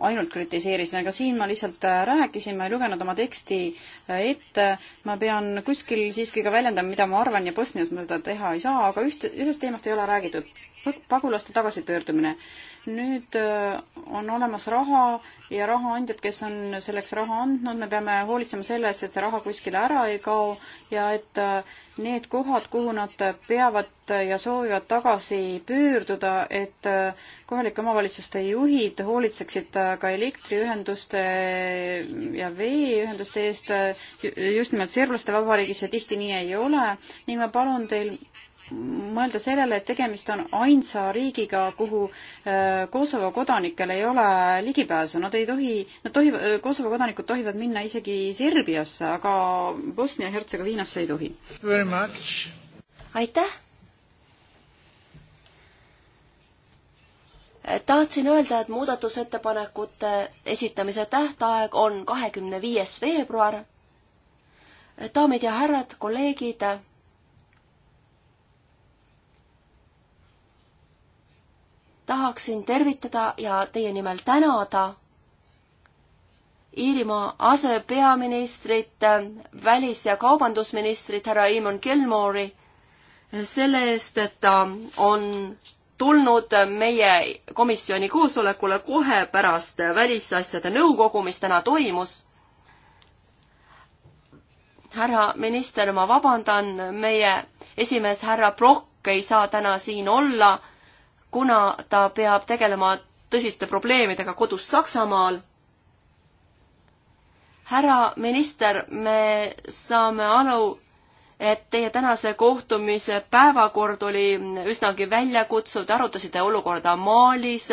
ainult kritiseerisin, aga siin ma lihtsalt äh, rääkisin, ma ei lugenud oma teksti ette. ma pean kuskil siiski ka väljendama, mida ma arvan ja Bosnias ma seda teha ei saa, aga üht, ühest teemast ei ole räägitud. pagulaste tagasipöördumine nüüd äh, on olemas raha ja rahaandjad, kes on selleks raha andnud, me peame hoolitsema selle eest, et see raha kuskile ära ei kao ja et äh, need kohad, kuhu nad peavad ja soovivad tagasi pöörduda, et äh, kohalike omavalitsuste juhid hoolitseksid ka elektriühenduste ja veeühenduste eest just nimelt serblaste vabariigis ja tihti nii ei ole ning ma palun teil mõelda sellele, et tegemist on ainsa riigiga, kuhu äh, Kosovo kodanikel ei ole ligipääsu, nad ei tohi, nad tohi, Kosovo kodanikud tohivad minna isegi Serbiasse, aga Bosnia-Hertsegoviinasse ei tohi. aitäh! tahtsin öelda, et muudatusettepanekute esitamise tähtaeg on kahekümne viies veebruar. daamid ja härrad, kolleegid tahaksin tervitada ja teie nimel tänada Iirimaa asepeaministrit, välis- ja kaubandusministrit härra Eamon Gilmore'i selle eest, et ta on tulnud meie komisjoni koosolekule kohe pärast Välisasjade Nõukogu, mis täna toimus. härra minister, ma vabandan, meie esimees härra Brock ei saa täna siin olla kuna ta peab tegelema tõsiste probleemidega kodus Saksamaal. härra minister, me saame aru, et teie tänase kohtumise päevakord oli üsnagi välja kutsuv, te arutasite olukorda Malis.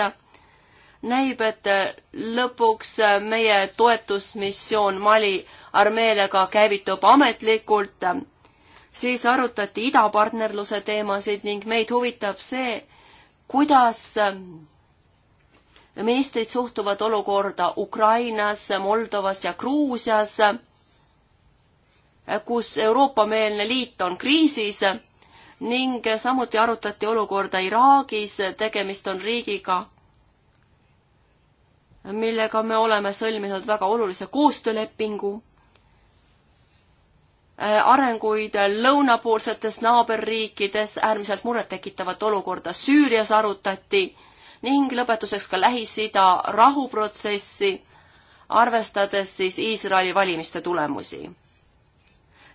näib, et lõpuks meie toetusmissioon Mali armeele ka käivitub ametlikult. siis arutati idapartnerluse teemasid ning meid huvitab see, kuidas ähm, ministrid suhtuvad olukorda Ukrainas, Moldovas ja Gruusias, äh, kus Euroopa-meelne liit on kriisis ning samuti arutati olukorda Iraagis, tegemist on riigiga, millega me oleme sõlminud väga olulise koostöölepingu Äh, arenguid lõunapoolsetes naaberriikides, äärmiselt murettekitavat olukorda Süürias arutati ning lõpetuseks ka Lähis-Ida rahuprotsessi, arvestades siis Iisraeli valimiste tulemusi.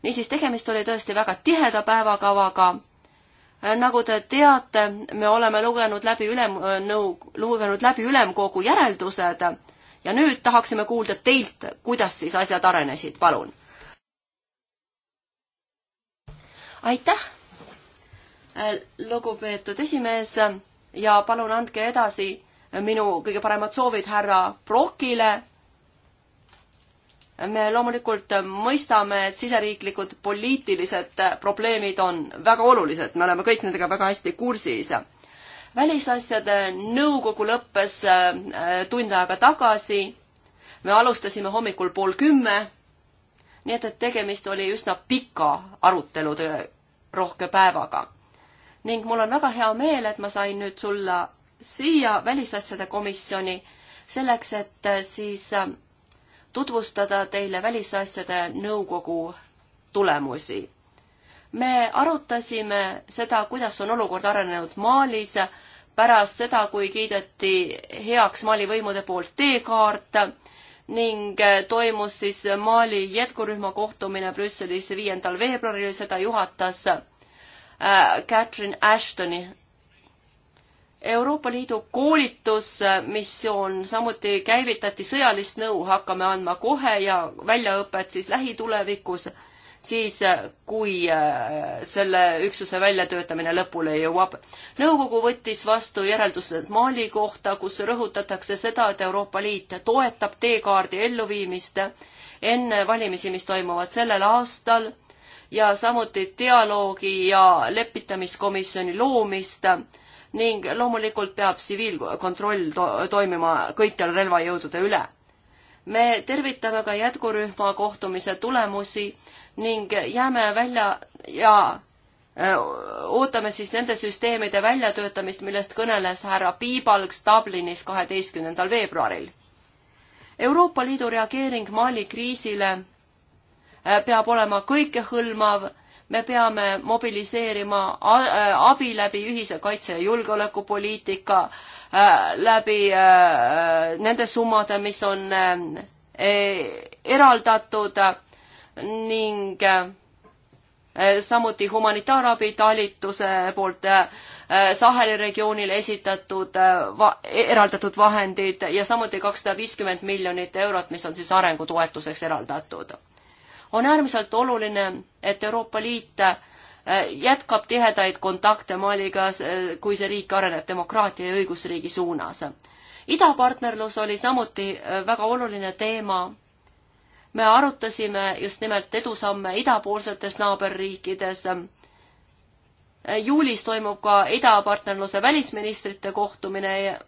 niisiis, tegemist oli tõesti väga tiheda päevakavaga äh, nagu te teate, me oleme lugenud läbi ülem, äh, nõu-, lugenud läbi ülemkogu järeldused ja nüüd tahaksime kuulda teilt, kuidas siis asjad arenesid, palun. aitäh, äh, lugupeetud esimees ja palun andke edasi minu kõige paremad soovid härra Brokile. me loomulikult mõistame, et siseriiklikud poliitilised probleemid on väga olulised, me oleme kõik nendega väga hästi kursis. välisasjade nõukogu lõppes äh, tund aega tagasi. me alustasime hommikul pool kümme nii et, et tegemist oli üsna pika arutelude rohke päevaga. ning mul on väga hea meel, et ma sain nüüd sulla siia välisasjade komisjoni selleks, et äh, siis äh, tutvustada teile välisasjade nõukogu tulemusi. me arutasime seda, kuidas on olukord arenenud Malis pärast seda, kui kiideti heaks Mali võimude poolt teekaart ning äh, toimus siis Mali jätkurühma kohtumine Brüsselis viiendal veebruaril, seda juhatas äh, Catherine Ashtoni. Euroopa Liidu koolitusmissioon samuti käivitati, sõjalist nõu hakkame andma kohe ja väljaõpet siis lähitulevikus siis, äh, kui äh, selle üksuse väljatöötamine lõpule jõuab. nõukogu võttis vastu järeldused Mali kohta, kus rõhutatakse seda, et Euroopa Liit toetab teekaardi elluviimist enne valimisi, mis toimuvad sellel aastal ja samuti dialoogi ja lepitamiskomisjoni loomist ning loomulikult peab tsiviilkontroll to toimima kõikjal relvajõudude üle. me tervitame ka jätkurühma kohtumise tulemusi ning jääme välja ja ootame siis nende süsteemide väljatöötamist, millest kõneles härra Piibalks Dublinis kaheteistkümnendal veebruaril. Euroopa Liidu reageering Mali kriisile peab olema kõikehõlmav, me peame mobiliseerima abi läbi ühise kaitse- ja julgeolekupoliitika, läbi nende summade, mis on e, eraldatud ning äh, samuti humanitaarabi talituse poolt äh, Saheli regioonile esitatud äh, va,, eraldatud vahendid ja samuti kakssada viiskümmend miljonit eurot, mis on siis arengutoetuseks eraldatud. on äärmiselt oluline, et Euroopa Liit jätkab tihedaid kontakte Maliga, kui see riik areneb demokraatia ja õigusriigi suunas. idapartnerlus oli samuti väga oluline teema me arutasime just nimelt edusamme idapoolsetes naaberriikides. juulis toimub ka idapartnerluse välisministrite kohtumine ja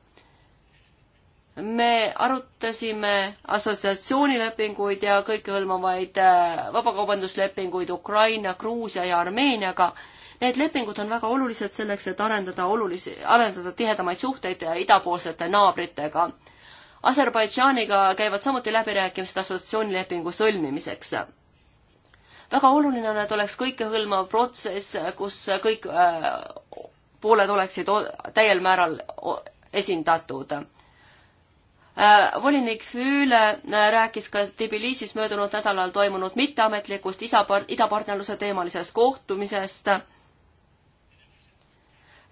me arutasime assotsiatsioonilepinguid ja kõikehõlmavaid äh, vabakaubanduslepinguid Ukraina, Gruusia ja Armeeniaga. Need lepingud on väga olulised selleks, et arendada olulisi, arendada tihedamaid suhteid idapoolsete naabritega Aserbaidžaaniga käivad samuti läbirääkimised assotsiatsioonilepingu sõlmimiseks. väga oluline on, et oleks kõikehõlmav protsess, kus kõik äh, pooled oleksid täiel määral esindatud äh, volinik Füüle äh, rääkis ka Tbilisis möödunud nädalal toimunud mitteametlikust isapar-, idapartnerluse teemalisest kohtumisest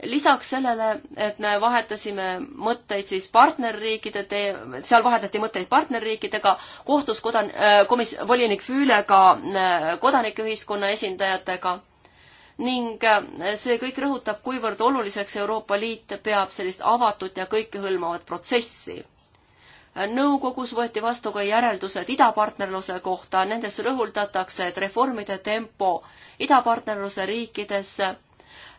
lisaks sellele, et me vahetasime mõtteid siis partnerriikide tee, seal vahetati mõtteid partnerriikidega, kohtus kodan-, äh, komis-, volinik Füülega, äh, kodanikeühiskonna esindajatega ning äh, see kõik rõhutab, kuivõrd oluliseks Euroopa Liit peab sellist avatud ja kõikehõlmavat protsessi. nõukogus võeti vastu ka järeldused idapartnerluse kohta, nendes rõhuldatakse, et reformide tempo idapartnerluse riikides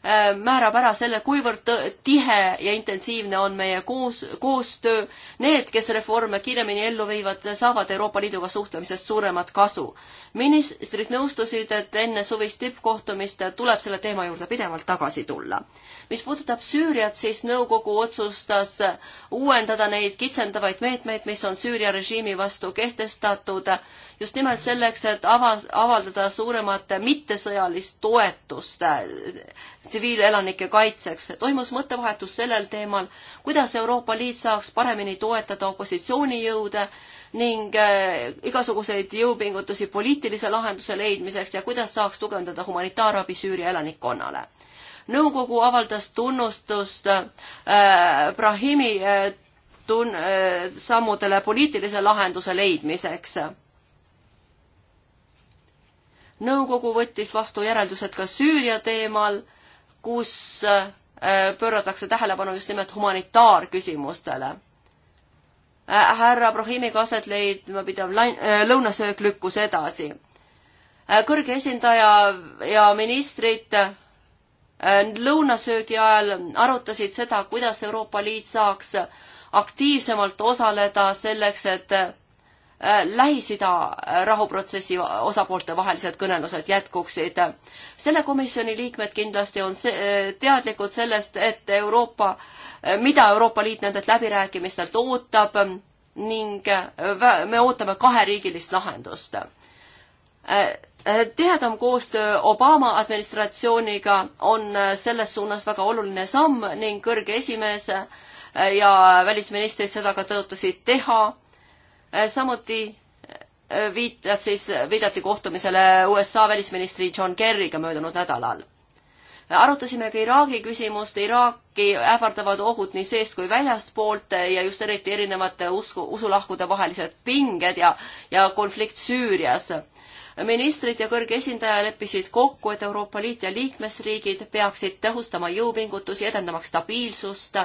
Äh, määrab ära selle, kuivõrd tihe ja intensiivne on meie koos, koostöö. Need, kes reforme kiiremini ellu viivad, saavad Euroopa Liiduga suhtlemisest suuremat kasu. ministrid nõustusid, et enne suvist tippkohtumist tuleb selle teema juurde pidevalt tagasi tulla. mis puudutab Süüriat, siis nõukogu otsustas uuendada neid kitsendavaid meetmeid, mis on Süüria režiimi vastu kehtestatud just nimelt selleks, et ava-, avaldada suuremat mittesõjalist toetust äh, tsiviilelanike kaitseks. toimus mõttevahetus sellel teemal, kuidas Euroopa Liit saaks paremini toetada opositsioonijõude ning äh, igasuguseid jõupingutusi poliitilise lahenduse leidmiseks ja kuidas saaks tugevdada humanitaarabi Süüria elanikkonnale nõukogu avaldas tunnustust äh, Brahimi äh, tun- äh,, sammudele poliitilise lahenduse leidmiseks äh, nõukogu võttis vastu järeldused ka Süüria teemal, kus äh, pööratakse tähelepanu just nimelt humanitaarküsimustele. Äh, härra Brahimiga aset leidma pidav äh, lõunasöök lükkus edasi. kõrge esindaja ja ministrid lõunasöögi ajal arutasid seda, kuidas Euroopa Liit saaks aktiivsemalt osaleda selleks, et Äh, Lähis-Ida äh, rahuprotsessi osapoolte vahelised kõnelused jätkuksid. selle komisjoni liikmed kindlasti on see, äh, teadlikud sellest, et Euroopa, mida Euroopa Liit nendelt läbirääkimistelt ootab ning me ootame kaheriigilist lahendust. tihedam koostöö Obama administratsiooniga on selles suunas väga oluline samm ning kõrge esimees ja välisministrid seda ka tõotasid teha Äh, samuti äh, viitad siis, viidati kohtumisele USA välisministri John Kerryga möödunud nädalal. Äh, arutasime ka Iraagi küsimust, Iraaki ähvardavad ohud nii seest kui väljastpoolt ja just eriti erinevate usku, usulahkude vahelised pinged ja, ja konflikt Süürias ministrid ja kõrge esindaja leppisid kokku, et Euroopa Liit ja liikmesriigid peaksid tõhustama jõupingutusi, edendamaks stabiilsust,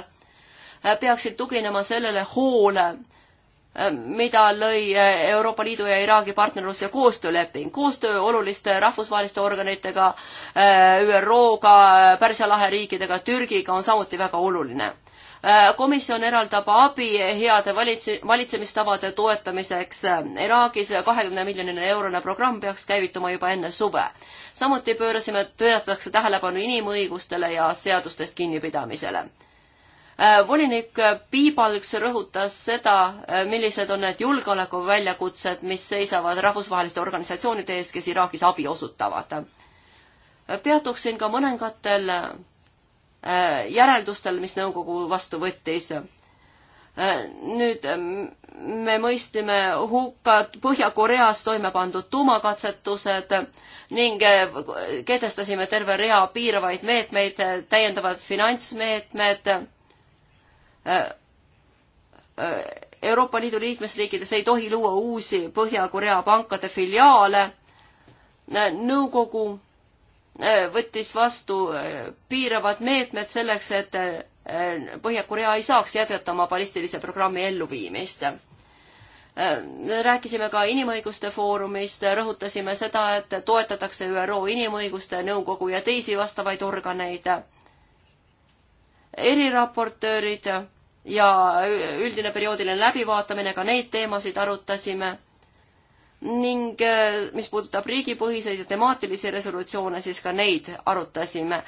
peaksid tuginema sellele hoole, mida lõi Euroopa Liidu ja Iraagi partnerlus- ja koostööleping. koostöö oluliste rahvusvaheliste organitega, äh, ÜRO-ga, Pärsia lahe riikidega, Türgiga on samuti väga oluline äh, komisjon eraldab abi heade valitse, valitsemistavade toetamiseks Iraagis kahekümne miljonine eurone programm peaks käivituma juba enne suve. samuti pöörasime, pööratakse tähelepanu inimõigustele ja seadustest kinnipidamisele Äh, volinik Piibalks rõhutas seda, äh, millised on need julgeolekuväljakutsed, mis seisavad rahvusvaheliste organisatsioonide ees, kes Iraagis abi osutavad. Äh, peatuksin ka mõningatel järeldustel, mis nõukogu vastu võttis. nüüd me mõistime hukka Põhja-Koreas toime pandud tuumakatsetused ning kehtestasime terve rea piiravaid meetmeid, täiendavad finantsmeetmed Euroopa Liidu liikmesriikides ei tohi luua uusi Põhja-Korea pankade filiaale. nõukogu e, võttis vastu e, piiravad meetmed selleks, et e, Põhja-Korea ei saaks jätkata oma ballistilise programmi elluviimist. rääkisime ka inimõiguste foorumist, rõhutasime seda, et toetatakse ÜRO Inimõiguste Nõukogu ja teisi vastavaid organeid. eriraportöörid ja üldine perioodiline läbivaatamine, ka neid teemasid arutasime. ning äh, mis puudutab riigipõhiseid ja temaatilisi resolutsioone, siis ka neid arutasime.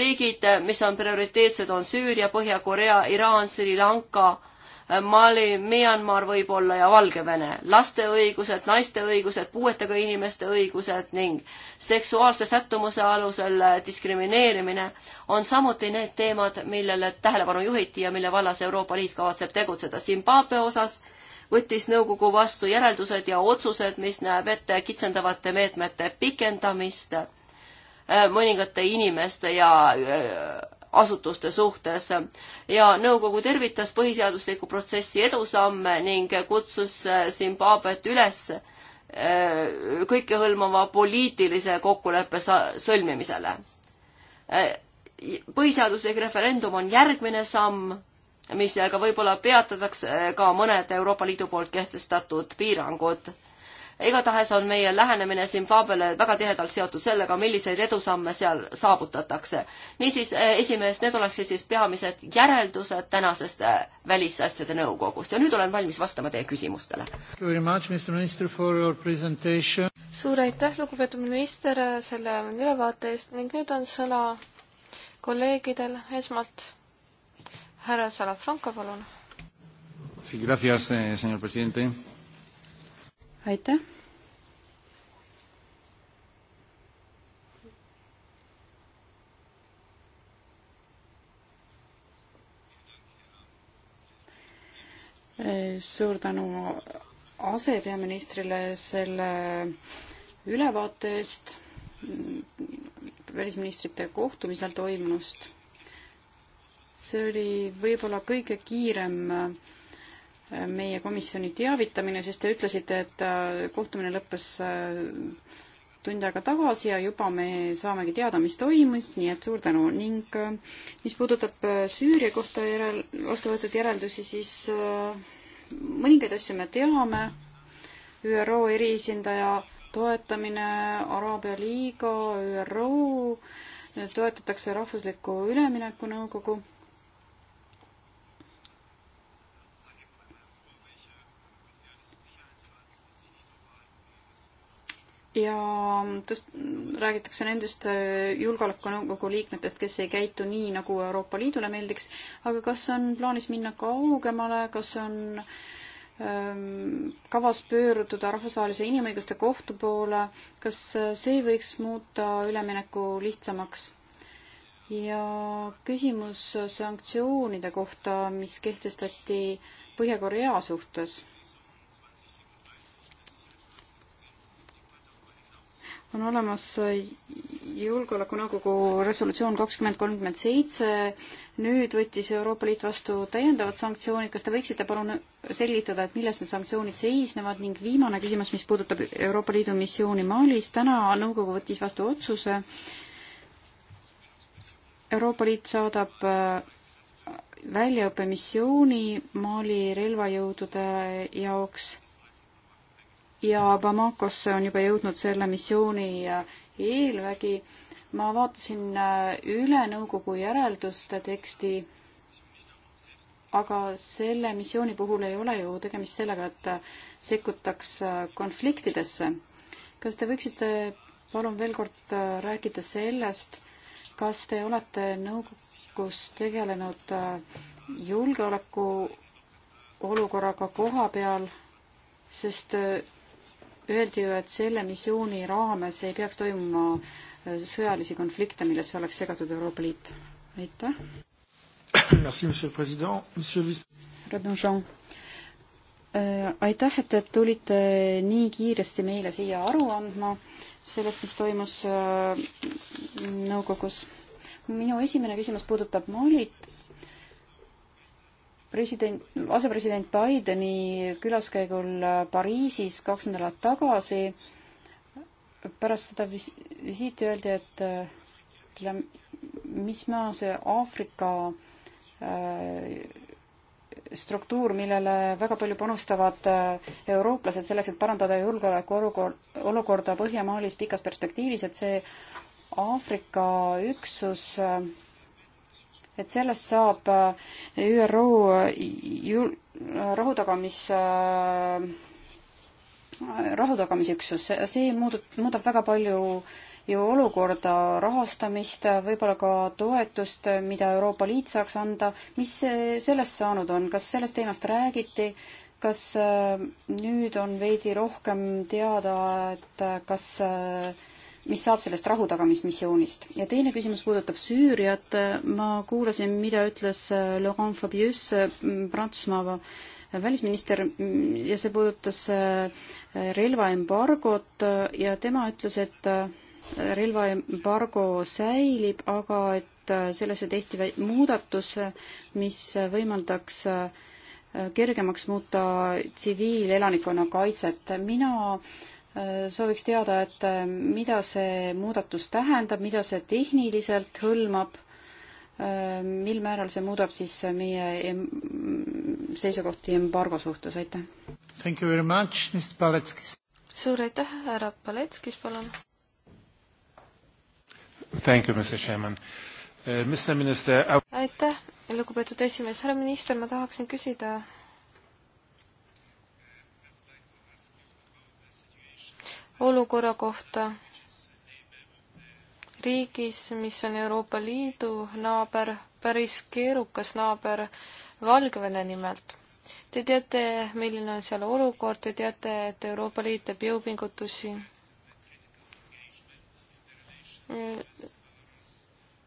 riigid, äh, mis on prioriteetsed, on Süüria, Põhja-Korea, Iraan, Sri Lanka Mali, Myanmar võib-olla ja Valgevene. laste õigused, naiste õigused, puuetega inimeste õigused ning seksuaalse sättumuse alusel diskrimineerimine on samuti need teemad, millele tähelepanu juhiti ja mille vallas Euroopa Liit kavatseb tegutseda. Zimbabwe osas võttis nõukogu vastu järeldused ja otsused, mis näeb ette kitsendavate meetmete pikendamist äh, mõningate inimeste ja äh, asutuste suhtes ja nõukogu tervitas põhiseadusliku protsessi edusamme ning kutsus äh, Zimbabwet üles äh, kõikehõlmava poliitilise kokkuleppe sõlmimisele. Äh, põhiseaduslik referendum on järgmine samm, mis ka võib-olla peatatakse ka mõned Euroopa Liidu poolt kehtestatud piirangud igatahes on meie lähenemine Zimbabwele väga tihedalt seotud sellega, milliseid edusamme seal saavutatakse. niisiis, eh, esimees, need oleksid siis peamised järeldused tänasest eh, välisasjade nõukogust ja nüüd olen valmis vastama teie küsimustele. suur aitäh, lugupeetud minister, selle ülevaate eest ning nüüd on sõna kolleegidel, esmalt härra Salafranco, palun. Sí, gracias, eh, señor presidente aitäh. suur tänu asepeaministrile selle ülevaate eest välisministrite kohtumisel toimunust. see oli võib-olla kõige kiirem meie komisjoni teavitamine, sest te ütlesite, et äh, kohtumine lõppes äh, tund aega tagasi ja juba me saamegi teada, mis toimus, nii et suur tänu ning äh, mis puudutab Süüria kohta järel, vastu võetud järeldusi, siis mõningaid asju me teame, ÜRO eriesindaja toetamine, Araabia liiga, ÜRO, toetatakse Rahvuslikku Üleminekunõukogu ja tõst-, räägitakse nendest äh, Julgeolekunõukogu liikmetest, kes ei käitu nii, nagu Euroopa Liidule meeldiks, aga kas on plaanis minna kaugemale, kas on ähm, kavas pöörduda Rahvusvahelise Inimõiguste Kohtu poole, kas äh, see võiks muuta ülemineku lihtsamaks? ja küsimus sanktsioonide kohta, mis kehtestati Põhja-Korea suhtes on olemas Julgeolekunõukogu resolutsioon kakskümmend kolmkümmend seitse, nüüd võttis Euroopa Liit vastu täiendavad sanktsioonid, kas te võiksite palun selgitada, et milles need sanktsioonid seisnevad ning viimane küsimus, mis puudutab Euroopa Liidu missiooni Malis, täna nõukogu võttis vastu otsuse, Euroopa Liit saadab äh, väljaõppemissiooni Mali relvajõudude jaoks ja Bamakosse on juba jõudnud selle missiooni äh, eelvägi. ma vaatasin äh, üle nõukogu järelduste teksti, aga selle missiooni puhul ei ole ju tegemist sellega, et äh, sekkutaks konfliktidesse. kas te võiksite palun veel kord rääkida sellest, kas te olete nõukogus tegelenud julgeoleku olukorraga koha peal, sest öeldi ju, et selle missiooni raames ei peaks toimuma äh, sõjalisi konflikte, millesse oleks segatud Euroopa Liit. aitäh. Äh, aitäh, et te tulite nii kiiresti meile siia aru andma sellest, mis toimus äh, nõukogus. minu esimene küsimus puudutab Malit president, asepresident Bideni külaskäigul Pariisis kaks nädalat tagasi. pärast seda vis-, visiiti öeldi, et teile, mis maa see Aafrika äh, struktuur, millele väga palju panustavad äh, eurooplased selleks, et parandada julgeolekuolukord, olukorda Põhjamaalis pikas perspektiivis, et see Aafrika üksus äh, et sellest saab äh, ÜRO jul-, rahutagamis äh, rahutagamisüksus, see muudab, muudab väga palju ju olukorda, rahastamist, võib-olla ka toetust, mida Euroopa Liit saaks anda, mis sellest saanud on, kas sellest teemast räägiti, kas äh, nüüd on veidi rohkem teada, et kas mis saab sellest rahutagamismissioonist. ja teine küsimus puudutab Süüriat. ma kuulasin, mida ütles äh, Laurent Fabius, äh, Prantsusmaa välisminister, ja see puudutas äh, relvaembargot ja tema ütles, et relvaembargo säilib, aga et sellesse tehti muudatus, mis võimaldaks kergemaks muuta tsiviilelanikkonna kaitset. mina äh, sooviks teada, et äh, mida see muudatus tähendab, mida see tehniliselt hõlmab, äh, mil määral see muudab siis meie seisukohti embargo suhtes, aitäh! suur aitäh, härra Paletskis, palun! Uh, aitäh, lugupeetud esimees, härra minister, ma tahaksin küsida olukorra kohta riigis, mis on Euroopa Liidu naaber, päris keerukas naaber Valgevene nimelt. Te teate, milline on seal olukord, te teate, et Euroopa Liit teeb jõupingutusi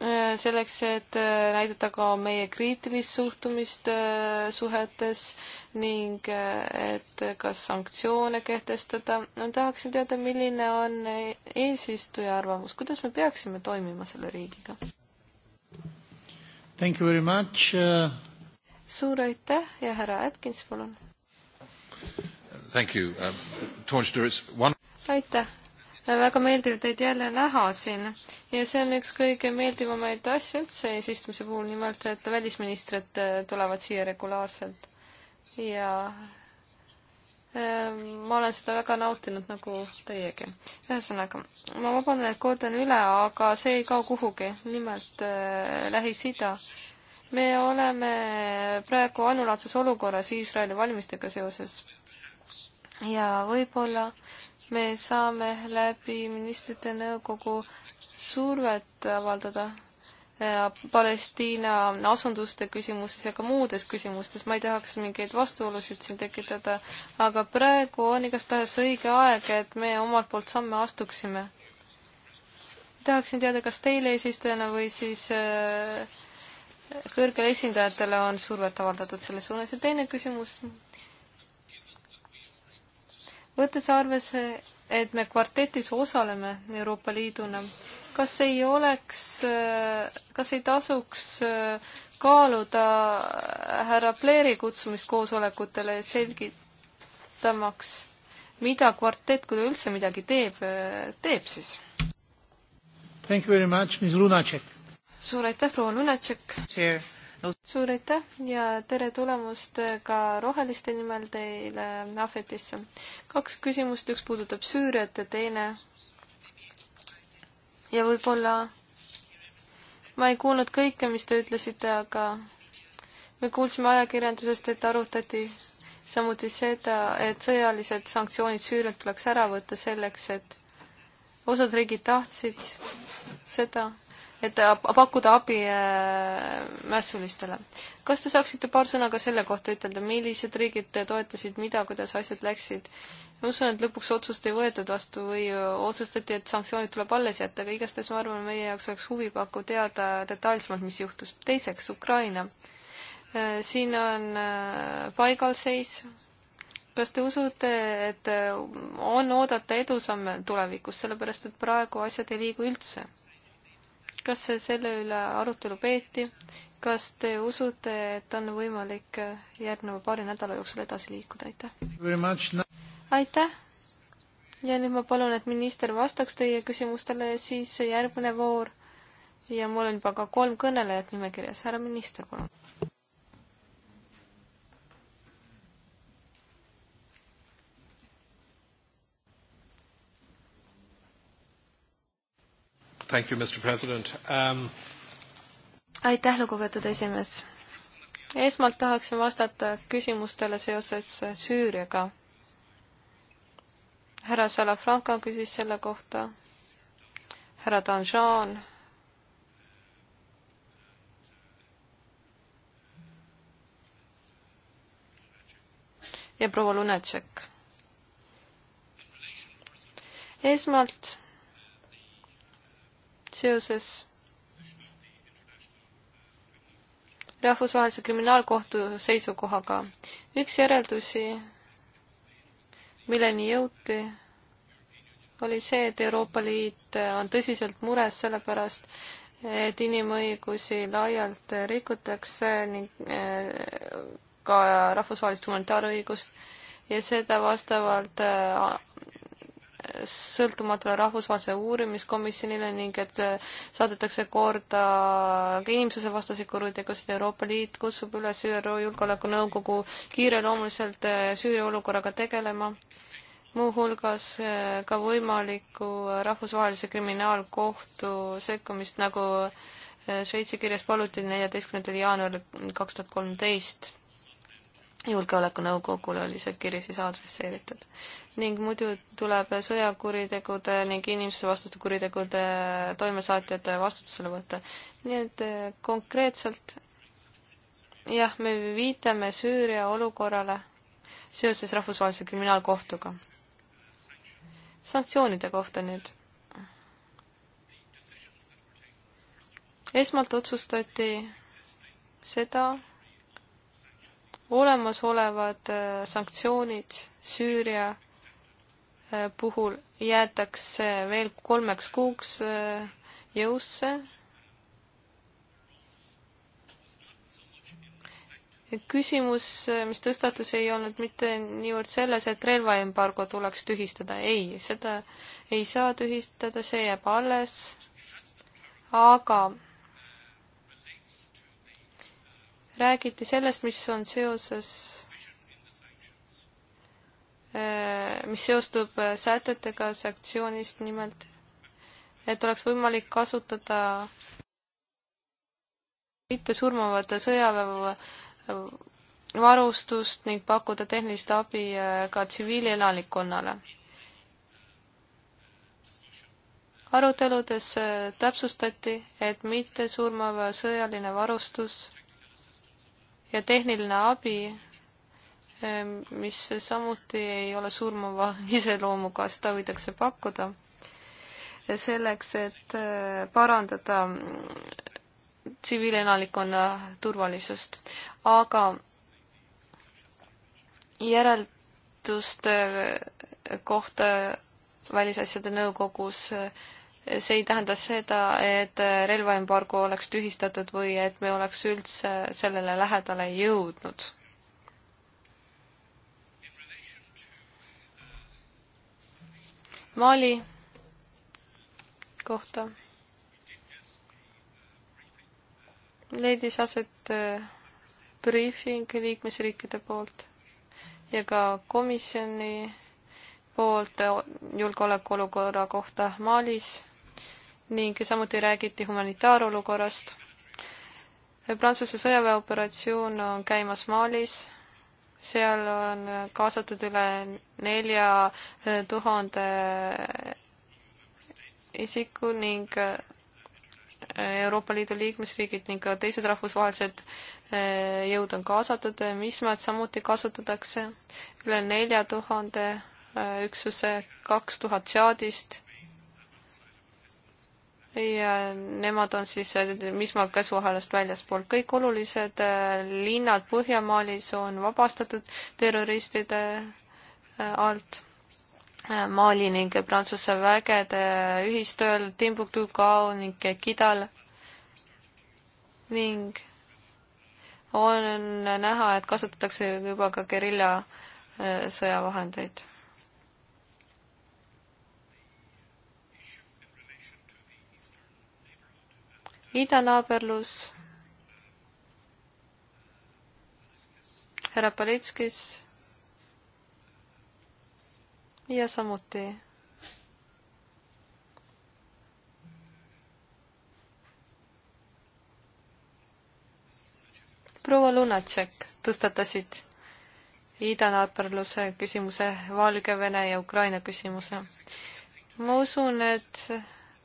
Äh, selleks, et äh, näidata ka meie kriitilist suhtumist äh, suhetes ning et kas sanktsioone kehtestada. no tahaksin teada, milline on eesistuja arvamus, kuidas me peaksime toimima selle riigiga? Thank you very much uh.... suur aitäh ja härra Atkins, palun. Thank you um,. One... aitäh väga meeldiv teid jälle näha siin ja see on üks kõige meeldivamaid asju üldse eesistumise puhul, nimelt et välisministrid äh, tulevad siia regulaarselt ja ähm, ma olen seda väga nautinud nagu teiegi. ühesõnaga, ma vabandan, et kordan üle, aga see ei kao kuhugi, nimelt äh, Lähis-Ida. me oleme praegu ainulaadses olukorras Iisraeli valimistega seoses ja võib-olla äh, me saame läbi ministrite nõukogu survet avaldada äh, Palestiina asunduste küsimuses ja ka muudes küsimustes, ma ei tahaks mingeid vastuolusid siin tekitada, aga praegu on igastahes õige aeg, et me omalt poolt samme astuksime. tahaksin teada, kas teile eesistujana või siis äh, kõrgele esindajatele on survet avaldatud selles suunas ja teine küsimus võttes arvesse, et me kvartetis osaleme Euroopa Liiduna, kas ei oleks, kas ei tasuks äh, kaaluda härra Pleeri kutsumist koosolekutele selgitamaks, mida kvartett, kui ta üldse midagi teeb, äh, teeb siis? Thank you very much, Ms Lunacek. suur aitäh, proua Lunacek. Chair suur aitäh ja tere tulemast ka Roheliste nimel teile Ahvetisse. kaks küsimust, üks puudutab Süüriat ja teine ja võib-olla ma ei kuulnud kõike, mis te ütlesite, aga me kuulsime ajakirjandusest, et arutati samuti seda, et sõjalised sanktsioonid Süürialt tuleks ära võtta selleks, et osad riigid tahtsid seda et pakkuda abi äh, mässulistele. kas te saaksite paar sõna ka selle kohta ütelda, millised riigid toetasid mida, kuidas asjad läksid? ma usun, et lõpuks otsust ei võetud vastu või otsustati, et sanktsioonid tuleb alles jätta, aga igastahes ma arvan, meie jaoks oleks huvipakkuv teada detailsemalt, mis juhtus. teiseks, Ukraina. Äh, siin on äh, paigalseis kas te usute, et on oodata edusamme tulevikus, sellepärast et praegu asjad ei liigu üldse? kas selle üle arutelu peeti, kas te usute, et on võimalik järgneva paari nädala jooksul edasi liikuda, aitäh! aitäh! ja nüüd ma palun, et minister vastaks teie küsimustele ja siis järgmine voor ja mul on juba ka kolm kõnelejat nimekirjas, härra minister, palun! Thank you, Mr President um.... aitäh, lugupeetud esimees. esmalt tahaksin vastata küsimustele seoses Süüriaga. härra Salafranca küsis selle kohta, härra Danjean ja proua Lunatšek. esmalt seoses rahvusvahelise kriminaalkohtu seisukohaga. üks järeldusi, milleni jõuti, oli see, et Euroopa Liit on tõsiselt mures selle pärast, et inimõigusi laialt rikutakse ning eh, ka rahvusvahelist humanitaarõigust ja seda vastavalt eh, sõltumatule rahvusvahelisele uurimiskomisjonile ning et äh, saadetakse korda ka inimsusevastaseid kuritegusid. Euroopa Liit kutsub üles ÜRO Julgeolekunõukogu kiireloomuliselt äh, Süüria olukorraga tegelema, muuhulgas äh, ka võimaliku rahvusvahelise kriminaalkohtu sekkumist, nagu Šveitsi kirjas paluti neljateistkümnendal jaanuaril kaks tuhat kolmteist julgeolekunõukogule oli see kiri siis adresseeritud. ning muidu tuleb sõjakuritegude ning inimsusevastaste kuritegude toimesaatjate vastutusele võtta. nii et eh, konkreetselt jah, me viitame Süüria olukorrale seoses Rahvusvahelise Kriminaalkohtuga. sanktsioonide kohta nüüd. esmalt otsustati seda, olemasolevad äh, sanktsioonid Süüria äh, puhul jäetakse veel kolmeks kuuks äh, jõusse. küsimus, mis tõstatus, ei olnud mitte niivõrd selles, et relvaembargo tuleks tühistada, ei, seda ei saa tühistada, see jääb alles, aga räägiti sellest, mis on seoses, äh, mis seostub äh, sätetega sanktsioonist, nimelt et oleks võimalik kasutada mittesurmavat sõjaväevarustust ning pakkuda tehnilist abi äh, ka tsiviilelanikkonnale. aruteludes täpsustati, et mittesurmav sõjaline varustus ja tehniline abi, ehm, mis samuti ei ole surmava iseloomuga, seda võidakse pakkuda. selleks, et eh, parandada mm, tsiviilelanikkonna turvalisust, aga järelduste eh, kohta välisasjade nõukogus äh, see ei tähenda seda, et relvaembargo oleks tühistatud või et me oleks üldse sellele lähedale jõudnud. Mali kohta leidis aset äh, briefing liikmesriikide poolt ja ka komisjoni poolt äh, julgeolekuolukorra kohta Malis ning samuti räägiti humanitaarolukorrast. Prantsuse sõjaväeoperatsioon on käimas Malis, seal on kaasatud üle nelja eh, tuhande isiku ning eh, Euroopa Liidu liikmesriigid ning ka teised rahvusvahelised eh, jõud on kaasatud, MISMA-d samuti kasutatakse, üle nelja tuhande üksuse, kaks tuhat Tšaadist ja nemad on siis Misma käsuahelast väljaspool. kõik olulised äh, linnad Põhjamaalis on vabastatud terroristide äh, alt. Äh, Mali ning Prantsuse vägede ühistööl Timbuktu, Gao ning Kidal ning on näha, et kasutatakse juba ka gerilla sõjavahendeid idanaaberlus, härra Palitskis ja samuti proua Lunatšek tõstatasid idanaaberluse küsimuse, Valgevene ja Ukraina küsimuse. ma usun, et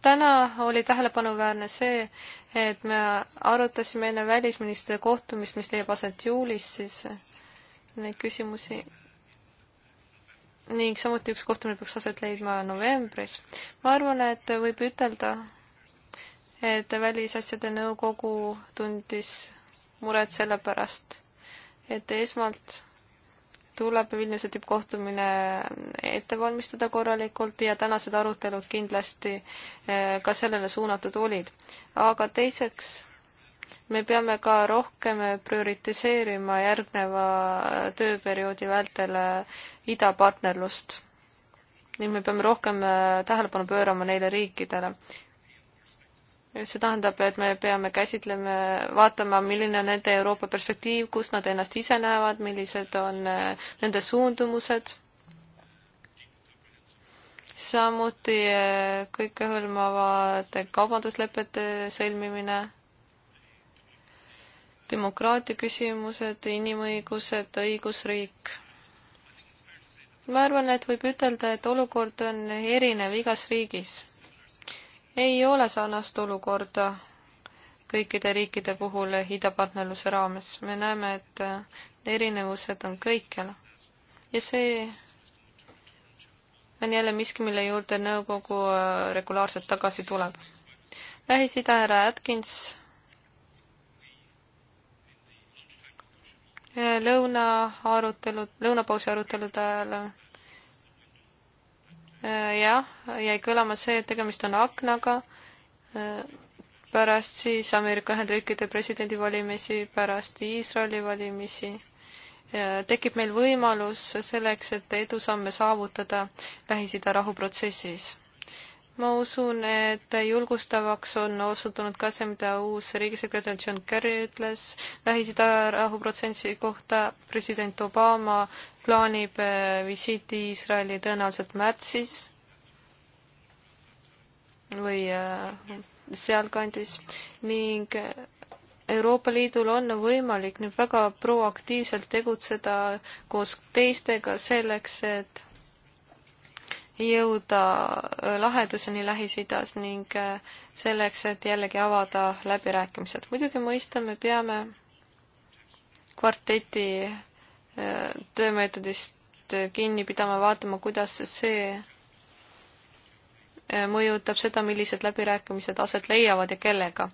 täna oli tähelepanuväärne see, et me arutasime enne välisministri kohtumist, mis leiab aset juulis, siis neid küsimusi ning samuti üks kohtumine peaks aset leidma novembris. ma arvan, et võib ütelda, et Välisasjade Nõukogu tundis muret selle pärast, et esmalt tuleb Vilniuse tippkohtumine ette valmistada korralikult ja tänased arutelud kindlasti eh, ka sellele suunatud olid. aga teiseks, me peame ka rohkem prioritiseerima järgneva eh, tööperioodi vältel eh, idapartnerlust ning me peame rohkem tähelepanu pöörama neile riikidele see tähendab, et me peame käsitlema, vaatama, milline on nende Euroopa perspektiiv, kus nad ennast ise näevad, millised on äh, nende suundumused. samuti äh, kõikehõlmavate kaubanduslepete sõlmimine, demokraatia küsimused, inimõigused, õigusriik ma arvan, et võib ütelda, et olukord on erinev igas riigis ei ole sarnast olukorda kõikide riikide puhul idapartnerluse raames. me näeme, et äh, erinevused on kõikjal. ja see on jälle miski, mille juurde nõukogu äh, regulaarselt tagasi tuleb. Lähis-Ida härra Atkins äh, lõuna arutelud, lõunapausi arutelude ajal Äh, jah, jäi kõlama see, et tegemist on aknaga, äh, pärast siis Ameerika Ühendriikide presidendivalimisi, pärast Iisraeli valimisi tekib meil võimalus selleks, et edusamme saavutada Lähis-Ida rahuprotsessis. ma usun, et julgustavaks on osutunud ka see, mida uus riigisekretär John Kerry ütles Lähis-Ida rahuprotsessi kohta, president Obama plaanib äh, visiiti Iisraeli tõenäoliselt märtsis või äh, sealkandis ning äh, Euroopa Liidul on võimalik nüüd väga proaktiivselt tegutseda koos teistega selleks, et jõuda lahenduseni Lähis-Idas ning selleks, et jällegi avada läbirääkimised. muidugi mõistame, peame kvarteti töömeetodist kinni pidama, vaatama, kuidas see äh, mõjutab seda, millised läbirääkimised aset leiavad ja kellega.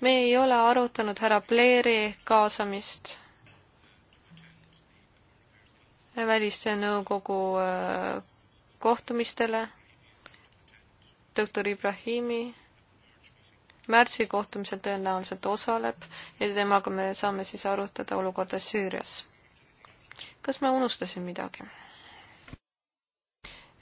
me ei ole arutanud härra Blairi kaasamist välisnõukogu äh, kohtumistele, doktor Ibrahimi märtsi kohtumisel tõenäoliselt osaleb ja temaga me saame siis arutada olukorda Süürias kas ma unustasin midagi?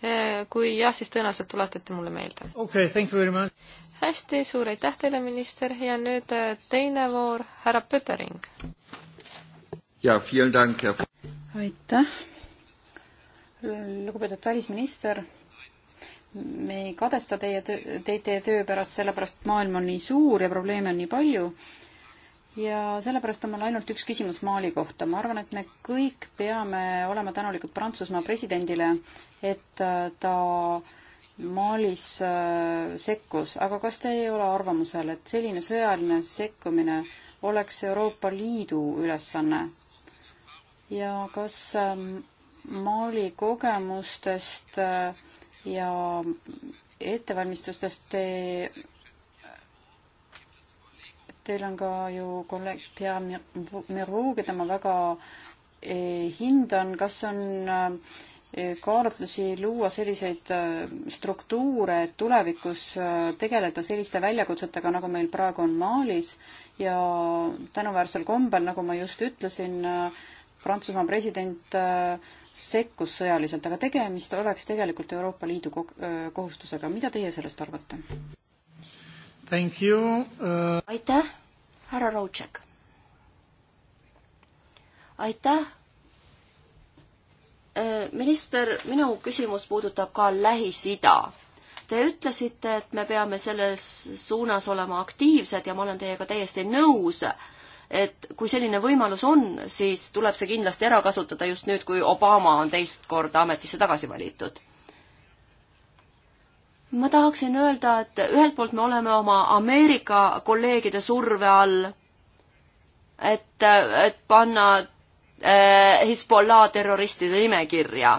Eh, kui jah, siis tõenäoliselt tuletate mulle meelde. okei okay,, thank you very much. hästi, suur aitäh teile, minister, ja nüüd eh, teine voor, härra Pöttering. jaa, vielen dank, Herr aitäh, lugupeetud välisminister. me ei kadesta teie töö, teid teie töö pärast, sellepärast maailm on nii suur ja probleeme on nii palju ja sellepärast on mul ainult üks küsimus Mali kohta. ma arvan, et me kõik peame olema tänulikud Prantsusmaa presidendile, et äh, ta Malis äh, sekkus, aga kas te ei ole arvamusel, et selline sõjaline sekkumine oleks Euroopa Liidu ülesanne? ja kas ähm, Mali kogemustest äh, ja ettevalmistustest te Teil on ka ju kolleeg Pierre Mervaux, keda ma väga eh, hindan, kas on eh, kaalutlusi luua selliseid eh, struktuure, et tulevikus tegeleda selliste väljakutsetega, nagu meil praegu on Malis ja tänuväärsel kombel, nagu ma just ütlesin, Prantsusmaa president sekkus sõjaliselt, aga tegemist oleks tegelikult Euroopa Liidu kohustusega. mida teie sellest arvate? Thank you uh.... aitäh, härra Raudšek. aitäh. Äh, minister, minu küsimus puudutab ka Lähis-Ida. Te ütlesite, et me peame selles suunas olema aktiivsed ja ma olen teiega täiesti nõus, et kui selline võimalus on, siis tuleb see kindlasti ära kasutada just nüüd, kui Obama on teist korda ametisse tagasi valitud ma tahaksin öelda, et ühelt poolt me oleme oma Ameerika kolleegide surve all, et, et panna äh, Hezbollah terroristide nimekirja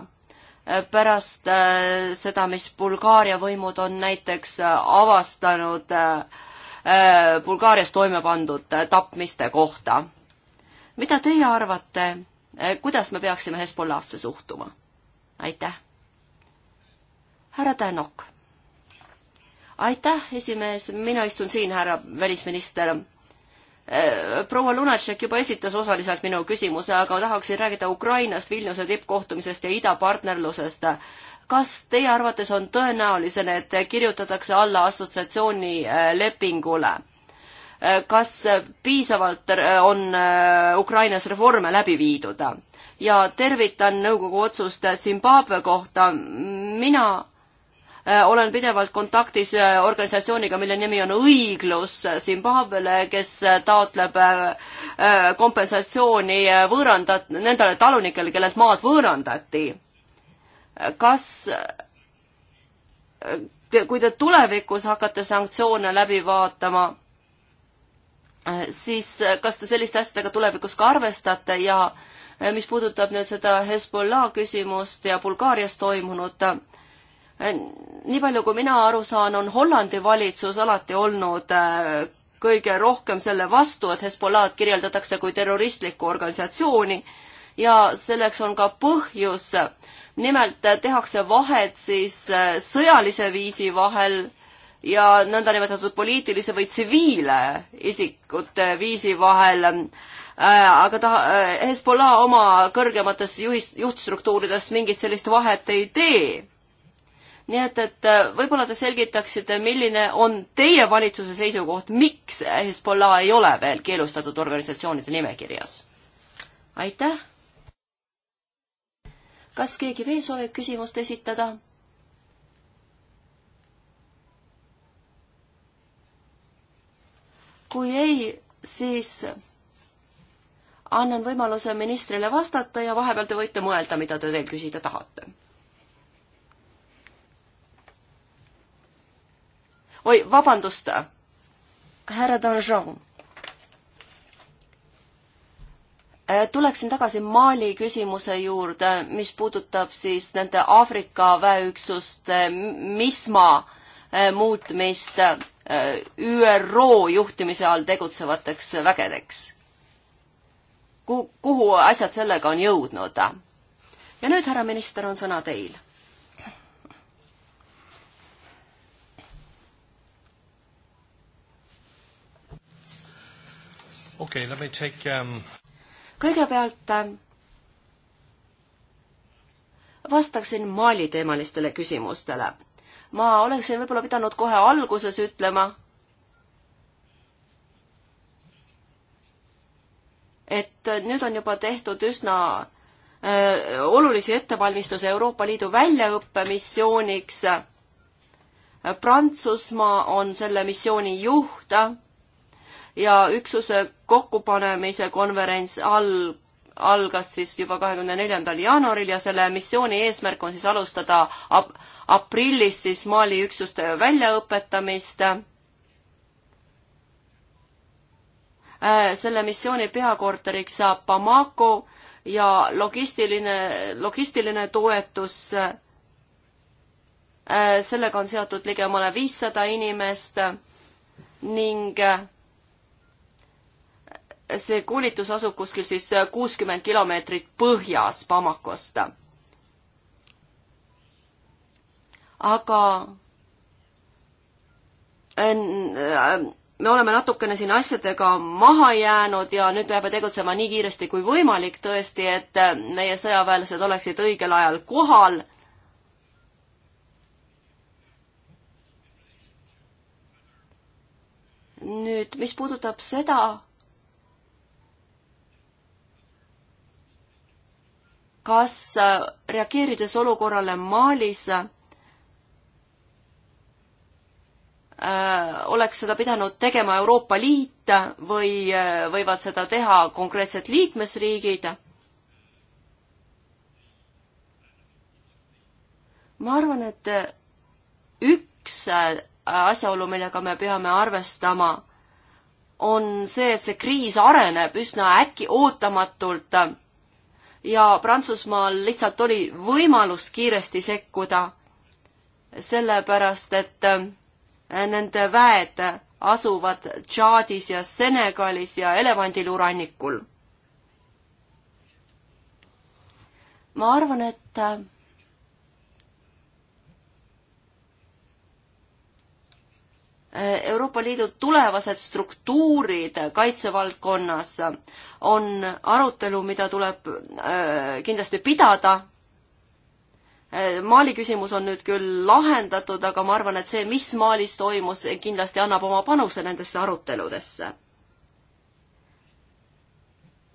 pärast äh, seda, mis Bulgaaria võimud on näiteks äh, avastanud äh, Bulgaarias toime pandud tapmiste kohta. mida teie arvate, kuidas me peaksime Hezbollahsse suhtuma? aitäh. härra Tänok aitäh, esimees, mina istun siin, härra välisminister äh, proua Lunatšek juba esitas osaliselt minu küsimuse, aga tahaksin rääkida Ukrainast, Vilniuse tippkohtumisest ja idapartnerlusest. kas teie arvates on tõenäolisene, et kirjutatakse alla assotsiatsiooni äh, lepingule? Äh, kas piisavalt on Ukrainas reforme läbi viidud? ja tervitan nõukogu otsust Zimbabwe kohta, mina Äh, olen pidevalt kontaktis äh, organisatsiooniga, mille nimi on Õiglus äh, Zimbabwele, kes taotleb kompensatsiooni võõrandat-, nendele talunikele, kellelt maad võõrandati. kas te, kui te tulevikus hakkate sanktsioone läbi vaatama, siis kas te selliste asjadega tulevikus ka arvestate ja mis puudutab nüüd seda Hezbollah küsimust ja Bulgaarias toimunut, Äh, nii palju, kui mina aru saan, on Hollandi valitsus alati olnud äh, kõige rohkem selle vastu, et Hezbollah'd kirjeldatakse kui terroristlikku organisatsiooni ja selleks on ka põhjus. nimelt äh, tehakse vahet siis sõjalise viisi vahel ja nõndanimetatud poliitilise või tsiviilisikute viisi vahel. aga ta, Hezbollah oma kõrgemates juhist, juhtstruktuurides mingit sellist vahet ei tee nii et, et äh, võib-olla te selgitaksite, milline on teie valitsuse seisukoht, miks Hezbollah ei ole veel keelustatud organisatsioonide nimekirjas? aitäh! kas keegi veel soovib küsimust esitada? kui ei, siis annan võimaluse ministrile vastata ja vahepeal te võite mõelda, mida te veel küsida tahate oi, vabandust, härra Danjon. Äh, tuleksin tagasi Mali küsimuse juurde, mis puudutab siis nende Aafrika väeüksuste MISMA äh, muutmist äh, ÜRO juhtimise all tegutsevateks vägedeks. kuhu asjad sellega on jõudnud? ja nüüd, härra minister, on sõna teil okay, let me take um... kõigepealt äh, vastaksin Mali teemalistele küsimustele. ma oleksin võib-olla pidanud kohe alguses ütlema, et nüüd on juba tehtud üsna öö, äh, olulisi ettevalmistusi Euroopa Liidu väljaõppemissiooniks. Prantsusmaa on selle missiooni juht ja üksuse kokkupanemise konverents all, algas siis juba kahekümne neljandal jaanuaril ja selle missiooni eesmärk on siis alustada ap-, aprillis siis Mali üksuste väljaõpetamist äh, selle missiooni peakorteriks saab Bamako ja logistiline, logistiline toetus, äh, sellega on seotud ligemale viissada inimest ning äh, see koolitus asub kuskil siis kuuskümmend kilomeetrit põhjas Bamakost. aga en, äh, me oleme natukene siin asjadega maha jäänud ja nüüd peame tegutsema nii kiiresti kui võimalik tõesti, et äh, meie sõjaväelased oleksid õigel ajal kohal. nüüd, mis puudutab seda, kas äh, reageerides olukorrale Malis äh, oleks seda pidanud tegema Euroopa Liit või äh, võivad seda teha konkreetsed liikmesriigid? ma arvan, et üks asjaolu, millega me peame arvestama, on see, et see kriis areneb üsna äkki ootamatult ja Prantsusmaal lihtsalt oli võimalus kiiresti sekkuda, sellepärast et äh, nende väed asuvad Tšaadis ja Senegalis ja elevandiluurannikul. ma arvan, et äh, Euroopa Liidu tulevased struktuurid kaitsevaldkonnas on arutelu, mida tuleb äh, kindlasti pidada. Äh, Mali küsimus on nüüd küll lahendatud, aga ma arvan, et see, mis Malis toimus, kindlasti annab oma panuse nendesse aruteludesse.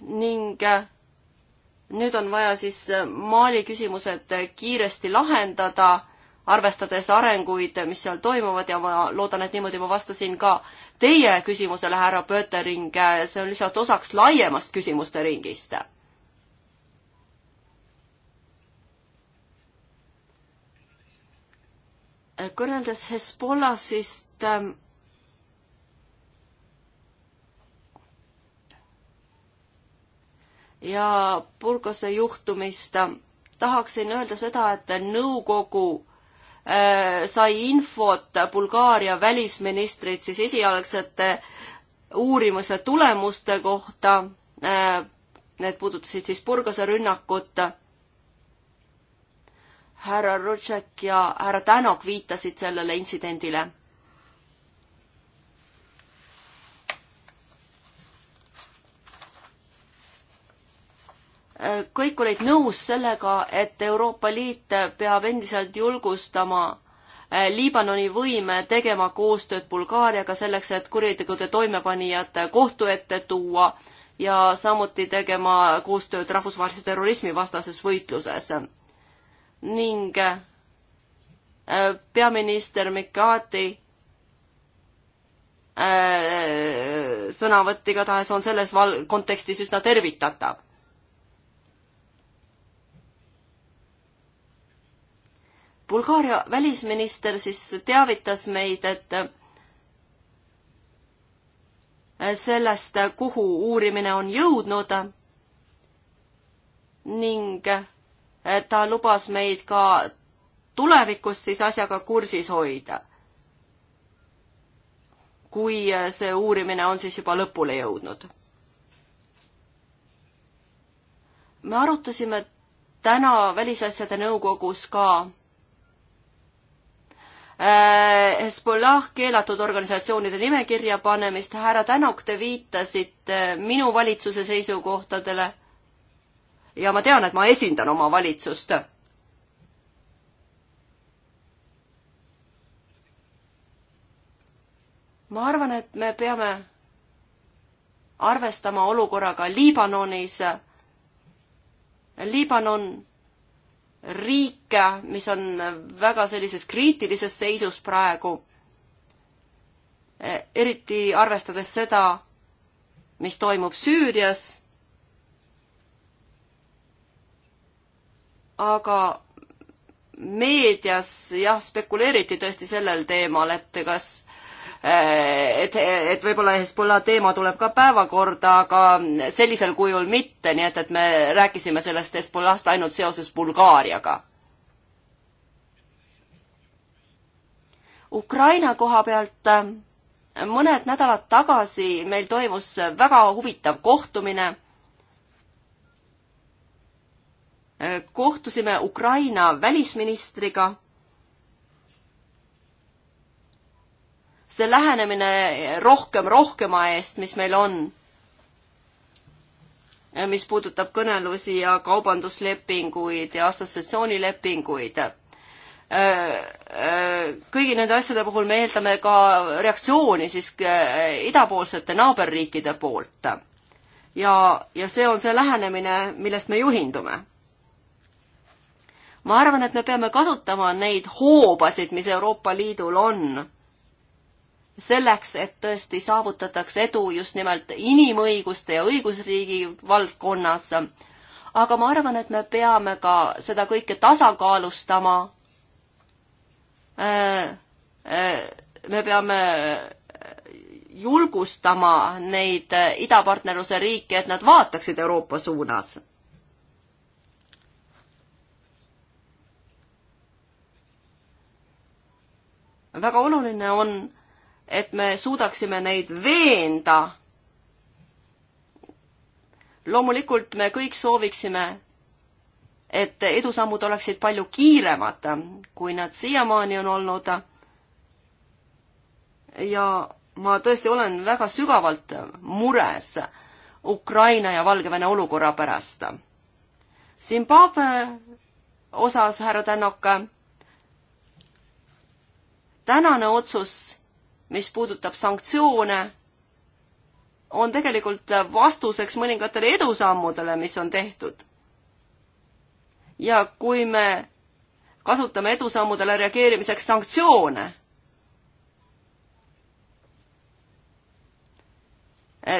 ning äh, nüüd on vaja siis Mali küsimused kiiresti lahendada arvestades arenguid, mis seal toimuvad ja ma loodan, et niimoodi ma vastasin ka teie küsimusele, härra Pöttering, see on lihtsalt osaks laiemast küsimuste ringist. kõneldes Hezbollasist ähm, ja Burgose juhtumist, ähm, tahaksin öelda seda, et nõukogu Äh, sai infot Bulgaaria välisministrilt siis esialgsete uurimuse tulemuste kohta. Äh, need puudutasid siis Burgase rünnakut. härra Rutšek ja härra Tänok viitasid sellele intsidendile kõik olid nõus sellega, et Euroopa Liit peab endiselt julgustama eh, Liibanoni võime tegema koostööd Bulgaariaga selleks, et kuritegude toimepanijad kohtu ette tuua ja samuti tegema koostööd rahvusvahelise terrorismi vastases võitluses. ning eh, peaminister Mikati eh, sõnavõtt igatahes on selles val-, kontekstis üsna tervitatav Bulgaaria välisminister siis teavitas meid, et äh, sellest, äh, kuhu uurimine on jõudnud ning äh, ta lubas meid ka tulevikus siis asjaga kursis hoida. kui see uurimine on siis juba lõpule jõudnud. me arutasime täna Välisasjade Nõukogus ka Äh, Hezbollah keelatud organisatsioonide nimekirja panemist. härra Tänok, te viitasite minu valitsuse seisukohtadele. ja ma tean, et ma esindan oma valitsust. ma arvan, et me peame arvestama olukorraga Liibanonis. Liibanon riike, mis on väga sellises kriitilises seisus praegu. eriti arvestades seda, mis toimub Süürias. aga meedias jah, spekuleeriti tõesti sellel teemal, et kas Eh, et, et võib-olla Hezbollah teema tuleb ka päevakorda, aga sellisel kujul mitte, nii et, et me rääkisime sellest Hezbollahst ainult seoses Bulgaariaga. Ukraina koha pealt eh, mõned nädalad tagasi meil toimus väga huvitav kohtumine. Eh, kohtusime Ukraina välisministriga see lähenemine rohkem rohkema eest, mis meil on, mis puudutab kõnelusi ja kaubanduslepinguid ja assotsiatsioonilepinguid. Äh, äh, kõigi nende asjade puhul me eeldame ka reaktsiooni siis äh, idapoolsete naaberriikide poolt. ja, ja see on see lähenemine, millest me juhindume ma arvan, et me peame kasutama neid hoobasid, mis Euroopa Liidul on selleks, et tõesti saavutatakse edu just nimelt inimõiguste ja õigusriigi valdkonnas. aga ma arvan, et me peame ka seda kõike tasakaalustama. Äh, äh, me peame julgustama neid idapartnerluse riike, et nad vaataksid Euroopa suunas. väga oluline on et me suudaksime neid veenda. loomulikult me kõik sooviksime, et edusammud oleksid palju kiiremad, kui nad siiamaani on olnud. ja ma tõesti olen väga sügavalt mures Ukraina ja Valgevene olukorra pärast. Zimbabwe osas, härra Tänok, tänane otsus mis puudutab sanktsioone, on tegelikult vastuseks mõningatele edusammudele, mis on tehtud. ja kui me kasutame edusammudele reageerimiseks sanktsioone,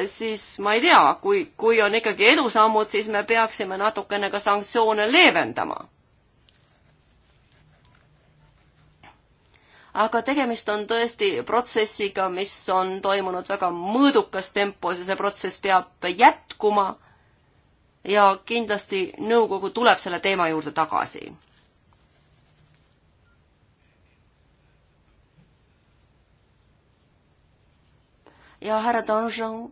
siis ma ei tea, kui, kui on ikkagi edusammud, siis me peaksime natukene ka sanktsioone leevendama aga tegemist on tõesti protsessiga, mis on toimunud väga mõõdukas tempos ja see protsess peab jätkuma. ja kindlasti nõukogu tuleb selle teema juurde tagasi. ja härra Danjon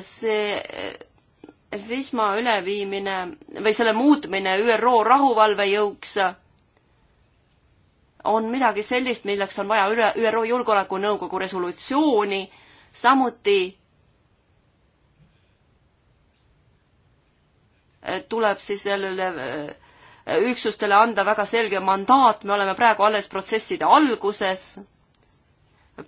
see eh, FISMA üleviimine või selle muutmine ÜRO rahuvalvejõuks on midagi sellist, milleks on vaja ÜRO Julgeolekunõukogu resolutsiooni, samuti eh, tuleb siis sellele eh, üksustele anda väga selge mandaat, me oleme praegu alles protsesside alguses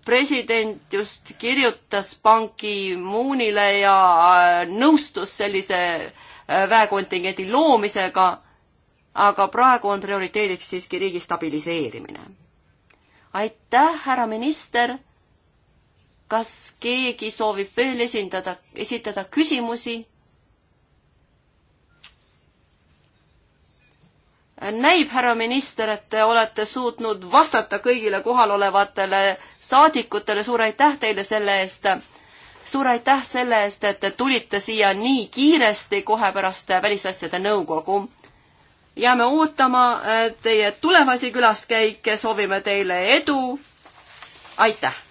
president just kirjutas Ban Ki-moonile ja äh, nõustus sellise äh, väekontingendi loomisega, aga praegu on prioriteediks siiski riigi stabiliseerimine. aitäh, härra minister. kas keegi soovib veel esindada, esitada küsimusi? näib, härra minister, et te olete suutnud vastata kõigile kohalolevatele saadikutele, suur aitäh teile selle eest. suur aitäh selle eest, et te tulite siia nii kiiresti kohe pärast Välisasjade Nõukogu. jääme ootama eh, teie tulevasi külaskäike, soovime teile edu. aitäh!